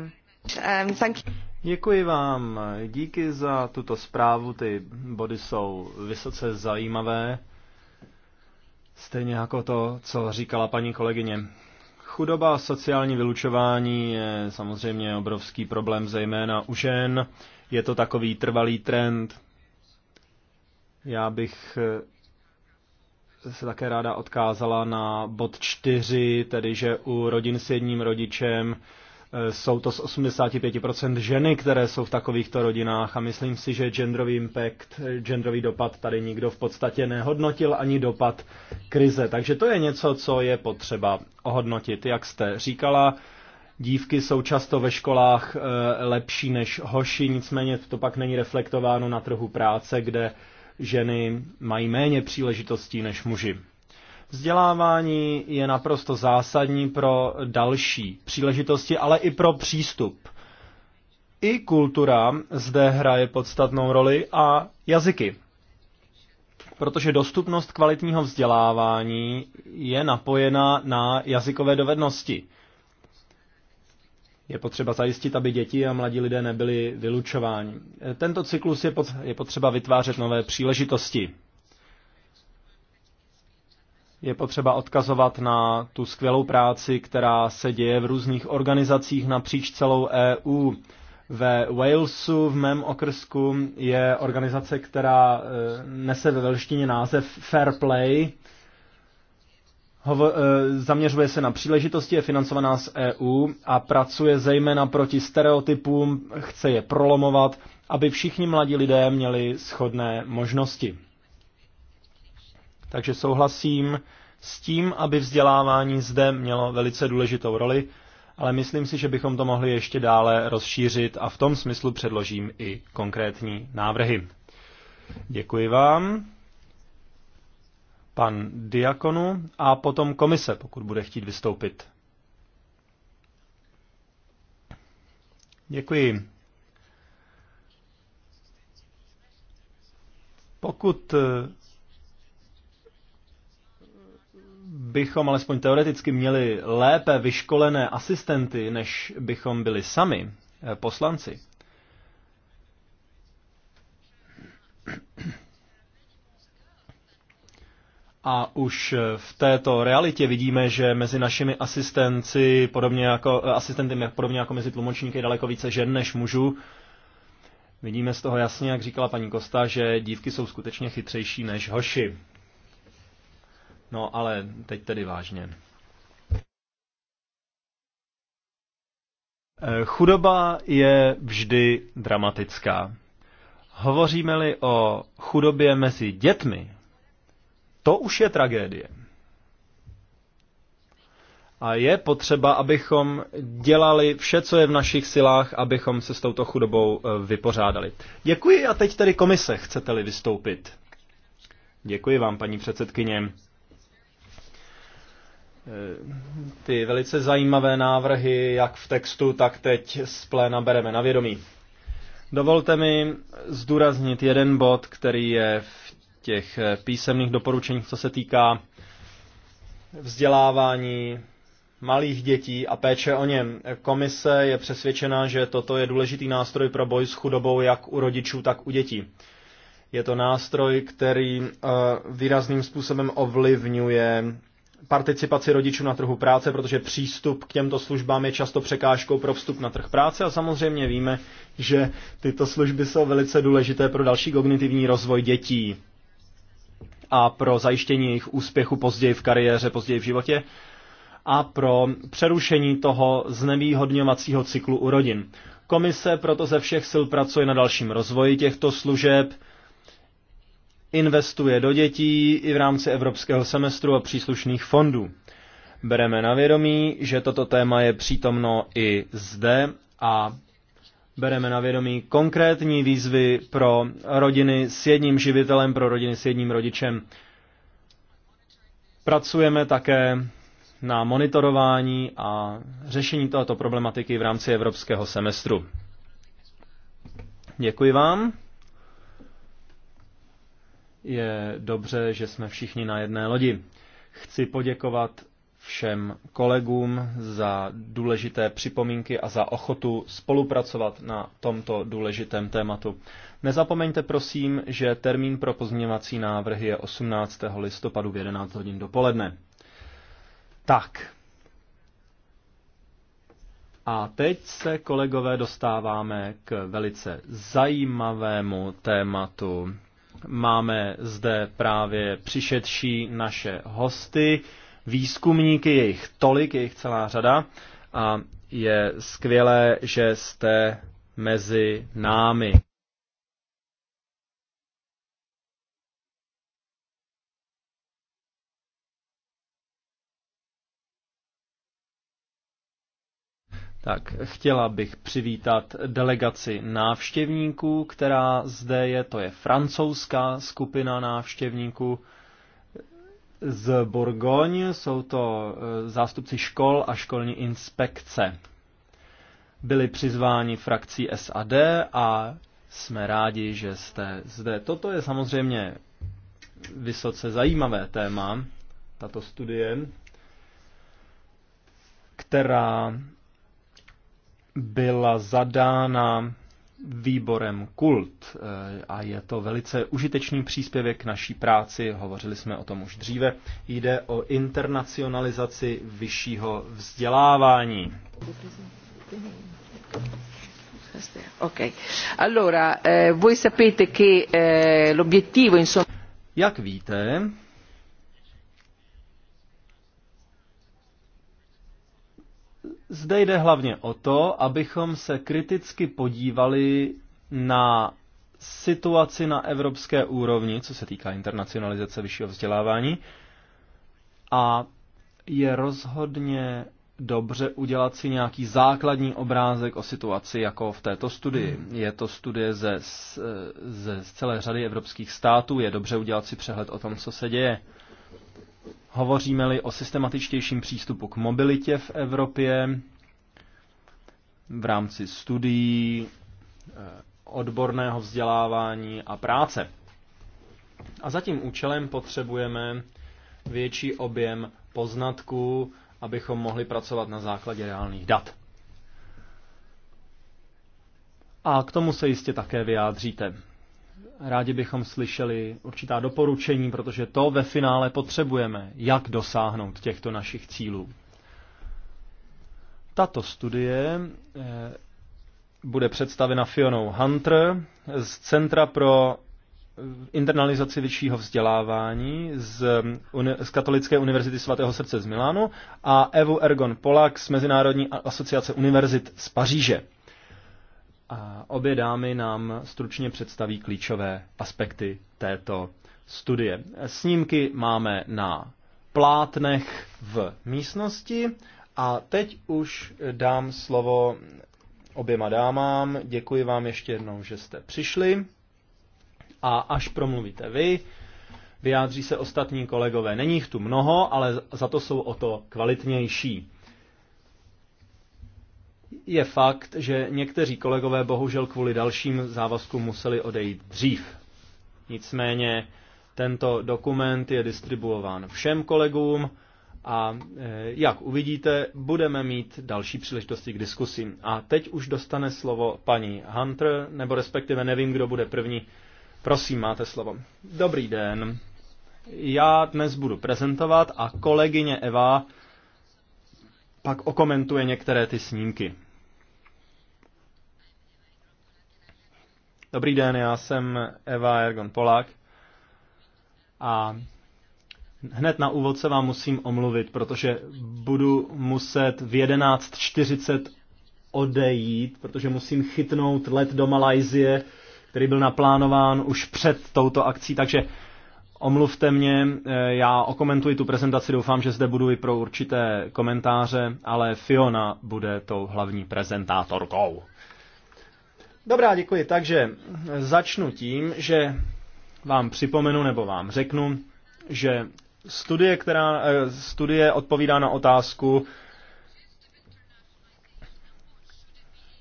Um, Děkuji vám. Díky za tuto zprávu. Ty body jsou vysoce zajímavé. Stejně jako to, co říkala paní kolegyně. Chudoba a sociální vylučování je samozřejmě obrovský problém, zejména u žen. Je to takový trvalý trend. Já bych eh, se také ráda odkázala na bod čtyři, tedy že u rodin s jedním rodičem Eh, jsou to z 85% ženy, které jsou v takovýchto rodinách a myslím si, že genderový impact, eh, genderový dopad tady nikdo v podstatě nehodnotil ani dopad krize. Takže to je něco, co je potřeba ohodnotit. Jak jste říkala, dívky jsou často ve školách eh, lepší než hoši, nicméně to pak není reflektováno na trhu práce, kde ženy mají méně příležitostí než muži. Vzdělávání je naprosto zásadní pro další příležitosti, ale i pro přístup. I kultura zde hraje podstatnou roli a jazyky. Protože dostupnost kvalitního vzdělávání je napojena na jazykové dovednosti. Je potřeba zajistit, aby děti a mladí lidé nebyli vylučováni. Tento cyklus je potřeba vytvářet nové příležitosti je potřeba odkazovat na tu skvělou práci, která se děje v různých organizacích napříč celou EU. Ve Walesu, v mém okrsku, je organizace, která eh, nese ve velštině název Fair Play. Hovo- eh, zaměřuje se na příležitosti, je financovaná z EU a pracuje zejména proti stereotypům, chce je prolomovat, aby všichni mladí lidé měli shodné možnosti. Takže souhlasím s tím, aby vzdělávání zde mělo velice důležitou roli, ale myslím si, že bychom to mohli ještě dále rozšířit a v tom smyslu předložím i konkrétní návrhy. Děkuji vám, pan Diakonu, a potom komise, pokud bude chtít vystoupit. Děkuji. Pokud bychom alespoň teoreticky měli lépe vyškolené asistenty, než bychom byli sami eh, poslanci, A už eh, v této realitě vidíme, že mezi našimi asistenci, podobně jako, eh, asistenty, podobně jako mezi tlumočníky, je daleko více žen než mužů. Vidíme z toho jasně, jak říkala paní Kosta, že dívky jsou skutečně chytřejší než hoši. No ale teď tedy vážně. Eh, chudoba je vždy dramatická. Hovoříme-li o chudobě mezi dětmi, to už je tragédie. A je potřeba, abychom dělali vše, co je v našich silách, abychom se s touto chudobou eh, vypořádali. Děkuji a teď tedy komise, chcete-li vystoupit. Děkuji vám, paní předsedkyně ty velice zajímavé návrhy, jak v textu, tak teď z pléna bereme na vědomí. Dovolte mi zdůraznit jeden bod, který je v těch písemných doporučeních, co se týká vzdělávání malých dětí a péče o něm. Komise je přesvědčena, že toto je důležitý nástroj pro boj s chudobou jak u rodičů, tak u dětí. Je to nástroj, který eh, výrazným způsobem ovlivňuje participaci rodičů na trhu práce, protože přístup k těmto službám je často překážkou pro vstup na trh práce a samozřejmě víme, že tyto služby jsou velice důležité pro další kognitivní rozvoj dětí a pro zajištění jejich úspěchu později v kariéře, později v životě a pro přerušení toho znevýhodňovacího cyklu u rodin. Komise proto ze všech sil pracuje na dalším rozvoji těchto služeb, investuje do dětí i v rámci evropského semestru a příslušných fondů. Bereme na vědomí, že toto téma je přítomno i zde a bereme na vědomí konkrétní výzvy pro rodiny s jedním živitelem, pro rodiny s jedním rodičem. Pracujeme také na monitorování a řešení tohoto problematiky v rámci evropského semestru. Děkuji vám je dobře, že jsme všichni na jedné lodi. Chci poděkovat všem kolegům za důležité připomínky a za ochotu spolupracovat na tomto důležitém tématu. Nezapomeňte prosím, že termín pro pozměňovací návrhy je 18. listopadu v 11 hodin dopoledne. Tak. A teď se, kolegové, dostáváme k velice zajímavému tématu Máme zde právě přišedší naše hosty, výzkumníky, jejich tolik, jejich celá řada a je skvělé, že jste mezi námi. Tak chtěla bych přivítat delegaci návštěvníků, která zde je, to je francouzská skupina návštěvníků z Borgoň, jsou to eh, zástupci škol a školní inspekce. Byli přizváni frakcí SAD a jsme rádi, že jste zde. Toto je samozřejmě vysoce zajímavé téma, tato studie, která byla zadána výborem Kult eh, a je to velice užitečný příspěvek k naší práci, hovořili jsme o tom už dříve. Jde o internacionalizaci vyššího vzdělávání. Allora, eh, voi sapete che eh, l'obiettivo insomma... Jak víte, Zde jde hlavně o to, abychom se kriticky podívali na situaci na evropské úrovni, co se týká internacionalizace vyššího vzdělávání. A je rozhodně dobře udělat si nějaký základní obrázek o situaci jako v této studii. Hmm. Je to studie ze, ze celé řady evropských států, je dobře udělat si přehled o tom, co se děje. Hovoříme-li o systematičtějším přístupu k mobilitě v Evropě v rámci studií, eh, odborného vzdělávání a práce. A za tím účelem potřebujeme větší objem poznatků, abychom mohli pracovat na základě reálných dat. A k tomu se jistě také vyjádříte. Rádi bychom slyšeli určitá doporučení, protože to ve finále potřebujeme, jak dosáhnout těchto našich cílů. Tato studie eh, bude představena Fionou Hunter z Centra pro eh, internalizaci vyššího vzdělávání z, z Katolické univerzity svatého srdce z Milánu a Evu Ergon Polak z Mezinárodní asociace univerzit z Paříže. A obě dámy nám stručně představí klíčové aspekty této studie. Snímky máme na plátnech v místnosti a teď už dám slovo oběma dámám. Děkuji vám ještě jednou, že jste přišli. A až promluvíte vy, vyjádří se ostatní kolegové. Není jich tu mnoho, ale za to jsou o to kvalitnější je fakt, že někteří kolegové bohužel kvůli dalším závazkům museli odejít dřív. Nicméně tento dokument je distribuován všem kolegům a e, jak uvidíte, budeme mít další příležitosti k diskusi. A teď už dostane slovo paní Hunter, nebo respektive nevím, kdo bude první. Prosím, máte slovo. Dobrý den. Já dnes budu prezentovat a kolegyně Eva pak okomentuje některé ty snímky. Dobrý den, já jsem Eva Ergon Polák a hned na úvod se vám musím omluvit, protože budu muset v 11.40 odejít, protože musím chytnout let do Malajzie, který byl naplánován už před touto akcí, takže omluvte mě, eh, já okomentuji tu prezentaci, doufám, že zde budu i pro určité komentáře, ale Fiona bude tou hlavní prezentátorkou. Dobrá, děkuji. Takže začnu tím, že vám připomenu nebo vám řeknu, že studie, která, eh, studie odpovídá na otázku,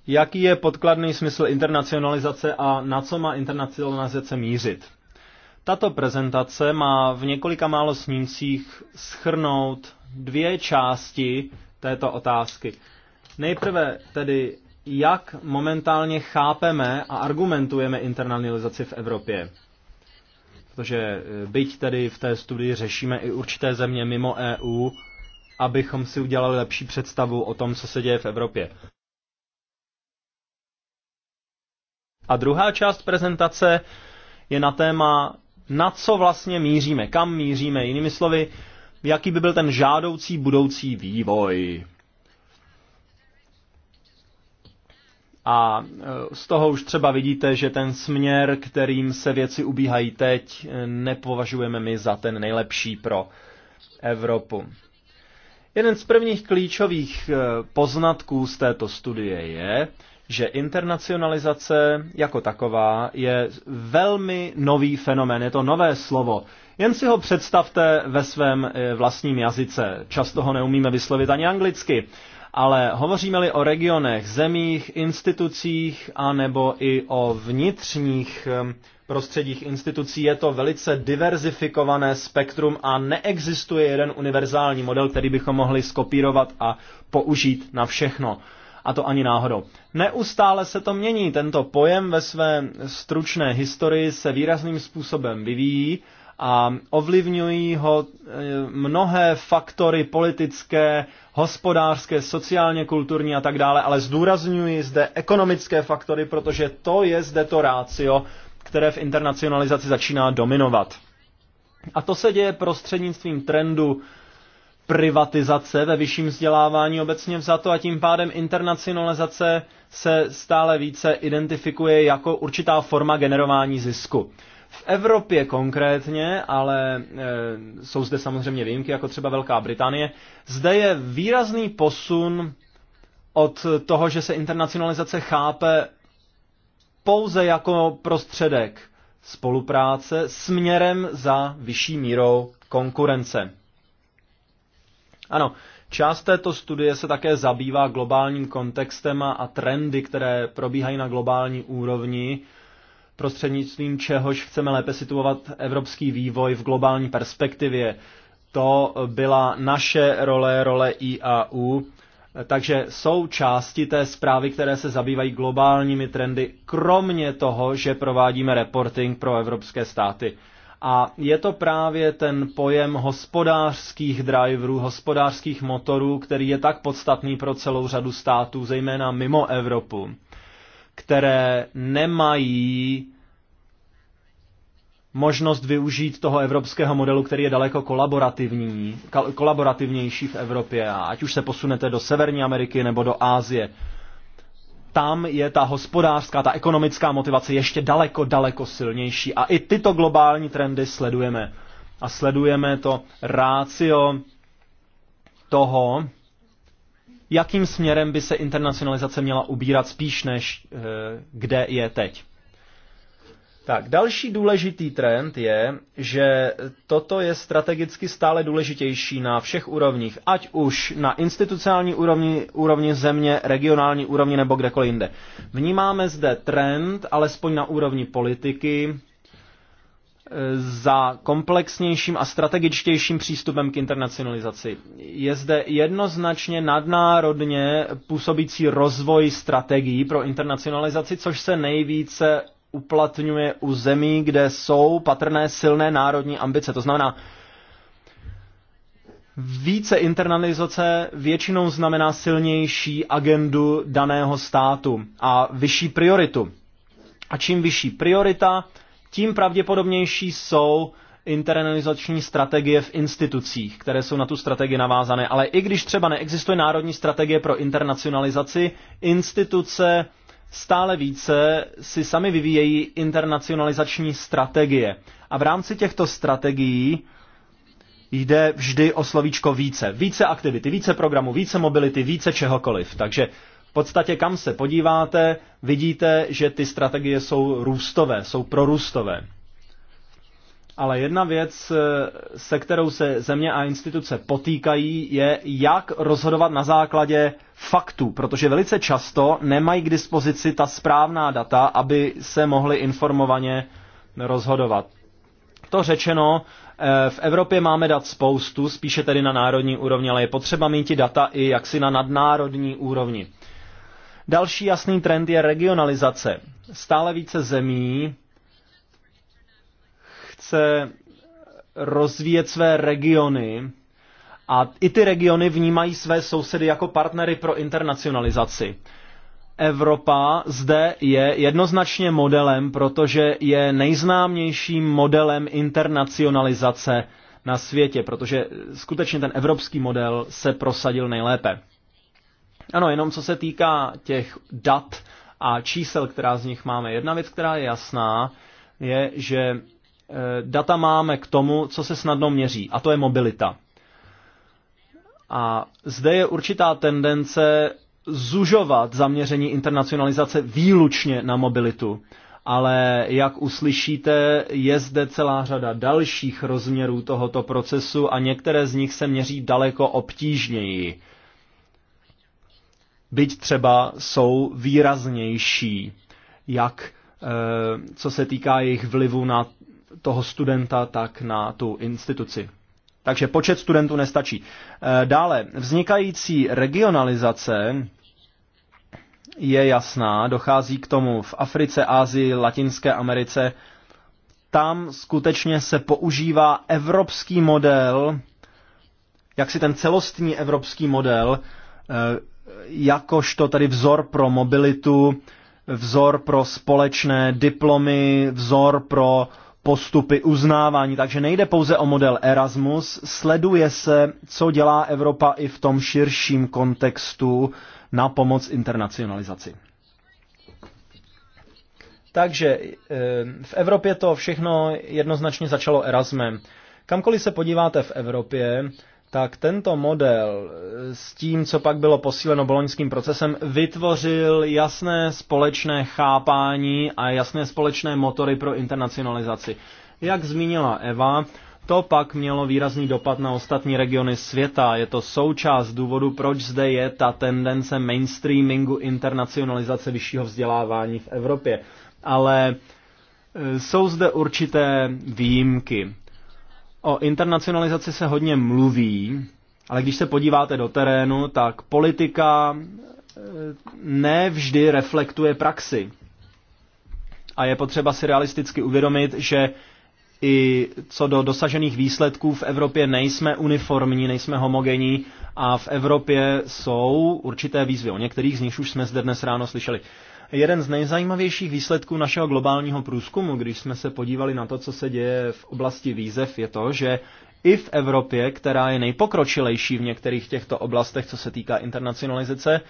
jaký je podkladný smysl internacionalizace a na co má internacionalizace mířit. Tato prezentace má v několika málo snímcích schrnout dvě části této otázky. Nejprve tedy jak momentálně chápeme a argumentujeme internalizaci v Evropě. Protože e, byť tedy v té studii řešíme i určité země mimo EU, abychom si udělali lepší představu o tom, co se děje v Evropě. A druhá část prezentace je na téma, na co vlastně míříme, kam míříme, jinými slovy, jaký by byl ten žádoucí budoucí vývoj A e, z toho už třeba vidíte, že ten směr, kterým se věci ubíhají teď, e, nepovažujeme my za ten nejlepší pro Evropu. Jeden z prvních klíčových e, poznatků z této studie je, že internacionalizace jako taková je velmi nový fenomén, je to nové slovo. Jen si ho představte ve svém vlastním jazyce. Často ho neumíme vyslovit ani anglicky. Ale hovoříme-li o regionech, zemích, institucích a nebo i o vnitřních prostředích institucí, je to velice diverzifikované spektrum a neexistuje jeden univerzální model, který bychom mohli skopírovat a použít na všechno. A to ani náhodou. Neustále se to mění. Tento pojem ve své stručné historii se výrazným způsobem vyvíjí a ovlivňují ho e, mnohé faktory politické, hospodářské, sociálně, kulturní a tak dále, ale zdůrazňuji zde ekonomické faktory, protože to je zde to rácio, které v internacionalizaci začíná dominovat. A to se děje prostřednictvím trendu privatizace ve vyšším vzdělávání obecně vzato a tím pádem internacionalizace se stále více identifikuje jako určitá forma generování zisku. V Evropě konkrétně, ale e, jsou zde samozřejmě výjimky, jako třeba Velká Británie, zde je výrazný posun od toho, že se internacionalizace chápe pouze jako prostředek spolupráce směrem za vyšší mírou konkurence. Ano, část této studie se také zabývá globálním kontextem a trendy, které probíhají na globální úrovni prostřednictvím čehož chceme lépe situovat evropský vývoj v globální perspektivě. To byla naše role, role IAU. Takže jsou části té zprávy, které se zabývají globálními trendy, kromě toho, že provádíme reporting pro evropské státy. A je to právě ten pojem hospodářských driverů, hospodářských motorů, který je tak podstatný pro celou řadu států, zejména mimo Evropu které nemají možnost využít toho evropského modelu, který je daleko kolaborativní, kolaborativnější v Evropě, A ať už se posunete do Severní Ameriky nebo do Ázie. Tam je ta hospodářská, ta ekonomická motivace ještě daleko, daleko silnější. A i tyto globální trendy sledujeme. A sledujeme to rácio toho, jakým směrem by se internacionalizace měla ubírat spíš než eh, kde je teď. Tak, další důležitý trend je, že toto je strategicky stále důležitější na všech úrovních, ať už na institucionální úrovni, úrovni země, regionální úrovni nebo kdekoliv jinde. Vnímáme zde trend, alespoň na úrovni politiky, za komplexnějším a strategičtějším přístupem k internacionalizaci. Je zde jednoznačně nadnárodně působící rozvoj strategií pro internacionalizaci, což se nejvíce uplatňuje u zemí, kde jsou patrné silné národní ambice. To znamená, více internalizace většinou znamená silnější agendu daného státu a vyšší prioritu. A čím vyšší priorita, tím pravděpodobnější jsou internalizační strategie v institucích, které jsou na tu strategii navázané. Ale i když třeba neexistuje národní strategie pro internacionalizaci, instituce stále více si sami vyvíjejí internacionalizační strategie. A v rámci těchto strategií jde vždy o slovíčko více. Více aktivity, více programů, více mobility, více čehokoliv. Takže v podstatě kam se podíváte, vidíte, že ty strategie jsou růstové, jsou prorůstové. Ale jedna věc, eh, se kterou se země a instituce potýkají, je, jak rozhodovat na základě faktů, protože velice často nemají k dispozici ta správná data, aby se mohli informovaně rozhodovat. To řečeno, eh, v Evropě máme dat spoustu, spíše tedy na národní úrovni, ale je potřeba mít ti data i jaksi na nadnárodní úrovni. Další jasný trend je regionalizace. Stále více zemí chce rozvíjet své regiony a i ty regiony vnímají své sousedy jako partnery pro internacionalizaci. Evropa zde je jednoznačně modelem, protože je nejznámějším modelem internacionalizace na světě, protože skutečně ten evropský model se prosadil nejlépe. Ano, jenom co se týká těch dat a čísel, která z nich máme. Jedna věc, která je jasná, je, že e, data máme k tomu, co se snadno měří, a to je mobilita. A zde je určitá tendence zužovat zaměření internacionalizace výlučně na mobilitu. Ale jak uslyšíte, je zde celá řada dalších rozměrů tohoto procesu a některé z nich se měří daleko obtížněji byť třeba jsou výraznější, jak eh, co se týká jejich vlivu na toho studenta, tak na tu instituci. Takže počet studentů nestačí. Eh, dále, vznikající regionalizace je jasná, dochází k tomu v Africe, Ázii, Latinské Americe. Tam skutečně se používá evropský model, jak si ten celostní evropský model, eh, jakožto tady vzor pro mobilitu, vzor pro společné diplomy, vzor pro postupy uznávání. Takže nejde pouze o model Erasmus, sleduje se, co dělá Evropa i v tom širším kontextu na pomoc internacionalizaci. Takže eh, v Evropě to všechno jednoznačně začalo Erasmem. Kamkoliv se podíváte v Evropě, tak tento model eh, s tím, co pak bylo posíleno boloňským procesem, vytvořil jasné společné chápání a jasné společné motory pro internacionalizaci. Jak zmínila Eva, to pak mělo výrazný dopad na ostatní regiony světa. Je to součást důvodu, proč zde je ta tendence mainstreamingu internacionalizace vyššího vzdělávání v Evropě. Ale eh, jsou zde určité výjimky. O internacionalizaci se hodně mluví, ale když se podíváte do terénu, tak politika eh, nevždy reflektuje praxi. A je potřeba si realisticky uvědomit, že i co do dosažených výsledků v Evropě nejsme uniformní, nejsme homogenní a v Evropě jsou určité výzvy. O některých z nich už jsme zde dnes ráno slyšeli jeden z nejzajímavějších výsledků našeho globálního průzkumu, když jsme se podívali na to, co se děje v oblasti výzev, je to, že i v Evropě, která je nejpokročilejší v některých těchto oblastech, co se týká internacionalizace,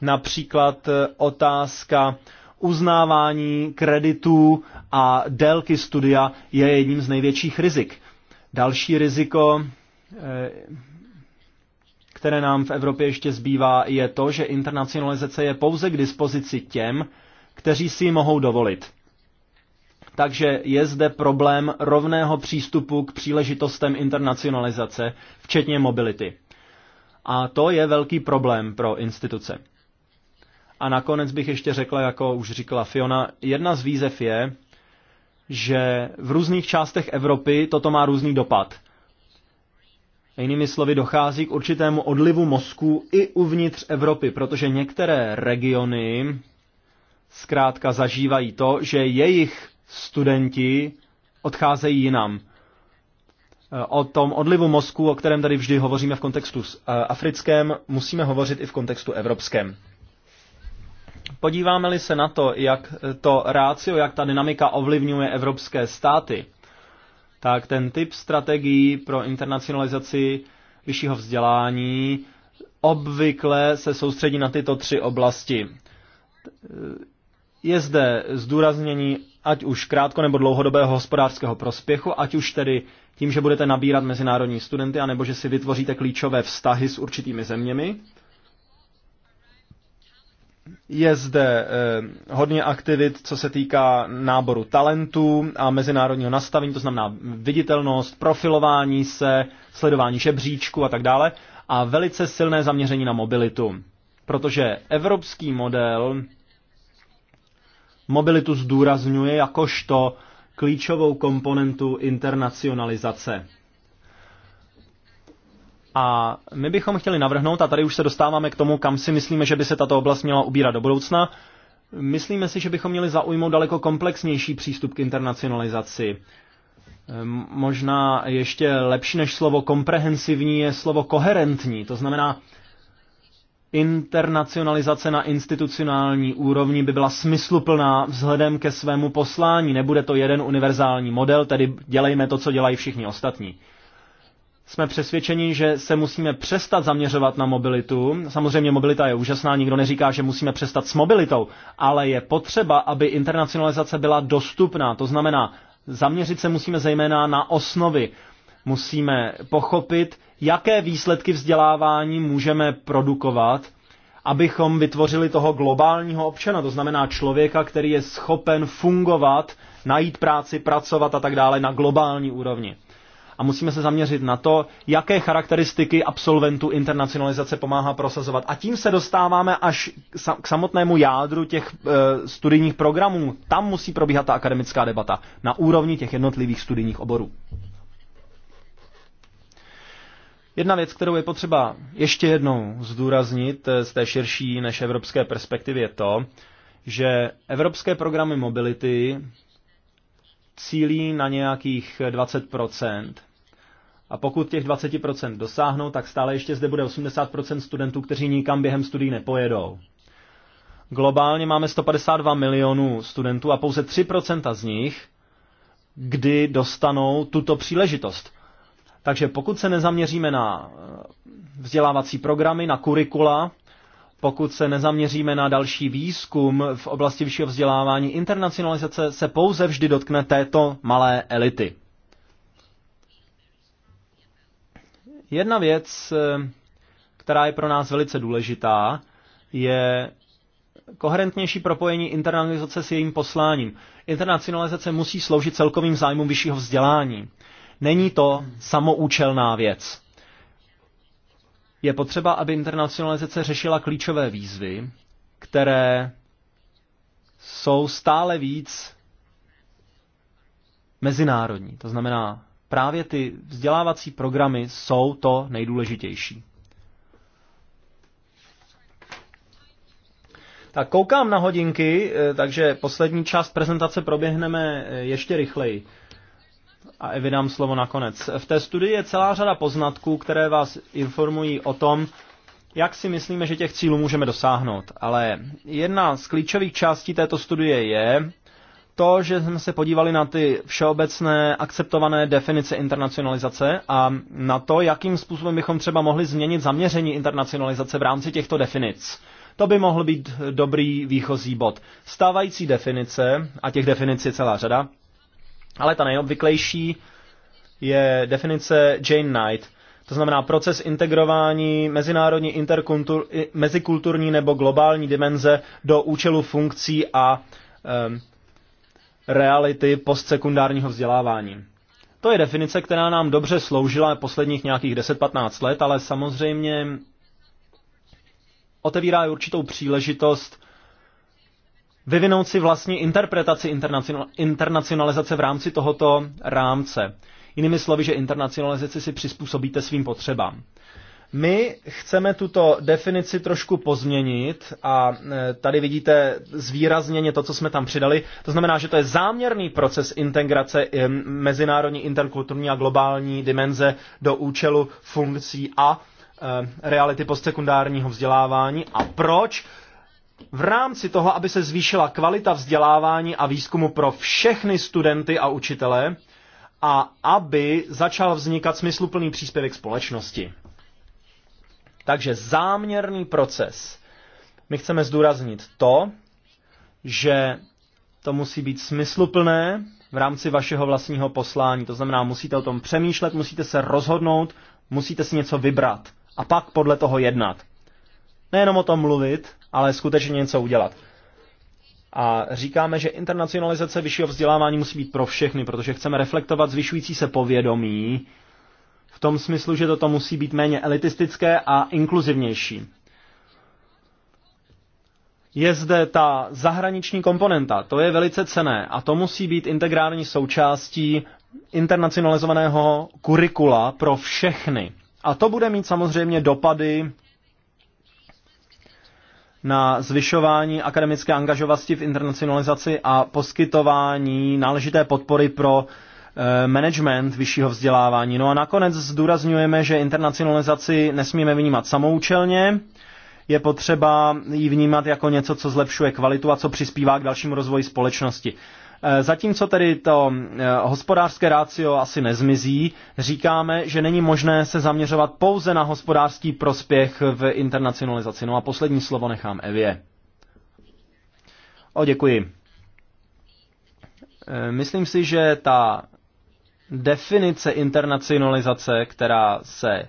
například eh, otázka uznávání kreditů a délky studia je jedním z největších rizik. Další riziko eh, které nám v Evropě ještě zbývá, je to, že internacionalizace je pouze k dispozici těm, kteří si ji mohou dovolit. Takže je zde problém rovného přístupu k příležitostem internacionalizace, včetně mobility. A to je velký problém pro instituce. A nakonec bych ještě řekla, jako už říkala Fiona, jedna z výzev je, že v různých částech Evropy toto má různý dopad. Jinými slovy, dochází k určitému odlivu mozků i uvnitř Evropy, protože některé regiony zkrátka zažívají to, že jejich studenti odcházejí jinam. O tom odlivu mozku, o kterém tady vždy hovoříme v kontextu eh, africkém, musíme hovořit i v kontextu evropském. Podíváme-li se na to, jak to rácio, jak ta dynamika ovlivňuje evropské státy, tak ten typ strategií pro internacionalizaci vyššího vzdělání obvykle se soustředí na tyto tři oblasti. Je zde zdůraznění ať už krátko nebo dlouhodobého hospodářského prospěchu, ať už tedy tím, že budete nabírat mezinárodní studenty, anebo že si vytvoříte klíčové vztahy s určitými zeměmi, je zde eh, hodně aktivit, co se týká náboru talentů a mezinárodního nastavení, to znamená viditelnost, profilování se, sledování žebříčku a tak dále. A velice silné zaměření na mobilitu, protože evropský model mobilitu zdůrazňuje jakožto klíčovou komponentu internacionalizace. A my bychom chtěli navrhnout, a tady už se dostáváme k tomu, kam si myslíme, že by se tato oblast měla ubírat do budoucna, myslíme si, že bychom měli zaujmout daleko komplexnější přístup k internacionalizaci. Ehm, možná ještě lepší než slovo komprehensivní je slovo koherentní, to znamená, internacionalizace na institucionální úrovni by byla smysluplná vzhledem ke svému poslání. Nebude to jeden univerzální model, tedy dělejme to, co dělají všichni ostatní jsme přesvědčeni, že se musíme přestat zaměřovat na mobilitu. Samozřejmě mobilita je úžasná, nikdo neříká, že musíme přestat s mobilitou, ale je potřeba, aby internacionalizace byla dostupná. To znamená, zaměřit se musíme zejména na osnovy. Musíme pochopit, jaké výsledky vzdělávání můžeme produkovat, abychom vytvořili toho globálního občana, to znamená člověka, který je schopen fungovat, najít práci, pracovat a tak dále na globální úrovni a musíme se zaměřit na to, jaké charakteristiky absolventů internacionalizace pomáhá prosazovat. A tím se dostáváme až k samotnému jádru těch e, studijních programů. Tam musí probíhat ta akademická debata na úrovni těch jednotlivých studijních oborů. Jedna věc, kterou je potřeba ještě jednou zdůraznit z té širší než evropské perspektivy, je to, že evropské programy mobility cílí na nějakých 20%. A pokud těch 20% dosáhnou, tak stále ještě zde bude 80% studentů, kteří nikam během studií nepojedou. Globálně máme 152 milionů studentů a pouze 3% z nich kdy dostanou tuto příležitost. Takže pokud se nezaměříme na eh, vzdělávací programy, na kurikula, pokud se nezaměříme na další výzkum v oblasti vyššího vzdělávání, internacionalizace se pouze vždy dotkne této malé elity. Jedna věc, eh, která je pro nás velice důležitá, je koherentnější propojení internalizace s jejím posláním. Internacionalizace musí sloužit celkovým zájmům vyššího vzdělání. Není to samoučelná věc. Je potřeba, aby internacionalizace řešila klíčové výzvy, které jsou stále víc mezinárodní. To znamená, právě ty vzdělávací programy jsou to nejdůležitější. Tak koukám na hodinky, eh, takže poslední část prezentace proběhneme eh, ještě rychleji a Evi dám slovo nakonec. V té studii je celá řada poznatků, které vás informují o tom, jak si myslíme, že těch cílů můžeme dosáhnout. Ale jedna z klíčových částí této studie je to, že jsme se podívali na ty všeobecné akceptované definice internacionalizace a na to, jakým způsobem bychom třeba mohli změnit zaměření internacionalizace v rámci těchto definic. To by mohl být dobrý výchozí bod. Stávající definice, a těch definic je celá řada, ale ta nejobvyklejší je definice Jane Knight. To znamená proces integrování mezinárodní, mezikulturní nebo globální dimenze do účelu funkcí a um, reality postsekundárního vzdělávání. To je definice, která nám dobře sloužila posledních nějakých 10-15 let, ale samozřejmě otevírá určitou příležitost vyvinout si vlastní interpretaci internacionalizace v rámci tohoto rámce. Jinými slovy, že internacionalizaci si přizpůsobíte svým potřebám. My chceme tuto definici trošku pozměnit a e, tady vidíte zvýrazněně to, co jsme tam přidali. To znamená, že to je záměrný proces integrace e, mezinárodní, interkulturní a globální dimenze do účelu funkcí a e, reality postsekundárního vzdělávání. A proč? v rámci toho, aby se zvýšila kvalita vzdělávání a výzkumu pro všechny studenty a učitele a aby začal vznikat smysluplný příspěvek společnosti. Takže záměrný proces. My chceme zdůraznit to, že to musí být smysluplné v rámci vašeho vlastního poslání. To znamená, musíte o tom přemýšlet, musíte se rozhodnout, musíte si něco vybrat a pak podle toho jednat. Nejenom o tom mluvit, ale skutečně něco udělat. A říkáme, že internacionalizace vyššího vzdělávání musí být pro všechny, protože chceme reflektovat zvyšující se povědomí v tom smyslu, že toto musí být méně elitistické a inkluzivnější. Je zde ta zahraniční komponenta, to je velice cené a to musí být integrální součástí internacionalizovaného kurikula pro všechny. A to bude mít samozřejmě dopady na zvyšování akademické angažovosti v internacionalizaci a poskytování náležité podpory pro eh, management vyššího vzdělávání. No a nakonec zdůrazňujeme, že internacionalizaci nesmíme vnímat samoučelně, je potřeba ji vnímat jako něco, co zlepšuje kvalitu a co přispívá k dalšímu rozvoji společnosti. Eh, zatímco tedy to eh, hospodářské rácio asi nezmizí, říkáme, že není možné se zaměřovat pouze na hospodářský prospěch v internacionalizaci. No a poslední slovo nechám Evě. O, děkuji. Eh, myslím si, že ta definice internacionalizace, která se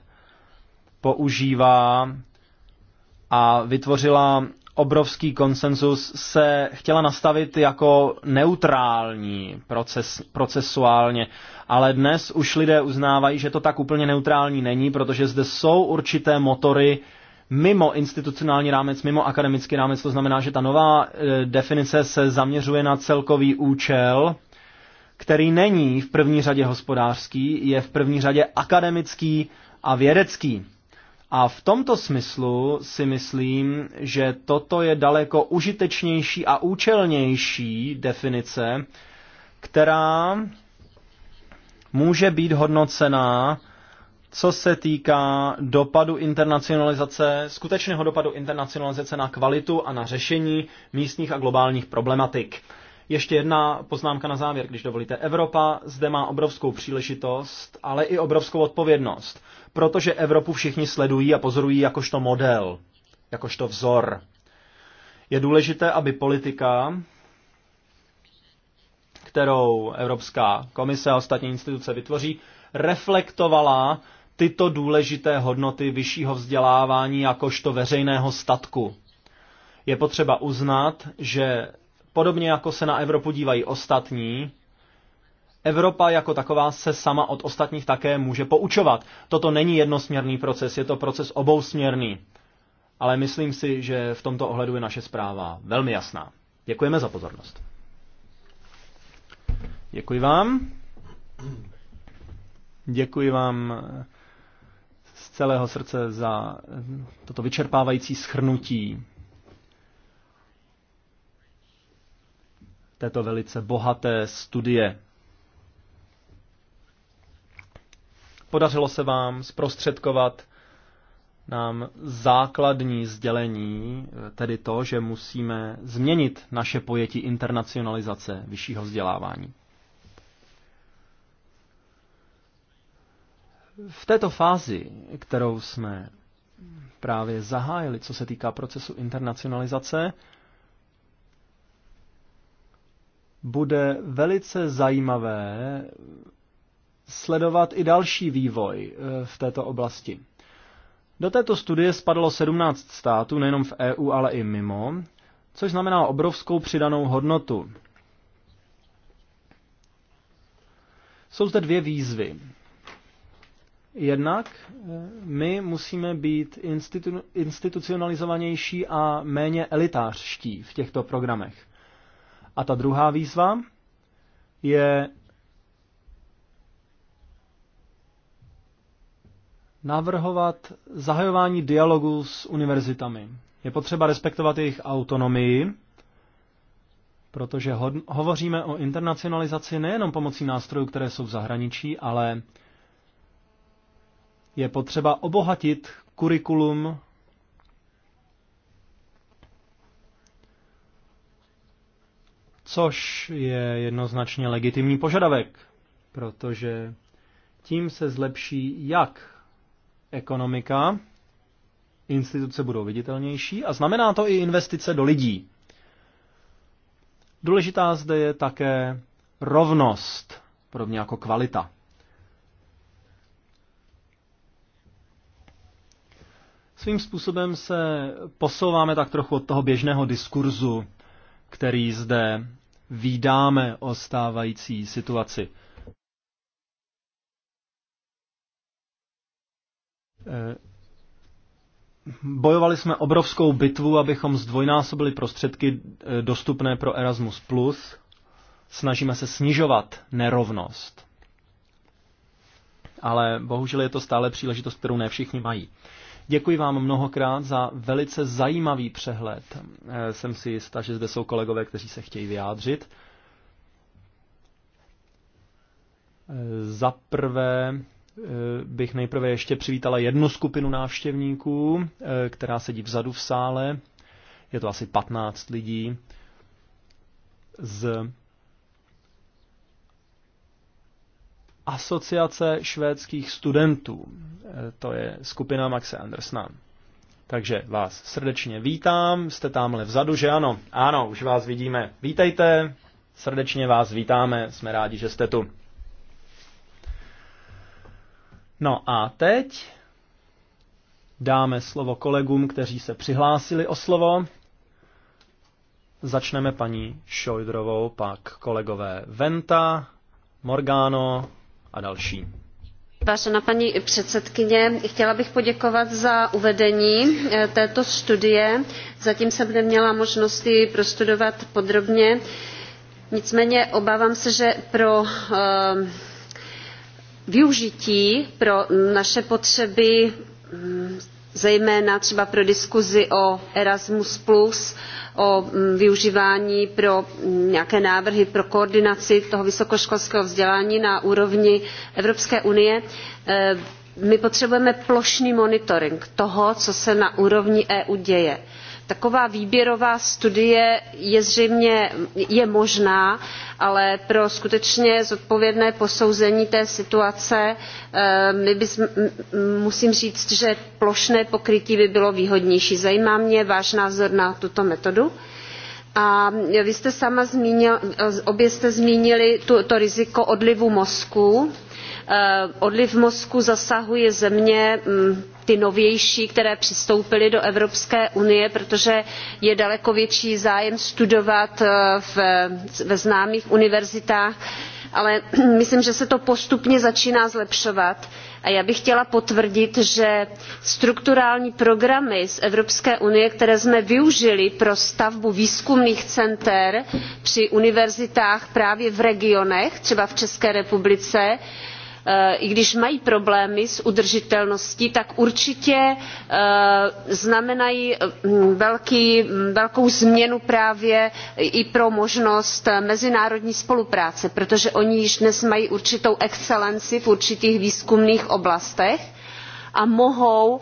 používá a vytvořila obrovský konsenzus se chtěla nastavit jako neutrální proces, procesuálně, ale dnes už lidé uznávají, že to tak úplně neutrální není, protože zde jsou určité motory mimo institucionální rámec, mimo akademický rámec, to znamená, že ta nová eh, definice se zaměřuje na celkový účel, který není v první řadě hospodářský, je v první řadě akademický a vědecký. A v tomto smyslu si myslím, že toto je daleko užitečnější a účelnější definice, která může být hodnocená co se týká dopadu internacionalizace, skutečného dopadu internacionalizace na kvalitu a na řešení místních a globálních problematik. Ještě jedna poznámka na závěr, když dovolíte. Evropa zde má obrovskou příležitost, ale i obrovskou odpovědnost protože Evropu všichni sledují a pozorují jakožto model, jakožto vzor. Je důležité, aby politika, kterou Evropská komise a ostatní instituce vytvoří, reflektovala tyto důležité hodnoty vyššího vzdělávání jakožto veřejného statku. Je potřeba uznat, že podobně jako se na Evropu dívají ostatní, Evropa jako taková se sama od ostatních také může poučovat. Toto není jednosměrný proces, je to proces obousměrný. Ale myslím si, že v tomto ohledu je naše zpráva velmi jasná. Děkujeme za pozornost. Děkuji vám. Děkuji vám eh, z celého srdce za eh, toto vyčerpávající schrnutí této velice bohaté studie. Podařilo se vám zprostředkovat nám základní sdělení, eh, tedy to, že musíme změnit naše pojetí internacionalizace vyššího vzdělávání. V této fázi, kterou jsme právě zahájili, co se týká procesu internacionalizace, bude velice zajímavé sledovat i další vývoj eh, v této oblasti. Do této studie spadlo 17 států, nejenom v EU, ale i mimo, což znamená obrovskou přidanou hodnotu. Jsou zde dvě výzvy. Jednak eh, my musíme být institu- institucionalizovanější a méně elitářští v těchto programech. A ta druhá výzva je navrhovat zahajování dialogu s univerzitami. Je potřeba respektovat jejich autonomii, protože ho- hovoříme o internacionalizaci nejenom pomocí nástrojů, které jsou v zahraničí, ale je potřeba obohatit kurikulum což je jednoznačně legitimní požadavek, protože tím se zlepší jak ekonomika, instituce budou viditelnější a znamená to i investice do lidí. Důležitá zde je také rovnost, podobně jako kvalita. Svým způsobem se posouváme tak trochu od toho běžného diskurzu, který zde výdáme o stávající situaci. Eh, bojovali jsme obrovskou bitvu, abychom zdvojnásobili prostředky eh, dostupné pro Erasmus+. Snažíme se snižovat nerovnost. Ale bohužel je to stále příležitost, kterou ne všichni mají. Děkuji vám mnohokrát za velice zajímavý přehled. Eh, jsem si jistá, že zde jsou kolegové, kteří se chtějí vyjádřit. Za prvé Eh, bych nejprve ještě přivítala jednu skupinu návštěvníků, eh, která sedí vzadu v sále. Je to asi 15 lidí z Asociace švédských studentů. Eh, to je skupina Maxe Andersna. Takže vás srdečně vítám. Jste tamhle vzadu, že ano? Ano, už vás vidíme. Vítejte. Srdečně vás vítáme. Jsme rádi, že jste tu. No a teď dáme slovo kolegům, kteří se přihlásili o slovo. Začneme paní Šojdrovou, pak kolegové Venta, Morgano a další. Vážená paní předsedkyně, chtěla bych poděkovat za uvedení eh, této studie. Zatím jsem neměla možnost ji prostudovat podrobně. Nicméně obávám se, že pro eh, využití pro naše potřeby mm, zejména třeba pro diskuzi o Erasmus+, o mm, využívání pro mm, nějaké návrhy pro koordinaci toho vysokoškolského vzdělání na úrovni Evropské unie. E, my potřebujeme plošný monitoring toho, co se na úrovni EU děje taková výběrová studie je zřejmě možná ale pro skutečně zodpovědné posouzení té situace eh, musím říct že plošné pokrytí by bylo výhodnější. zajímá mě váš názor na tuto metodu. A vy jste sama zmínil, eh, obě jste zmínili to riziko odlivu mozků. Eh, odliv mozků zasahuje země mm, ty novější které přistoupily do evropské unie protože je daleko větší zájem studovat eh, ve známých univerzitách ale myslím že se to postupně začíná zlepšovat a já bych chtěla potvrdit že strukturální programy z evropské unie které jsme využili pro stavbu výzkumných center při univerzitách právě v regionech třeba v české republice Eh, i když mají problémy s udržitelností tak určitě eh, znamenají eh, velkou změnu právě i pro možnost mezinárodní spolupráce protože oni již dnes mají určitou excelenci v určitých výzkumných oblastech a mohou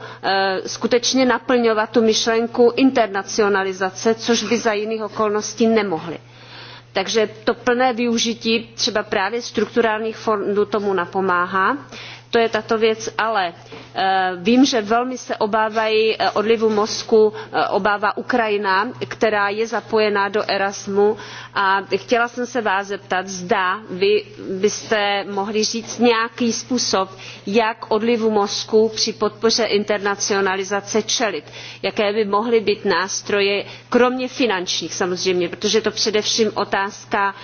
skutečně naplňovat tu myšlenku internacionalizace což by za jiných okolností nemohli takže to plné využití třeba právě strukturálních fondů tomu napomáhá to je tato věc ale eh, vím že velmi se obávají eh, odlivu mozků eh, obává ukrajina která je zapojena do erasmu a chtěla jsem se vás zeptat zda vy byste mohli říct nějaký způsob jak odlivu mozků při podpoře internacionalizace čelit jaké by mohly být nástroje kromě finančních samozřejmě protože je to především otázka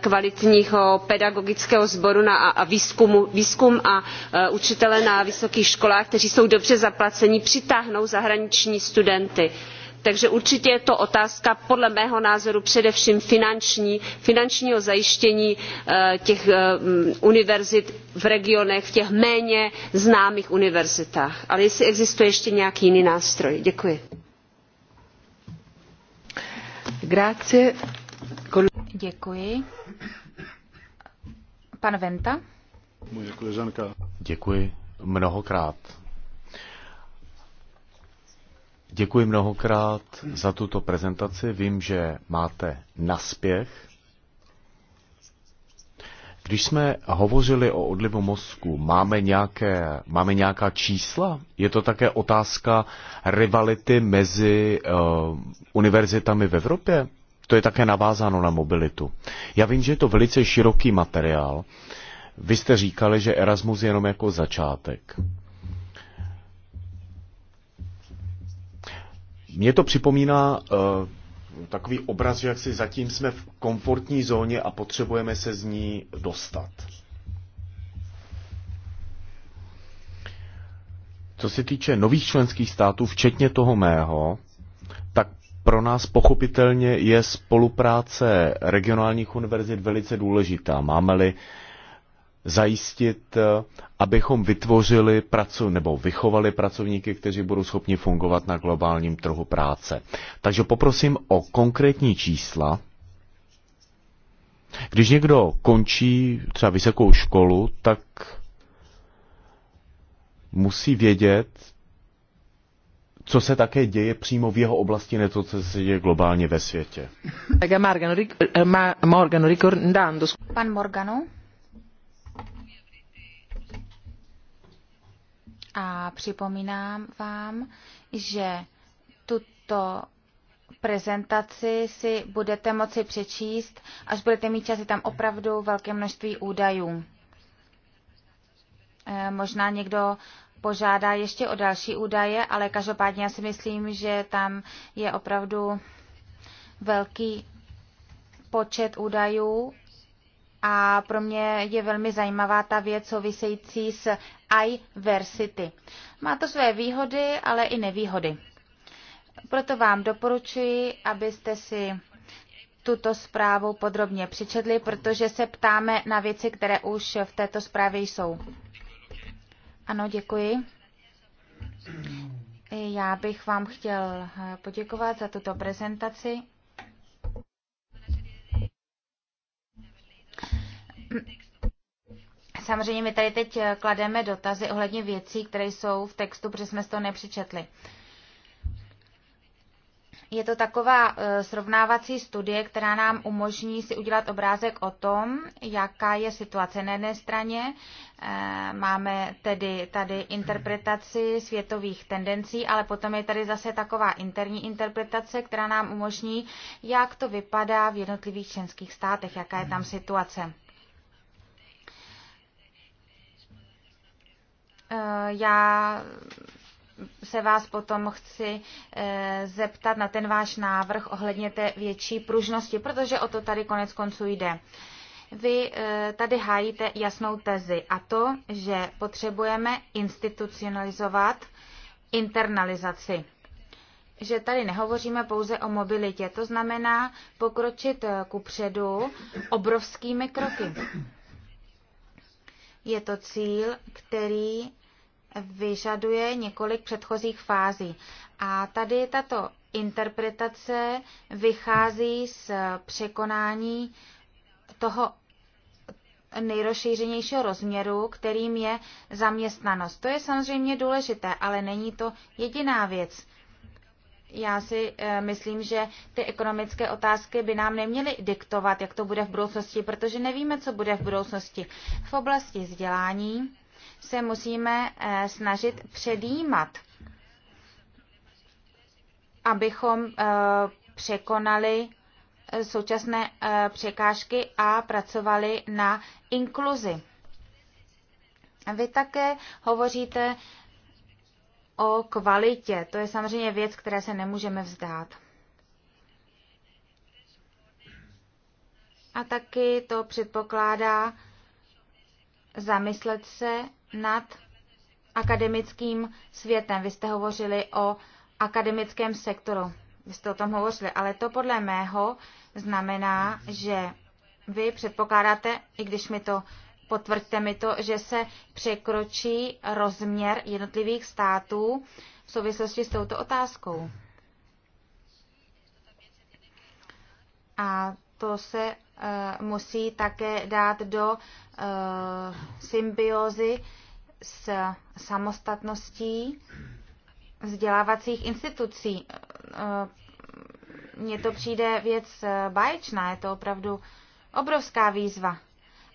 kvalitního pedagogického sboru a výzkumu výzkum a Eh, učitele na vysokých školách kteří jsou dobře zaplaceni přitáhnou zahraniční studenty takže určitě je to otázka podle mého názoru především finanční finančního zajištění eh, těch eh, mm, univerzit v regionech v těch méně známých univerzitách ale jestli existuje ještě nějaký jiný nástroj. děkuji. Děkuji. Pan Venta. Moje koleženka. Děkuji mnohokrát. Děkuji mnohokrát za tuto prezentaci. Vím, že máte naspěch. Když jsme hovořili o odlivu mozku, máme, nějaké, máme nějaká čísla? Je to také otázka rivality mezi uh, univerzitami v Evropě? To je také navázáno na mobilitu. Já vím, že je to velice široký materiál. Uh, vy jste říkali, že Erasmus jenom jako začátek. Mně to připomíná uh, takový obraz, že jak si zatím jsme v komfortní zóně a potřebujeme se z ní dostat. Co se týče nových členských států, včetně toho mého, tak pro nás pochopitelně je spolupráce regionálních univerzit velice důležitá. Máme-li uh, zajistit, eh, abychom vytvořili pracu, nebo vychovali pracovníky, kteří budou schopni fungovat na globálním trhu práce. Takže poprosím o konkrétní čísla. Když někdo končí třeba vysokou školu, tak musí vědět, co se také děje přímo v jeho oblasti, ne to, co se děje globálně ve světě. Eh, Pan Morgano, A připomínám vám, že tuto prezentaci si budete moci přečíst, až budete mít čas, je tam opravdu velké množství údajů. E, možná někdo požádá ještě o další údaje, ale každopádně já si myslím, že tam je opravdu velký počet údajů a pro mě je velmi zajímavá ta věc související s iVersity. Má to své výhody, ale i nevýhody. Proto vám doporučuji, abyste si tuto zprávu podrobně přečetli, protože se ptáme na věci, které už v této zprávě jsou. Ano, děkuji. Já bych vám chtěl eh, poděkovat za tuto prezentaci. Samozřejmě my tady teď eh, klademe dotazy ohledně věcí, které jsou v textu, protože jsme to nepřičetli. Je to taková eh, srovnávací studie, která nám umožní si udělat obrázek o tom, jaká je situace. Na jedné straně eh, máme tedy tady interpretaci světových tendencí, ale potom je tady zase taková interní interpretace, která nám umožní, jak to vypadá v jednotlivých členských státech, jaká je tam situace. Eh, já se vás potom chci eh, zeptat na ten váš návrh ohledně té větší pružnosti, protože o to tady konec konců jde. Vy eh, tady hájíte jasnou tezi a to, že potřebujeme institucionalizovat internalizaci že tady nehovoříme pouze o mobilitě, to znamená pokročit ku předu obrovskými kroky. Je to cíl, který vyžaduje několik předchozích fází. A tady tato interpretace vychází z překonání toho nejrozšířenějšího rozměru, kterým je zaměstnanost. To je samozřejmě důležité, ale není to jediná věc já si eh, myslím, že ty ekonomické otázky by nám neměly diktovat, jak to bude v budoucnosti, protože nevíme, co bude v budoucnosti. V oblasti vzdělání se musíme eh, snažit předjímat, abychom eh, překonali současné překážky a pracovali na inkluzi. Vy také hovoříte o kvalitě. To je samozřejmě věc, které se nemůžeme vzdát. A taky to předpokládá zamyslet se nad akademickým světem. Vy jste hovořili o akademickém sektoru. Vy jste o tom hovořili, ale to podle mého znamená, že vy předpokládáte, i když mi to potvrďte mi to, že se překročí rozměr jednotlivých států v souvislosti s touto otázkou. A to se uh, musí také dát do uh, symbiozy s samostatností vzdělávacích institucí. Eh, mně to přijde věc báječná, je to opravdu obrovská výzva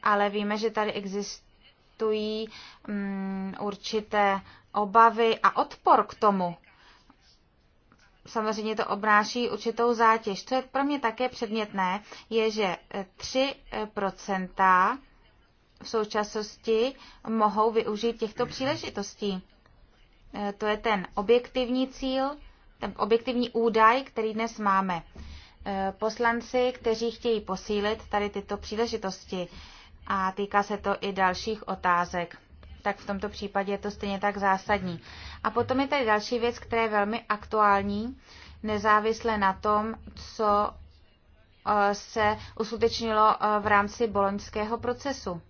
ale víme, že tady existují mm, určité obavy a odpor k tomu. Samozřejmě to obnáší určitou zátěž. Co je pro mě také předmětné, je, že 3 eh, eh, v současnosti mohou využít těchto příležitostí. Eh, to je ten objektivní cíl, ten objektivní údaj, který dnes máme. Poslanci, kteří chtějí posílit tady tyto příležitosti, a týká se to i dalších otázek. Tak v tomto případě je to stejně tak zásadní. A potom je tady další věc, která je velmi aktuální, nezávisle na tom, co eh, se uskutečnilo eh, v rámci boloňského procesu.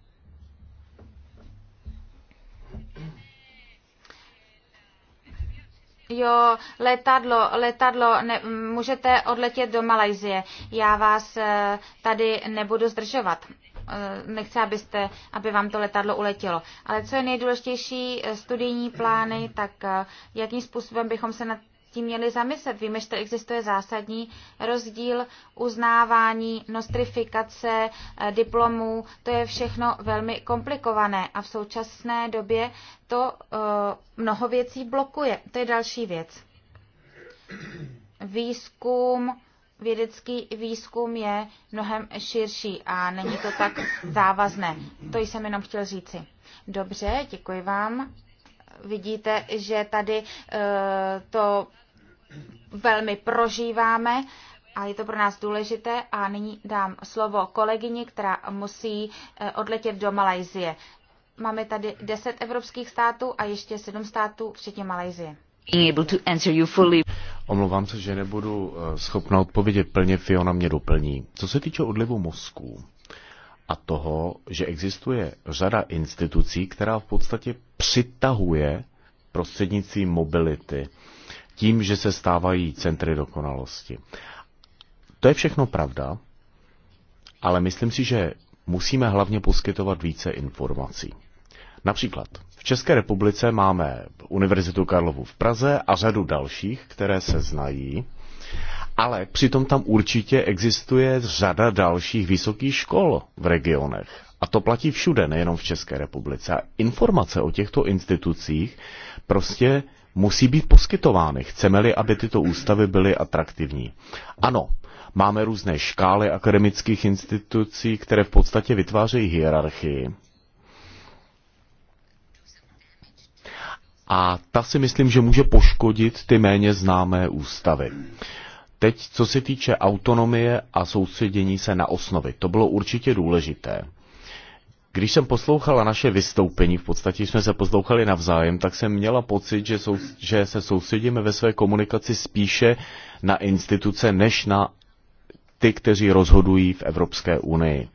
Jo, letadlo, letadlo, ne, můžete odletět do Malajzie. Já vás eh, tady nebudu zdržovat. Eh, nechce, abyste, aby vám to letadlo uletělo. Ale co je nejdůležitější, eh, studijní plány, tak eh, jakým způsobem bychom se na tím měli zamyslet. Víme, že to existuje zásadní rozdíl uznávání, nostrifikace, diplomů. To je všechno velmi komplikované a v současné době to mnoho věcí blokuje. To je další věc. Výzkum, vědecký výzkum je mnohem širší a není to tak závazné. To jsem jenom chtěl říci. Dobře, děkuji vám. Vidíte, že tady eh, to velmi prožíváme a je to pro nás důležité. A nyní dám slovo kolegyni, která musí eh, odletět do Malajzie. Máme tady 10 evropských států a ještě 7 států, včetně Malajzie. Omlouvám se, že nebudu eh, schopna odpovědět plně, Fiona mě doplní. Co se týče odlivu mozku a toho, že existuje řada institucí, která v podstatě přitahuje prostřednictvím mobility, tím, že se stávají centry dokonalosti. To je všechno pravda, ale myslím si, že musíme hlavně poskytovat více informací. Například v České republice máme Univerzitu Karlovu v Praze a řadu dalších, které se znají, ale přitom tam určitě existuje řada dalších vysokých škol v regionech. A to platí všude, nejenom v České republice. A informace o těchto institucích prostě musí být poskytovány. Chceme-li, aby tyto ústavy byly atraktivní. Ano, máme různé škály akademických institucí, které v podstatě vytvářejí hierarchii. a ta si myslím, že může poškodit ty méně známé ústavy. Teď, co se týče autonomie a soustředění se na osnovy, to bylo určitě důležité. Když jsem poslouchala naše vystoupení, v podstatě jsme se poslouchali navzájem, tak jsem měla pocit, že, sou, že se soustředíme ve své komunikaci spíše na instituce, než na ty, kteří rozhodují v Evropské unii.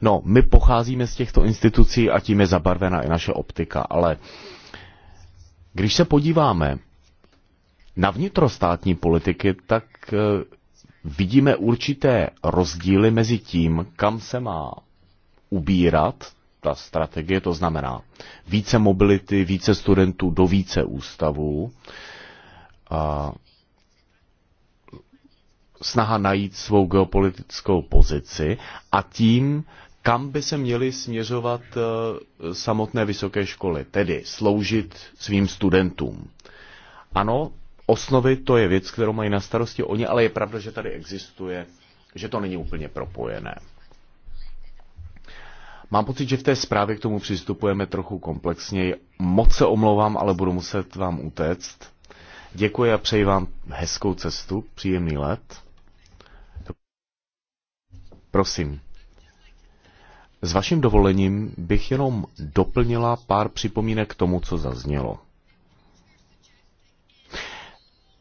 No, my pocházíme z těchto institucí a tím je zabarvena i naše optika, ale uh, když se podíváme na vnitrostátní politiky, tak eh, vidíme určité rozdíly mezi tím, kam se má ubírat ta strategie, to znamená více mobility, více studentů do více ústavů, a snaha najít svou geopolitickou pozici a tím kam by se měly směřovat eh, samotné vysoké školy, tedy sloužit svým studentům. Ano, osnovy to je věc, kterou mají na starosti oni, ale je pravda, že tady existuje, že to není úplně propojené. Mám pocit, že v té zprávě k tomu přistupujeme trochu komplexněji. Moc se omlouvám, ale budu muset vám utéct. Děkuji a přeji vám hezkou cestu, příjemný let. Prosím. S vaším dovolením bych jenom doplnila pár připomínek k tomu, co zaznělo.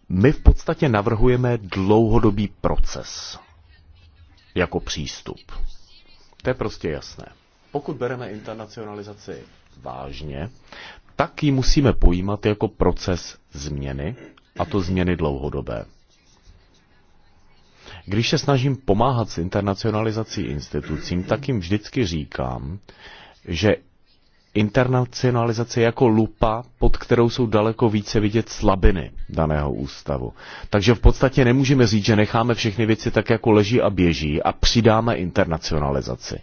My v podstatě navrhujeme dlouhodobý proces jako přístup. To je prostě jasné. Pokud bereme internacionalizaci vážně, tak ji musíme pojímat jako proces změny, a to změny dlouhodobé. Když se snažím pomáhat s internacionalizací institucím, tak jim vždycky říkám, že internacionalizace jako lupa, pod kterou jsou daleko více vidět slabiny daného ústavu. Takže v podstatě nemůžeme říct, že necháme všechny věci tak, jako leží a běží a přidáme internacionalizaci.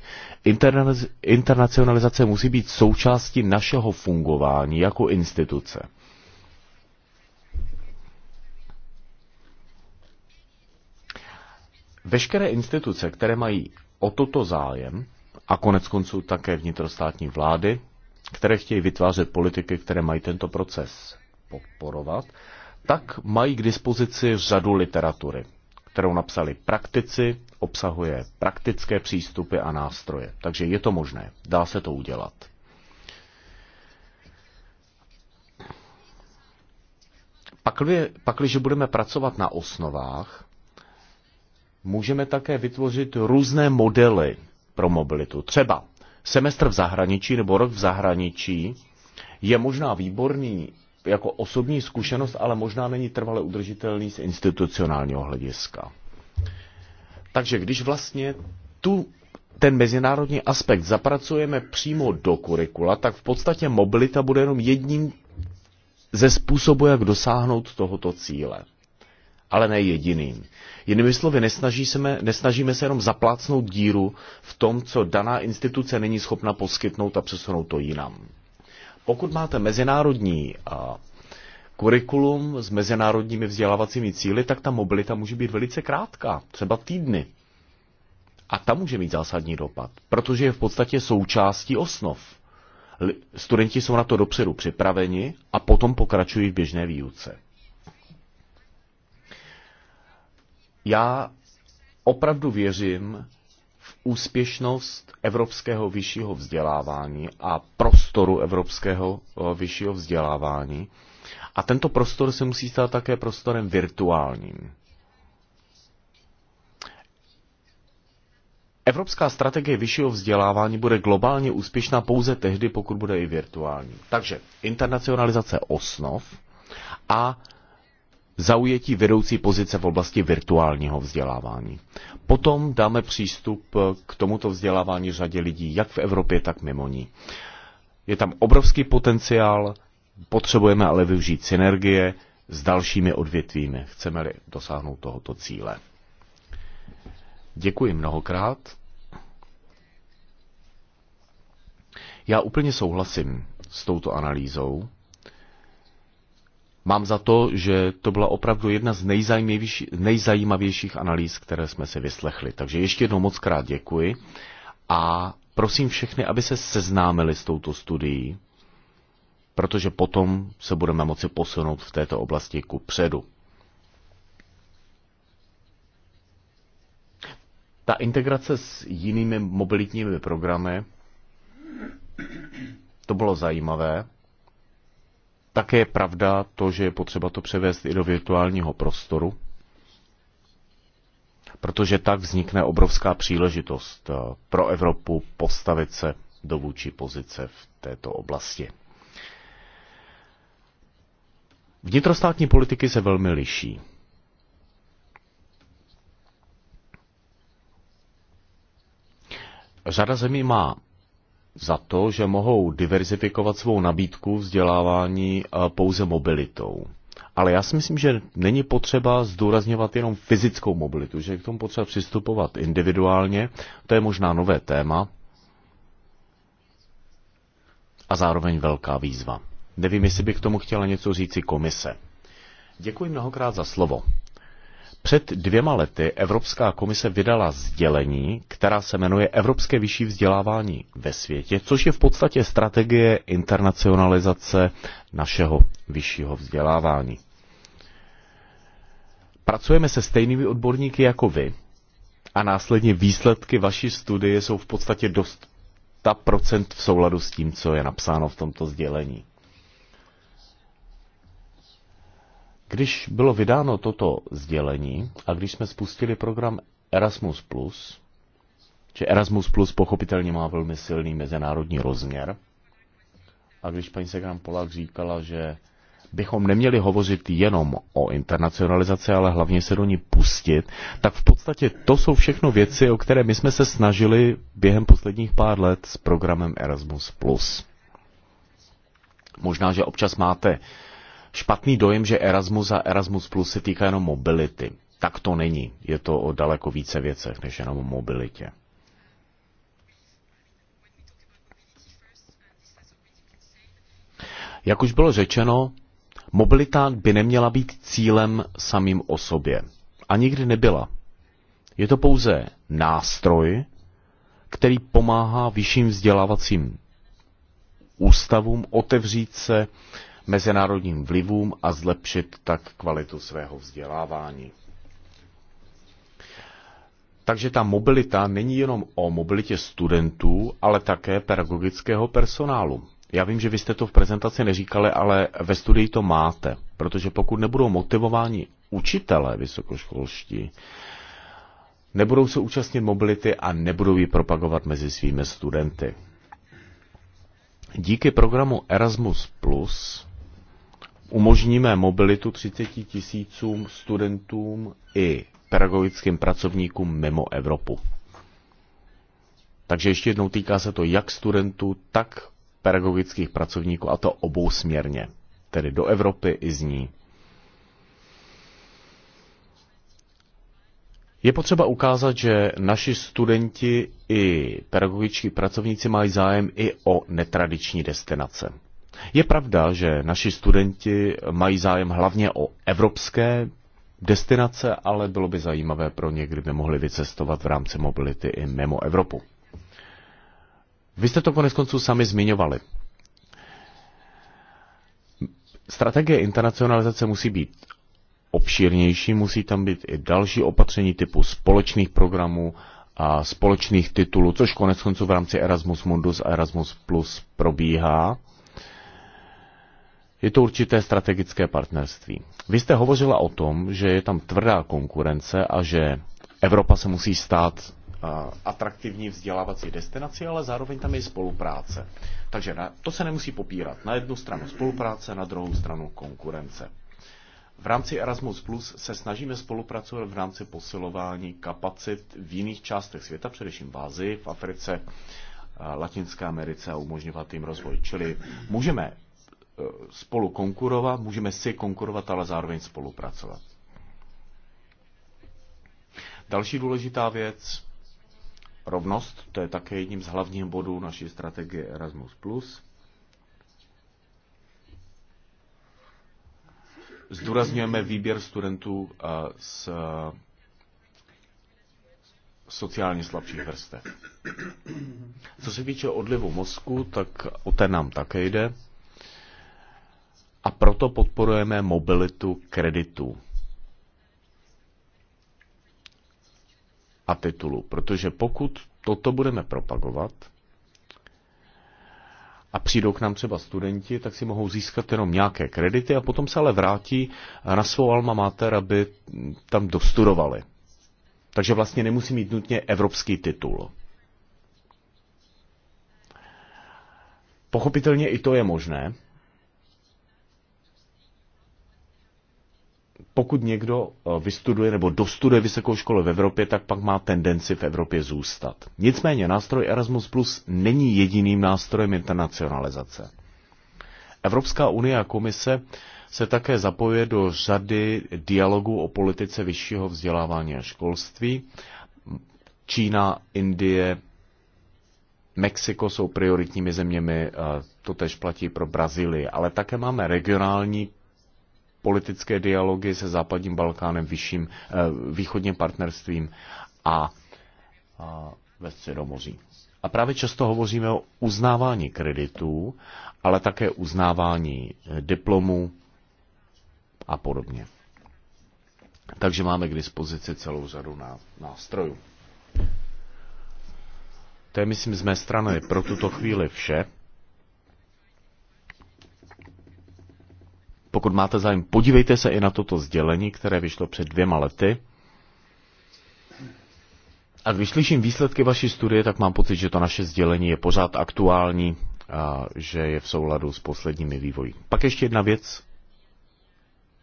Interna- internacionalizace musí být součástí našeho fungování jako instituce. Veškeré instituce, které mají o toto zájem, a konec konců také vnitrostátní vlády, které chtějí vytvářet politiky, které mají tento proces podporovat, tak mají k dispozici řadu literatury, kterou napsali praktici, obsahuje praktické přístupy a nástroje. Takže je to možné, dá se to udělat. Pakliže budeme pracovat na osnovách, můžeme také vytvořit různé modely pro mobilitu. Třeba semestr v zahraničí nebo rok v zahraničí je možná výborný jako osobní zkušenost, ale možná není trvale udržitelný z institucionálního hlediska. Takže když vlastně tu ten mezinárodní aspekt zapracujeme přímo do kurikula, tak v podstatě mobilita bude jenom jedním ze způsobů, jak dosáhnout tohoto cíle ale ne jediným. Jinými slovy, nesnažíme, nesnažíme se jenom zaplácnout díru v tom, co daná instituce není schopna poskytnout a přesunout to jinam. Pokud máte mezinárodní kurikulum s mezinárodními vzdělávacími cíly, tak ta mobilita může být velice krátká, třeba týdny. A ta může mít zásadní dopad, protože je v podstatě součástí osnov. Studenti jsou na to dopředu připraveni a potom pokračují v běžné výuce. Já opravdu věřím v úspěšnost evropského vyššího vzdělávání a prostoru evropského eh, vyššího vzdělávání. A tento prostor se musí stát také prostorem virtuálním. Evropská strategie vyššího vzdělávání bude globálně úspěšná pouze tehdy, pokud bude i virtuální. Takže internacionalizace osnov a zaujetí vedoucí pozice v oblasti virtuálního vzdělávání. Potom dáme přístup eh, k tomuto vzdělávání řadě lidí, jak v Evropě, tak mimo ní. Je tam obrovský potenciál, potřebujeme ale využít synergie s dalšími odvětvími, chceme-li dosáhnout tohoto cíle. Děkuji mnohokrát. Já úplně souhlasím s touto analýzou Mám za to, že to byla opravdu jedna z nejzajímavějších analýz, které jsme si vyslechli. Takže ještě jednou moc krát děkuji a prosím všechny, aby se seznámili s touto studií, protože potom se budeme moci posunout v této oblasti ku předu. Ta integrace s jinými mobilitními programy, to bylo zajímavé. Také je pravda to, že je potřeba to převést i do virtuálního prostoru, protože tak vznikne obrovská příležitost eh, pro Evropu postavit se do vůči pozice v této oblasti. Vnitrostátní politiky se velmi liší. Řada zemí má za to, že mohou diverzifikovat svou nabídku vzdělávání eh, pouze mobilitou. Ale já si myslím, že není potřeba zdůrazňovat jenom fyzickou mobilitu, že je k tomu potřeba přistupovat individuálně. To je možná nové téma a zároveň velká výzva. Nevím, jestli bych k tomu chtěla něco říci komise. Děkuji mnohokrát za slovo. Před dvěma lety Evropská komise vydala sdělení, která se jmenuje Evropské vyšší vzdělávání ve světě, což je v podstatě strategie internacionalizace našeho vyššího vzdělávání. Pracujeme se stejnými odborníky jako vy a následně výsledky vaší studie jsou v podstatě dost 100% v souladu s tím, co je napsáno v tomto sdělení. Když bylo vydáno toto sdělení a když jsme spustili program Erasmus+, že Erasmus Plus pochopitelně má velmi silný mezinárodní rozměr. A když paní Segram Polák říkala, že bychom neměli hovořit jenom o internacionalizaci, ale hlavně se do ní pustit, tak v podstatě to jsou všechno věci, o které my jsme se snažili během posledních pár let s programem Erasmus+. Možná, že občas máte špatný dojem, že Erasmus a Erasmus Plus se týká jenom mobility. Tak to není. Je to o daleko více věcech, než jenom o mobilitě. Jak už bylo řečeno, mobilita by neměla být cílem samým o sobě. A nikdy nebyla. Je to pouze nástroj, který pomáhá vyšším vzdělávacím ústavům otevřít se mezinárodním vlivům a zlepšit tak kvalitu svého vzdělávání. Takže ta mobilita není jenom o mobilitě studentů, ale také pedagogického personálu. Já vím, že vy jste to v prezentaci neříkali, ale ve studii to máte, protože pokud nebudou motivováni učitelé vysokoškolští, nebudou se účastnit mobility a nebudou ji propagovat mezi svými studenty. Díky programu Erasmus Plus umožníme mobilitu 30 tisícům studentům i pedagogickým pracovníkům mimo Evropu. Takže ještě jednou týká se to jak studentů, tak pedagogických pracovníků, a to obou směrně, tedy do Evropy i z ní. Je potřeba ukázat, že naši studenti i pedagogičtí pracovníci mají zájem i o netradiční destinace. Je pravda, že naši studenti mají zájem hlavně o evropské destinace, ale bylo by zajímavé pro ně, kdyby mohli vycestovat v rámci mobility i mimo Evropu. Vy jste to konec konců sami zmiňovali. Strategie internacionalizace musí být obšírnější, musí tam být i další opatření typu společných programů a společných titulů, což konec konců v rámci Erasmus Mundus a Erasmus Plus probíhá. Je to určité strategické partnerství. Vy jste hovořila o tom, že je tam tvrdá konkurence a že Evropa se musí stát atraktivní vzdělávací destinaci, ale zároveň tam je spolupráce. Takže na, to se nemusí popírat. Na jednu stranu spolupráce, na druhou stranu konkurence. V rámci Erasmus Plus se snažíme spolupracovat v rámci posilování kapacit v jiných částech světa, především v Ázii, v Africe, Latinské Americe a umožňovat jim rozvoj. Čili můžeme Eh, spolu konkurovat, můžeme si konkurovat, ale zároveň spolupracovat. Další důležitá věc, rovnost, to je také jedním z hlavních bodů naší strategie Erasmus+. Zdůrazňujeme výběr studentů z eh, eh, sociálně slabších vrstev. Co se týče odlivu mozku, tak o ten nám také jde a proto podporujeme mobilitu kreditů a titulů, protože pokud toto budeme propagovat a přijdou k nám třeba studenti, tak si mohou získat jenom nějaké kredity a potom se ale vrátí na svou alma mater, aby tam dostudovali. Takže vlastně nemusí mít nutně evropský titul. Pochopitelně i to je možné, pokud někdo eh, vystuduje nebo dostuduje vysokou školu v Evropě, tak pak má tendenci v Evropě zůstat. Nicméně nástroj Erasmus Plus není jediným nástrojem internacionalizace. Evropská unie a komise se také zapojuje do řady dialogů o politice vyššího vzdělávání a školství. Čína, Indie, Mexiko jsou prioritními zeměmi, eh, to tež platí pro Brazílii, ale také máme regionální politické dialogy se západním Balkánem, vyšším, eh, východním partnerstvím a, ve Středomoří. A právě často hovoříme o uznávání kreditů, ale také uznávání eh, diplomů a podobně. Takže máme k dispozici celou řadu nástrojů. To je, myslím, z mé strany pro tuto chvíli vše. Pokud máte zájem, podívejte se i na toto sdělení, které vyšlo před dvěma lety. A když slyším výsledky vaší studie, tak mám pocit, že to naše sdělení je pořád aktuální a že je v souladu s posledními vývoji. Pak ještě jedna věc,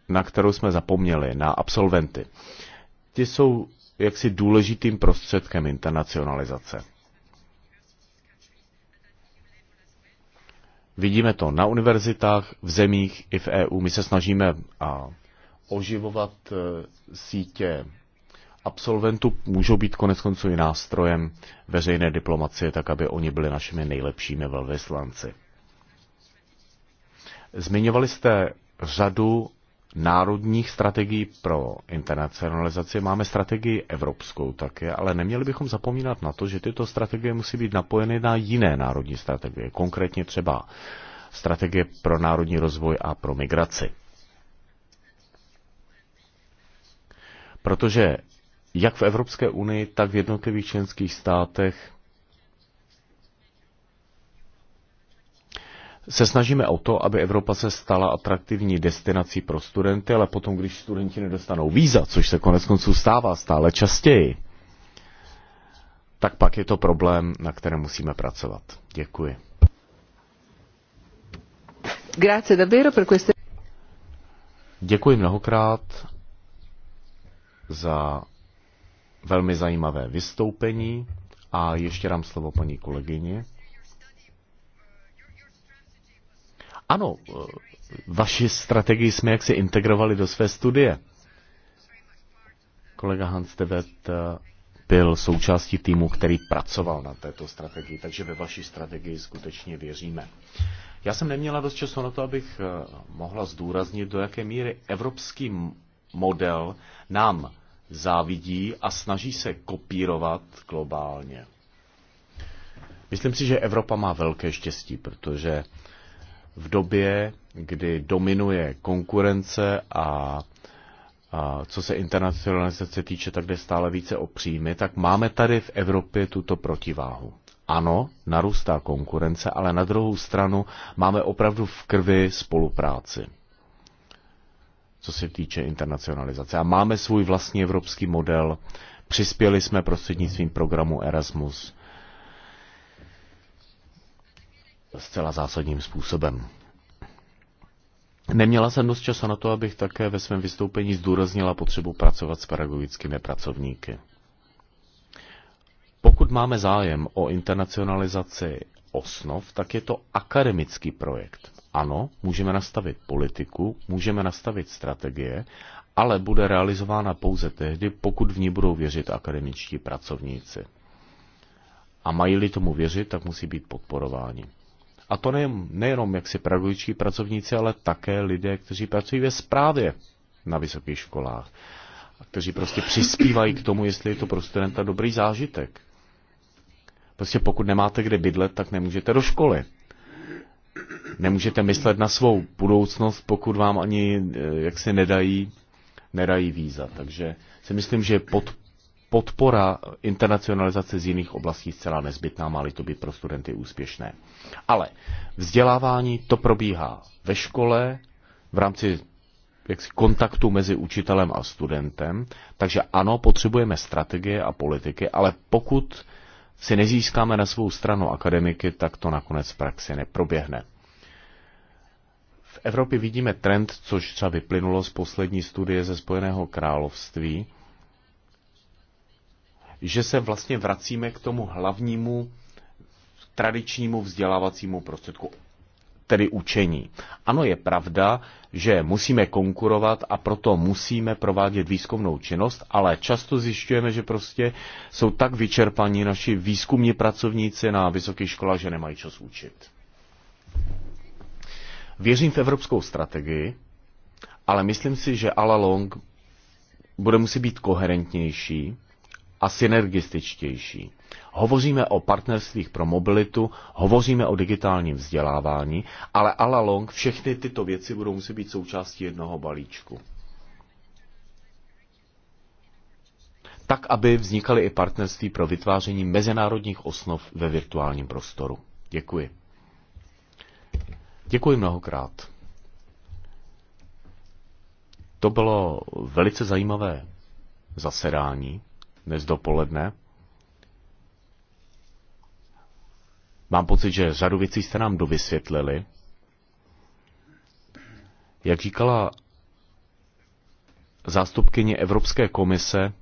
na kterou jsme zapomněli, na absolventy. Ti jsou jaksi důležitým prostředkem internacionalizace. Vidíme to na univerzitách, v zemích i v EU. My se snažíme a oživovat e, sítě absolventů. Můžou být konec konců i nástrojem veřejné diplomacie, tak aby oni byli našimi nejlepšími velvyslanci. Zmiňovali jste řadu národních strategií pro internacionalizaci, máme strategii evropskou také, ale neměli bychom zapomínat na to, že tyto strategie musí být napojeny na jiné národní strategie, konkrétně třeba strategie pro národní rozvoj a pro migraci. Protože jak v Evropské unii, tak v jednotlivých členských státech se snažíme o to, aby Evropa se stala atraktivní destinací pro studenty, ale potom, když studenti nedostanou víza, což se konec konců stává stále častěji, tak pak je to problém, na kterém musíme pracovat. Děkuji. Grazie davvero per queste... Děkuji mnohokrát za velmi zajímavé vystoupení a ještě dám slovo paní kolegyně. Ano, eh, vaši strategii jsme jaksi integrovali do své studie. Kolega Hans Tebet eh, byl součástí týmu, který pracoval na této strategii, takže ve vaší strategii skutečně věříme. Já jsem neměla dost času na to, abych eh, mohla zdůraznit, do jaké míry evropský model nám závidí a snaží se kopírovat globálně. Myslím si, že Evropa má velké štěstí, protože v době, kdy dominuje konkurence a, a co se internacionalizace týče, tak jde stále více o příjmy, tak máme tady v Evropě tuto protiváhu. Ano, narůstá konkurence, ale na druhou stranu máme opravdu v krvi spolupráci co se týče internacionalizace. A máme svůj vlastní evropský model. Přispěli jsme prostřednictvím programu Erasmus zcela zásadním způsobem. Neměla jsem dost času na to, abych také ve svém vystoupení zdůraznila potřebu pracovat s pedagogickými pracovníky. Pokud máme zájem o internacionalizaci osnov, tak je to akademický projekt. Ano, můžeme nastavit politiku, můžeme nastavit strategie, ale bude realizována pouze tehdy, pokud v ní budou věřit akademičtí pracovníci. A mají-li tomu věřit, tak musí být podporováni. A to nejen, nejenom jaksi pedagogičtí pracovníci, ale také lidé, kteří pracují ve správě na vysokých školách, a kteří prostě přispívají k tomu, jestli je to pro studenta dobrý zážitek. Prostě pokud nemáte kde bydlet, tak nemůžete do školy. Nemůžete myslet na svou budoucnost, pokud vám ani eh, jak si nedají, nedají víza. Takže si myslím, že pod podpora internacionalizace z jiných oblastí zcela nezbytná, má to být pro studenty úspěšné. Ale vzdělávání to probíhá ve škole, v rámci jaksi, kontaktu mezi učitelem a studentem, takže ano, potřebujeme strategie a politiky, ale pokud si nezískáme na svou stranu akademiky, tak to nakonec v praxi neproběhne. V Evropě vidíme trend, což třeba vyplynulo z poslední studie ze Spojeného království, že se vlastně vracíme k tomu hlavnímu tradičnímu vzdělávacímu prostředku, tedy učení. Ano, je pravda, že musíme konkurovat a proto musíme provádět výzkumnou činnost, ale často zjišťujeme, že prostě jsou tak vyčerpaní naši výzkumní pracovníci na vysoké škole, že nemají čas učit. Věřím v evropskou strategii, ale myslím si, že Ala Long bude muset být koherentnější a synergističtější. Hovoříme o partnerstvích pro mobilitu, hovoříme o digitálním vzdělávání, ale a la long všechny tyto věci budou muset být součástí jednoho balíčku. Tak, aby vznikaly i partnerství pro vytváření mezinárodních osnov ve virtuálním prostoru. Děkuji. Děkuji mnohokrát. To bylo velice zajímavé zasedání dnes dopoledne. Mám pocit, že řadu věcí jste nám dovysvětlili. Jak říkala zástupkyně Evropské komise,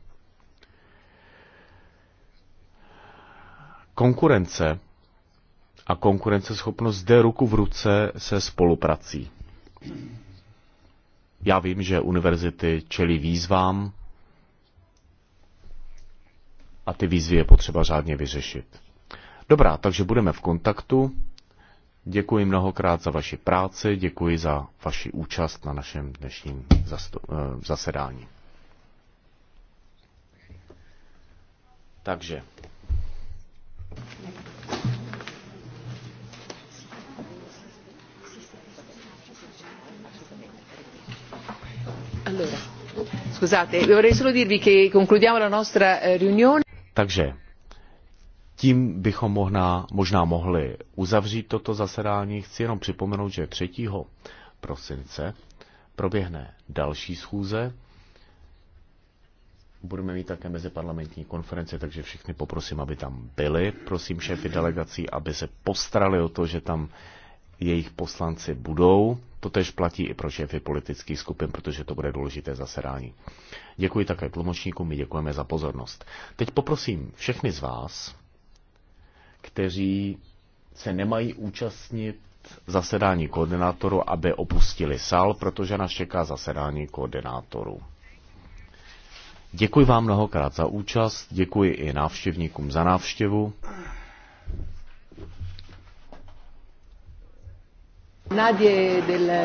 konkurence a konkurenceschopnost jde ruku v ruce se spoluprací. Já vím, že univerzity čelí výzvám, a ty výzvy je potřeba řádně vyřešit. Dobrá, takže budeme v kontaktu. Děkuji mnohokrát za vaši práci, děkuji za vaši účast na našem dnešním eh, zasedání. Takže. Allora, scusate, vorrei solo dirvi che concludiamo la nostra eh, riunione. Takže tím bychom mohna, možná mohli uzavřít toto zasedání. Chci jenom připomenout, že 3. prosince proběhne další schůze. Budeme mít také meziparlamentní konference, takže všichni poprosím, aby tam byli. Prosím šéfy delegací, aby se postarali o to, že tam jejich poslanci budou. To tež platí i pro šéfy politických skupin, protože to bude důležité zasedání. Děkuji také tlumočníkům, my děkujeme za pozornost. Teď poprosím všechny z vás, kteří se nemají účastnit zasedání koordinátoru, aby opustili sál, protože nás čeká zasedání koordinátoru. Děkuji vám mnohokrát za účast, děkuji i návštěvníkům za návštěvu. Nadie del